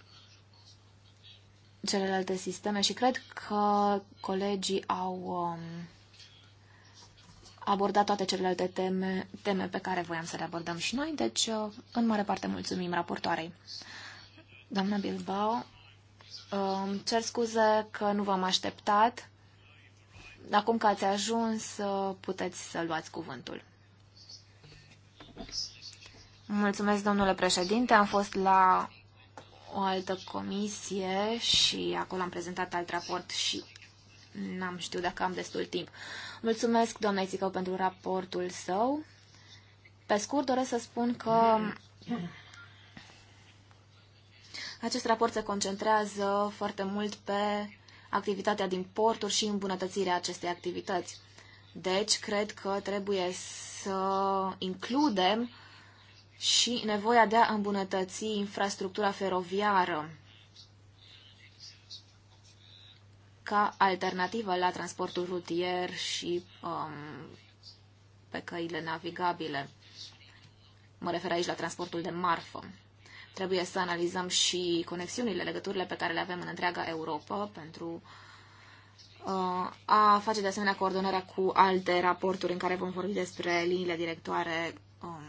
celelalte sisteme și cred că colegii au um, abordat toate celelalte teme, teme pe care voiam să le abordăm și noi, deci uh, în mare parte mulțumim raportoarei. Doamna Bilbao, um, cer scuze că nu v-am așteptat. Acum că ați ajuns, uh, puteți să luați cuvântul. Mulțumesc, domnule președinte. Am fost la o altă comisie și acolo am prezentat alt raport și n-am știut dacă am destul timp. Mulțumesc, doamna Ițicău, pentru raportul său. Pe scurt, doresc să spun că acest raport se concentrează foarte mult pe activitatea din porturi și îmbunătățirea acestei activități. Deci, cred că trebuie să includem și nevoia de a îmbunătăți infrastructura feroviară ca alternativă la transportul rutier și um, pe căile navigabile. Mă refer aici la transportul de marfă. Trebuie să analizăm și conexiunile, legăturile pe care le avem în întreaga Europa pentru uh, a face de asemenea coordonarea cu alte raporturi în care vom vorbi despre liniile directoare um,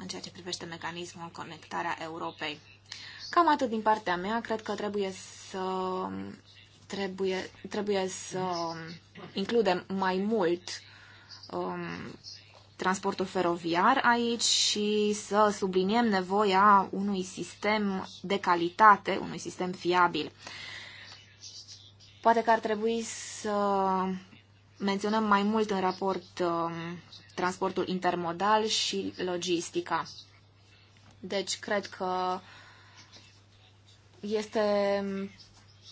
în ceea ce privește mecanismul conectarea Europei. Cam atât din partea mea, cred că trebuie să trebuie, trebuie să includem mai mult um, transportul feroviar aici și să subliniem nevoia unui sistem de calitate, unui sistem fiabil. Poate că ar trebui să menționăm mai mult în raport um, transportul intermodal și logistica. Deci, cred că este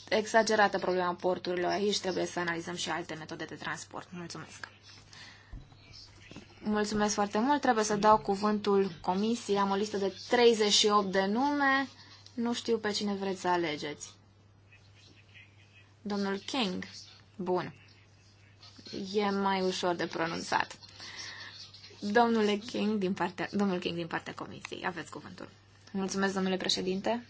exagerată problema porturilor aici, trebuie să analizăm și alte metode de transport. Mulțumesc! Mulțumesc foarte mult. Trebuie să dau cuvântul comisiei. Am o listă de 38 de nume. Nu știu pe cine vreți să alegeți. Domnul King. Bun. E mai ușor de pronunțat. Domnule King din partea, domnul King din partea comisiei, aveți cuvântul. Mulțumesc, domnule președinte.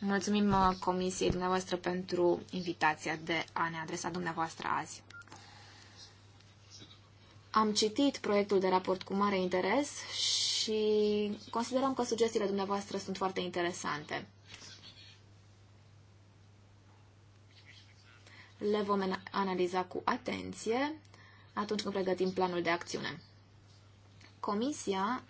Mulțumim uh, comisiei dumneavoastră pentru invitația de a ne adresa dumneavoastră azi. Am citit proiectul de raport cu mare interes și considerăm că sugestiile dumneavoastră sunt foarte interesante. Le vom analiza cu atenție atunci când pregătim planul de acțiune. Comisia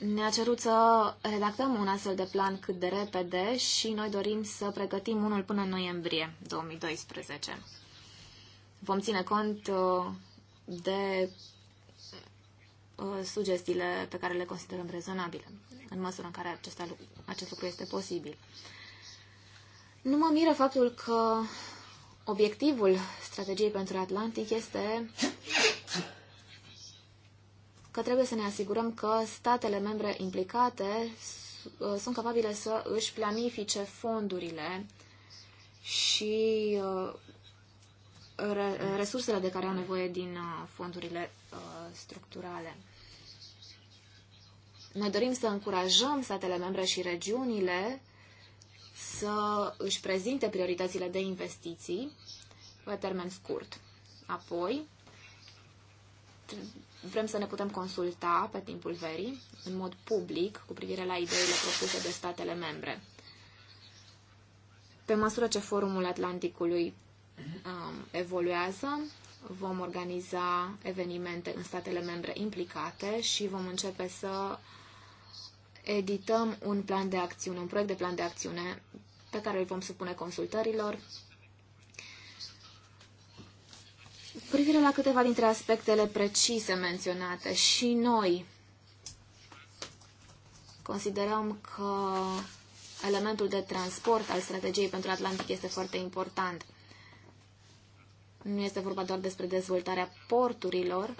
ne-a cerut să redactăm un astfel de plan cât de repede și noi dorim să pregătim unul până în noiembrie 2012. Vom ține cont uh, de uh, sugestiile pe care le considerăm rezonabile, în măsura în care acesta, acest lucru este posibil. Nu mă miră faptul că obiectivul strategiei pentru Atlantic este că trebuie să ne asigurăm că statele membre implicate uh, sunt capabile să își planifice fondurile și uh, resursele de care au nevoie din uh, fondurile structurale. Ne dorim să încurajăm statele membre și regiunile să își prezinte prioritățile de investiții pe termen scurt. Apoi, Vrem să ne putem consulta pe timpul verii, în mod public, cu privire la ideile propuse de statele membre. Pe măsură ce forumul Atlanticului um, evoluează, vom organiza evenimente în statele membre implicate și vom începe să edităm un plan de acțiune, un proiect de plan de acțiune pe care îl vom supune consultărilor cu privire la câteva dintre aspectele precise menționate, și noi considerăm că elementul de transport al strategiei pentru Atlantic este foarte important. Nu este vorba doar despre dezvoltarea porturilor,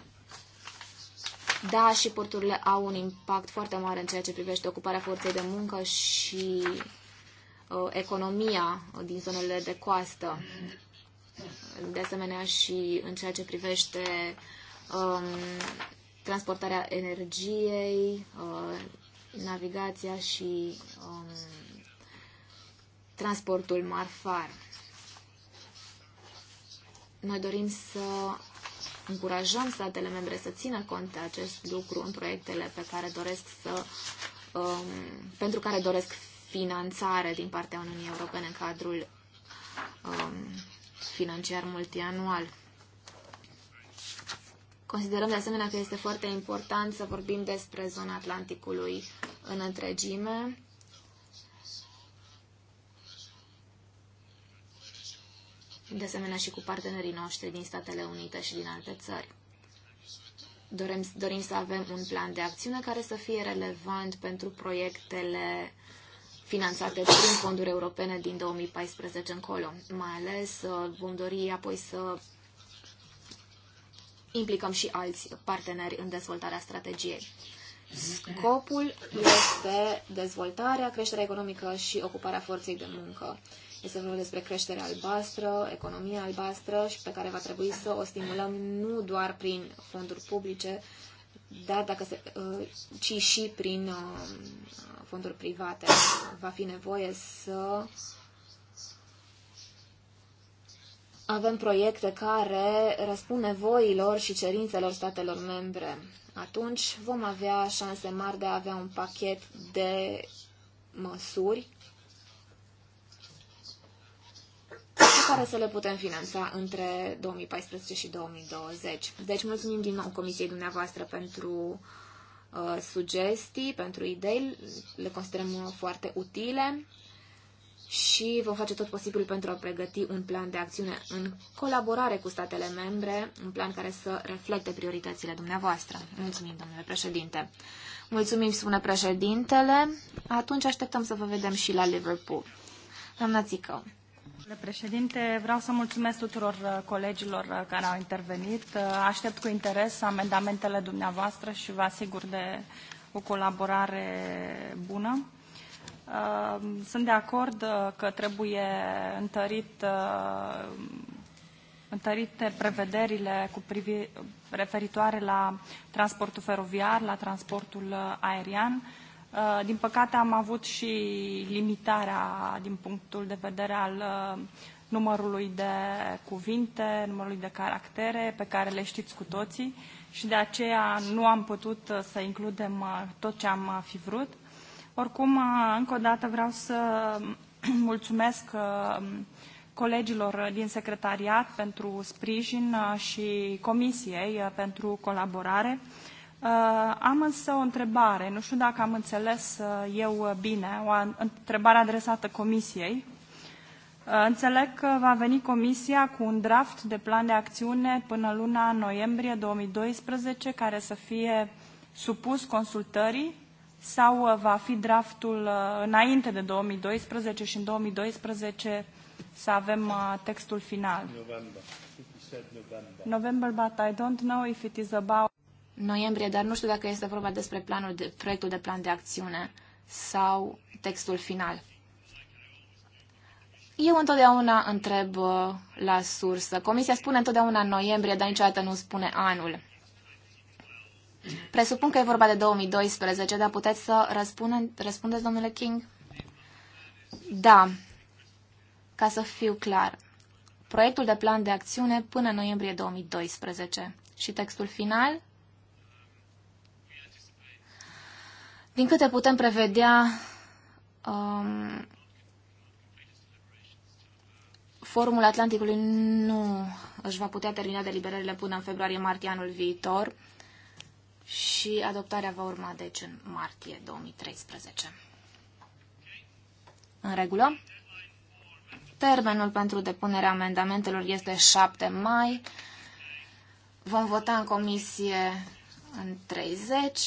da, și porturile au un impact foarte mare în ceea ce privește ocuparea forței de muncă și uh, economia din zonele de coastă de asemenea și în ceea ce privește um, transportarea energiei, uh, navigația și um, transportul marfar. Noi dorim să încurajăm statele membre să țină cont de acest lucru în proiectele pe care doresc să, um, pentru care doresc finanțare din partea Uniunii Europene în cadrul um, financiar multianual. Considerăm de asemenea că este foarte important să vorbim despre zona Atlanticului în întregime. De asemenea și cu partenerii noștri din Statele Unite și din alte țări. Dorim, dorim să avem un plan de acțiune care să fie relevant pentru proiectele finanțate prin fonduri europene din 2014 încolo. Mai ales uh, vom dori apoi să implicăm și alți parteneri în dezvoltarea strategiei. Scopul este dezvoltarea, creșterea economică și ocuparea forței de muncă. Este vorba despre creșterea albastră, economia albastră și pe care va trebui să o stimulăm nu doar prin fonduri publice, dar dacă se, uh, ci și prin uh, fonduri private va fi nevoie să avem proiecte care răspund nevoilor și cerințelor statelor membre. Atunci vom avea șanse mari de a avea un pachet de măsuri care să le putem finanța între 2014 și 2020. Deci mulțumim din nou Comisiei dumneavoastră pentru uh, sugestii, pentru idei, le considerăm uh, foarte utile și vom face tot posibilul pentru a pregăti un plan de acțiune în colaborare cu statele membre, un plan care să reflecte prioritățile dumneavoastră. Mulțumim, domnule președinte. Mulțumim, spune președintele. Atunci așteptăm să vă vedem și la Liverpool. Doamna Țicău. Domnule președinte, vreau să mulțumesc tuturor uh, colegilor uh, care au intervenit. Uh, aștept cu interes amendamentele dumneavoastră și vă asigur de o colaborare bună. Sunt de acord că trebuie întărit, întărite prevederile cu referitoare la transportul feroviar, la transportul aerian, Uh, din păcate am avut și limitarea din punctul de vedere al uh, numărului de cuvinte, numărului de caractere pe care le știți cu toții și de aceea nu am putut uh, să includem tot ce am fi vrut. Oricum, încă o dată vreau să (clears throat) mulțumesc colegilor din secretariat pentru sprijin și comisiei pentru colaborare. Uh, am însă o întrebare, nu știu dacă am înțeles uh, eu uh, bine, o întrebare adresată Comisiei. Înțeleg că va veni Comisia cu un draft de plan de acțiune până luna noiembrie 2012, care să fie supus consultării sau va fi draftul înainte de 2012 și în 2012 să avem textul final? November. November, but I don't know if it is about noiembrie, dar nu știu dacă este vorba despre planul de, proiectul de plan de acțiune sau textul final. Eu întotdeauna întreb uh, la sursă. Comisia spune întotdeauna noiembrie, dar niciodată nu spune anul. Presupun că e vorba de 2012, dar puteți să răspunde, răspundeți, domnule King? Da. Ca să fiu clar. Proiectul de plan de acțiune până noiembrie 2012 și textul final Din câte putem prevedea, um, Forumul Atlanticului nu își va putea termina deliberările până în februarie-martie anul viitor și adoptarea va urma deci în martie 2013. În regulă? Termenul pentru depunerea amendamentelor este 7 mai. Vom vota în comisie în 30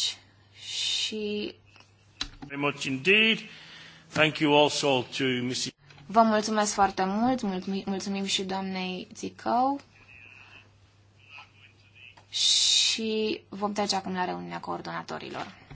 și Very much indeed. Thank you also to Mrs. Vă mulțumesc foarte mult, mulțumim și doamnei Țicău și vom trece acum la reuniunea coordonatorilor.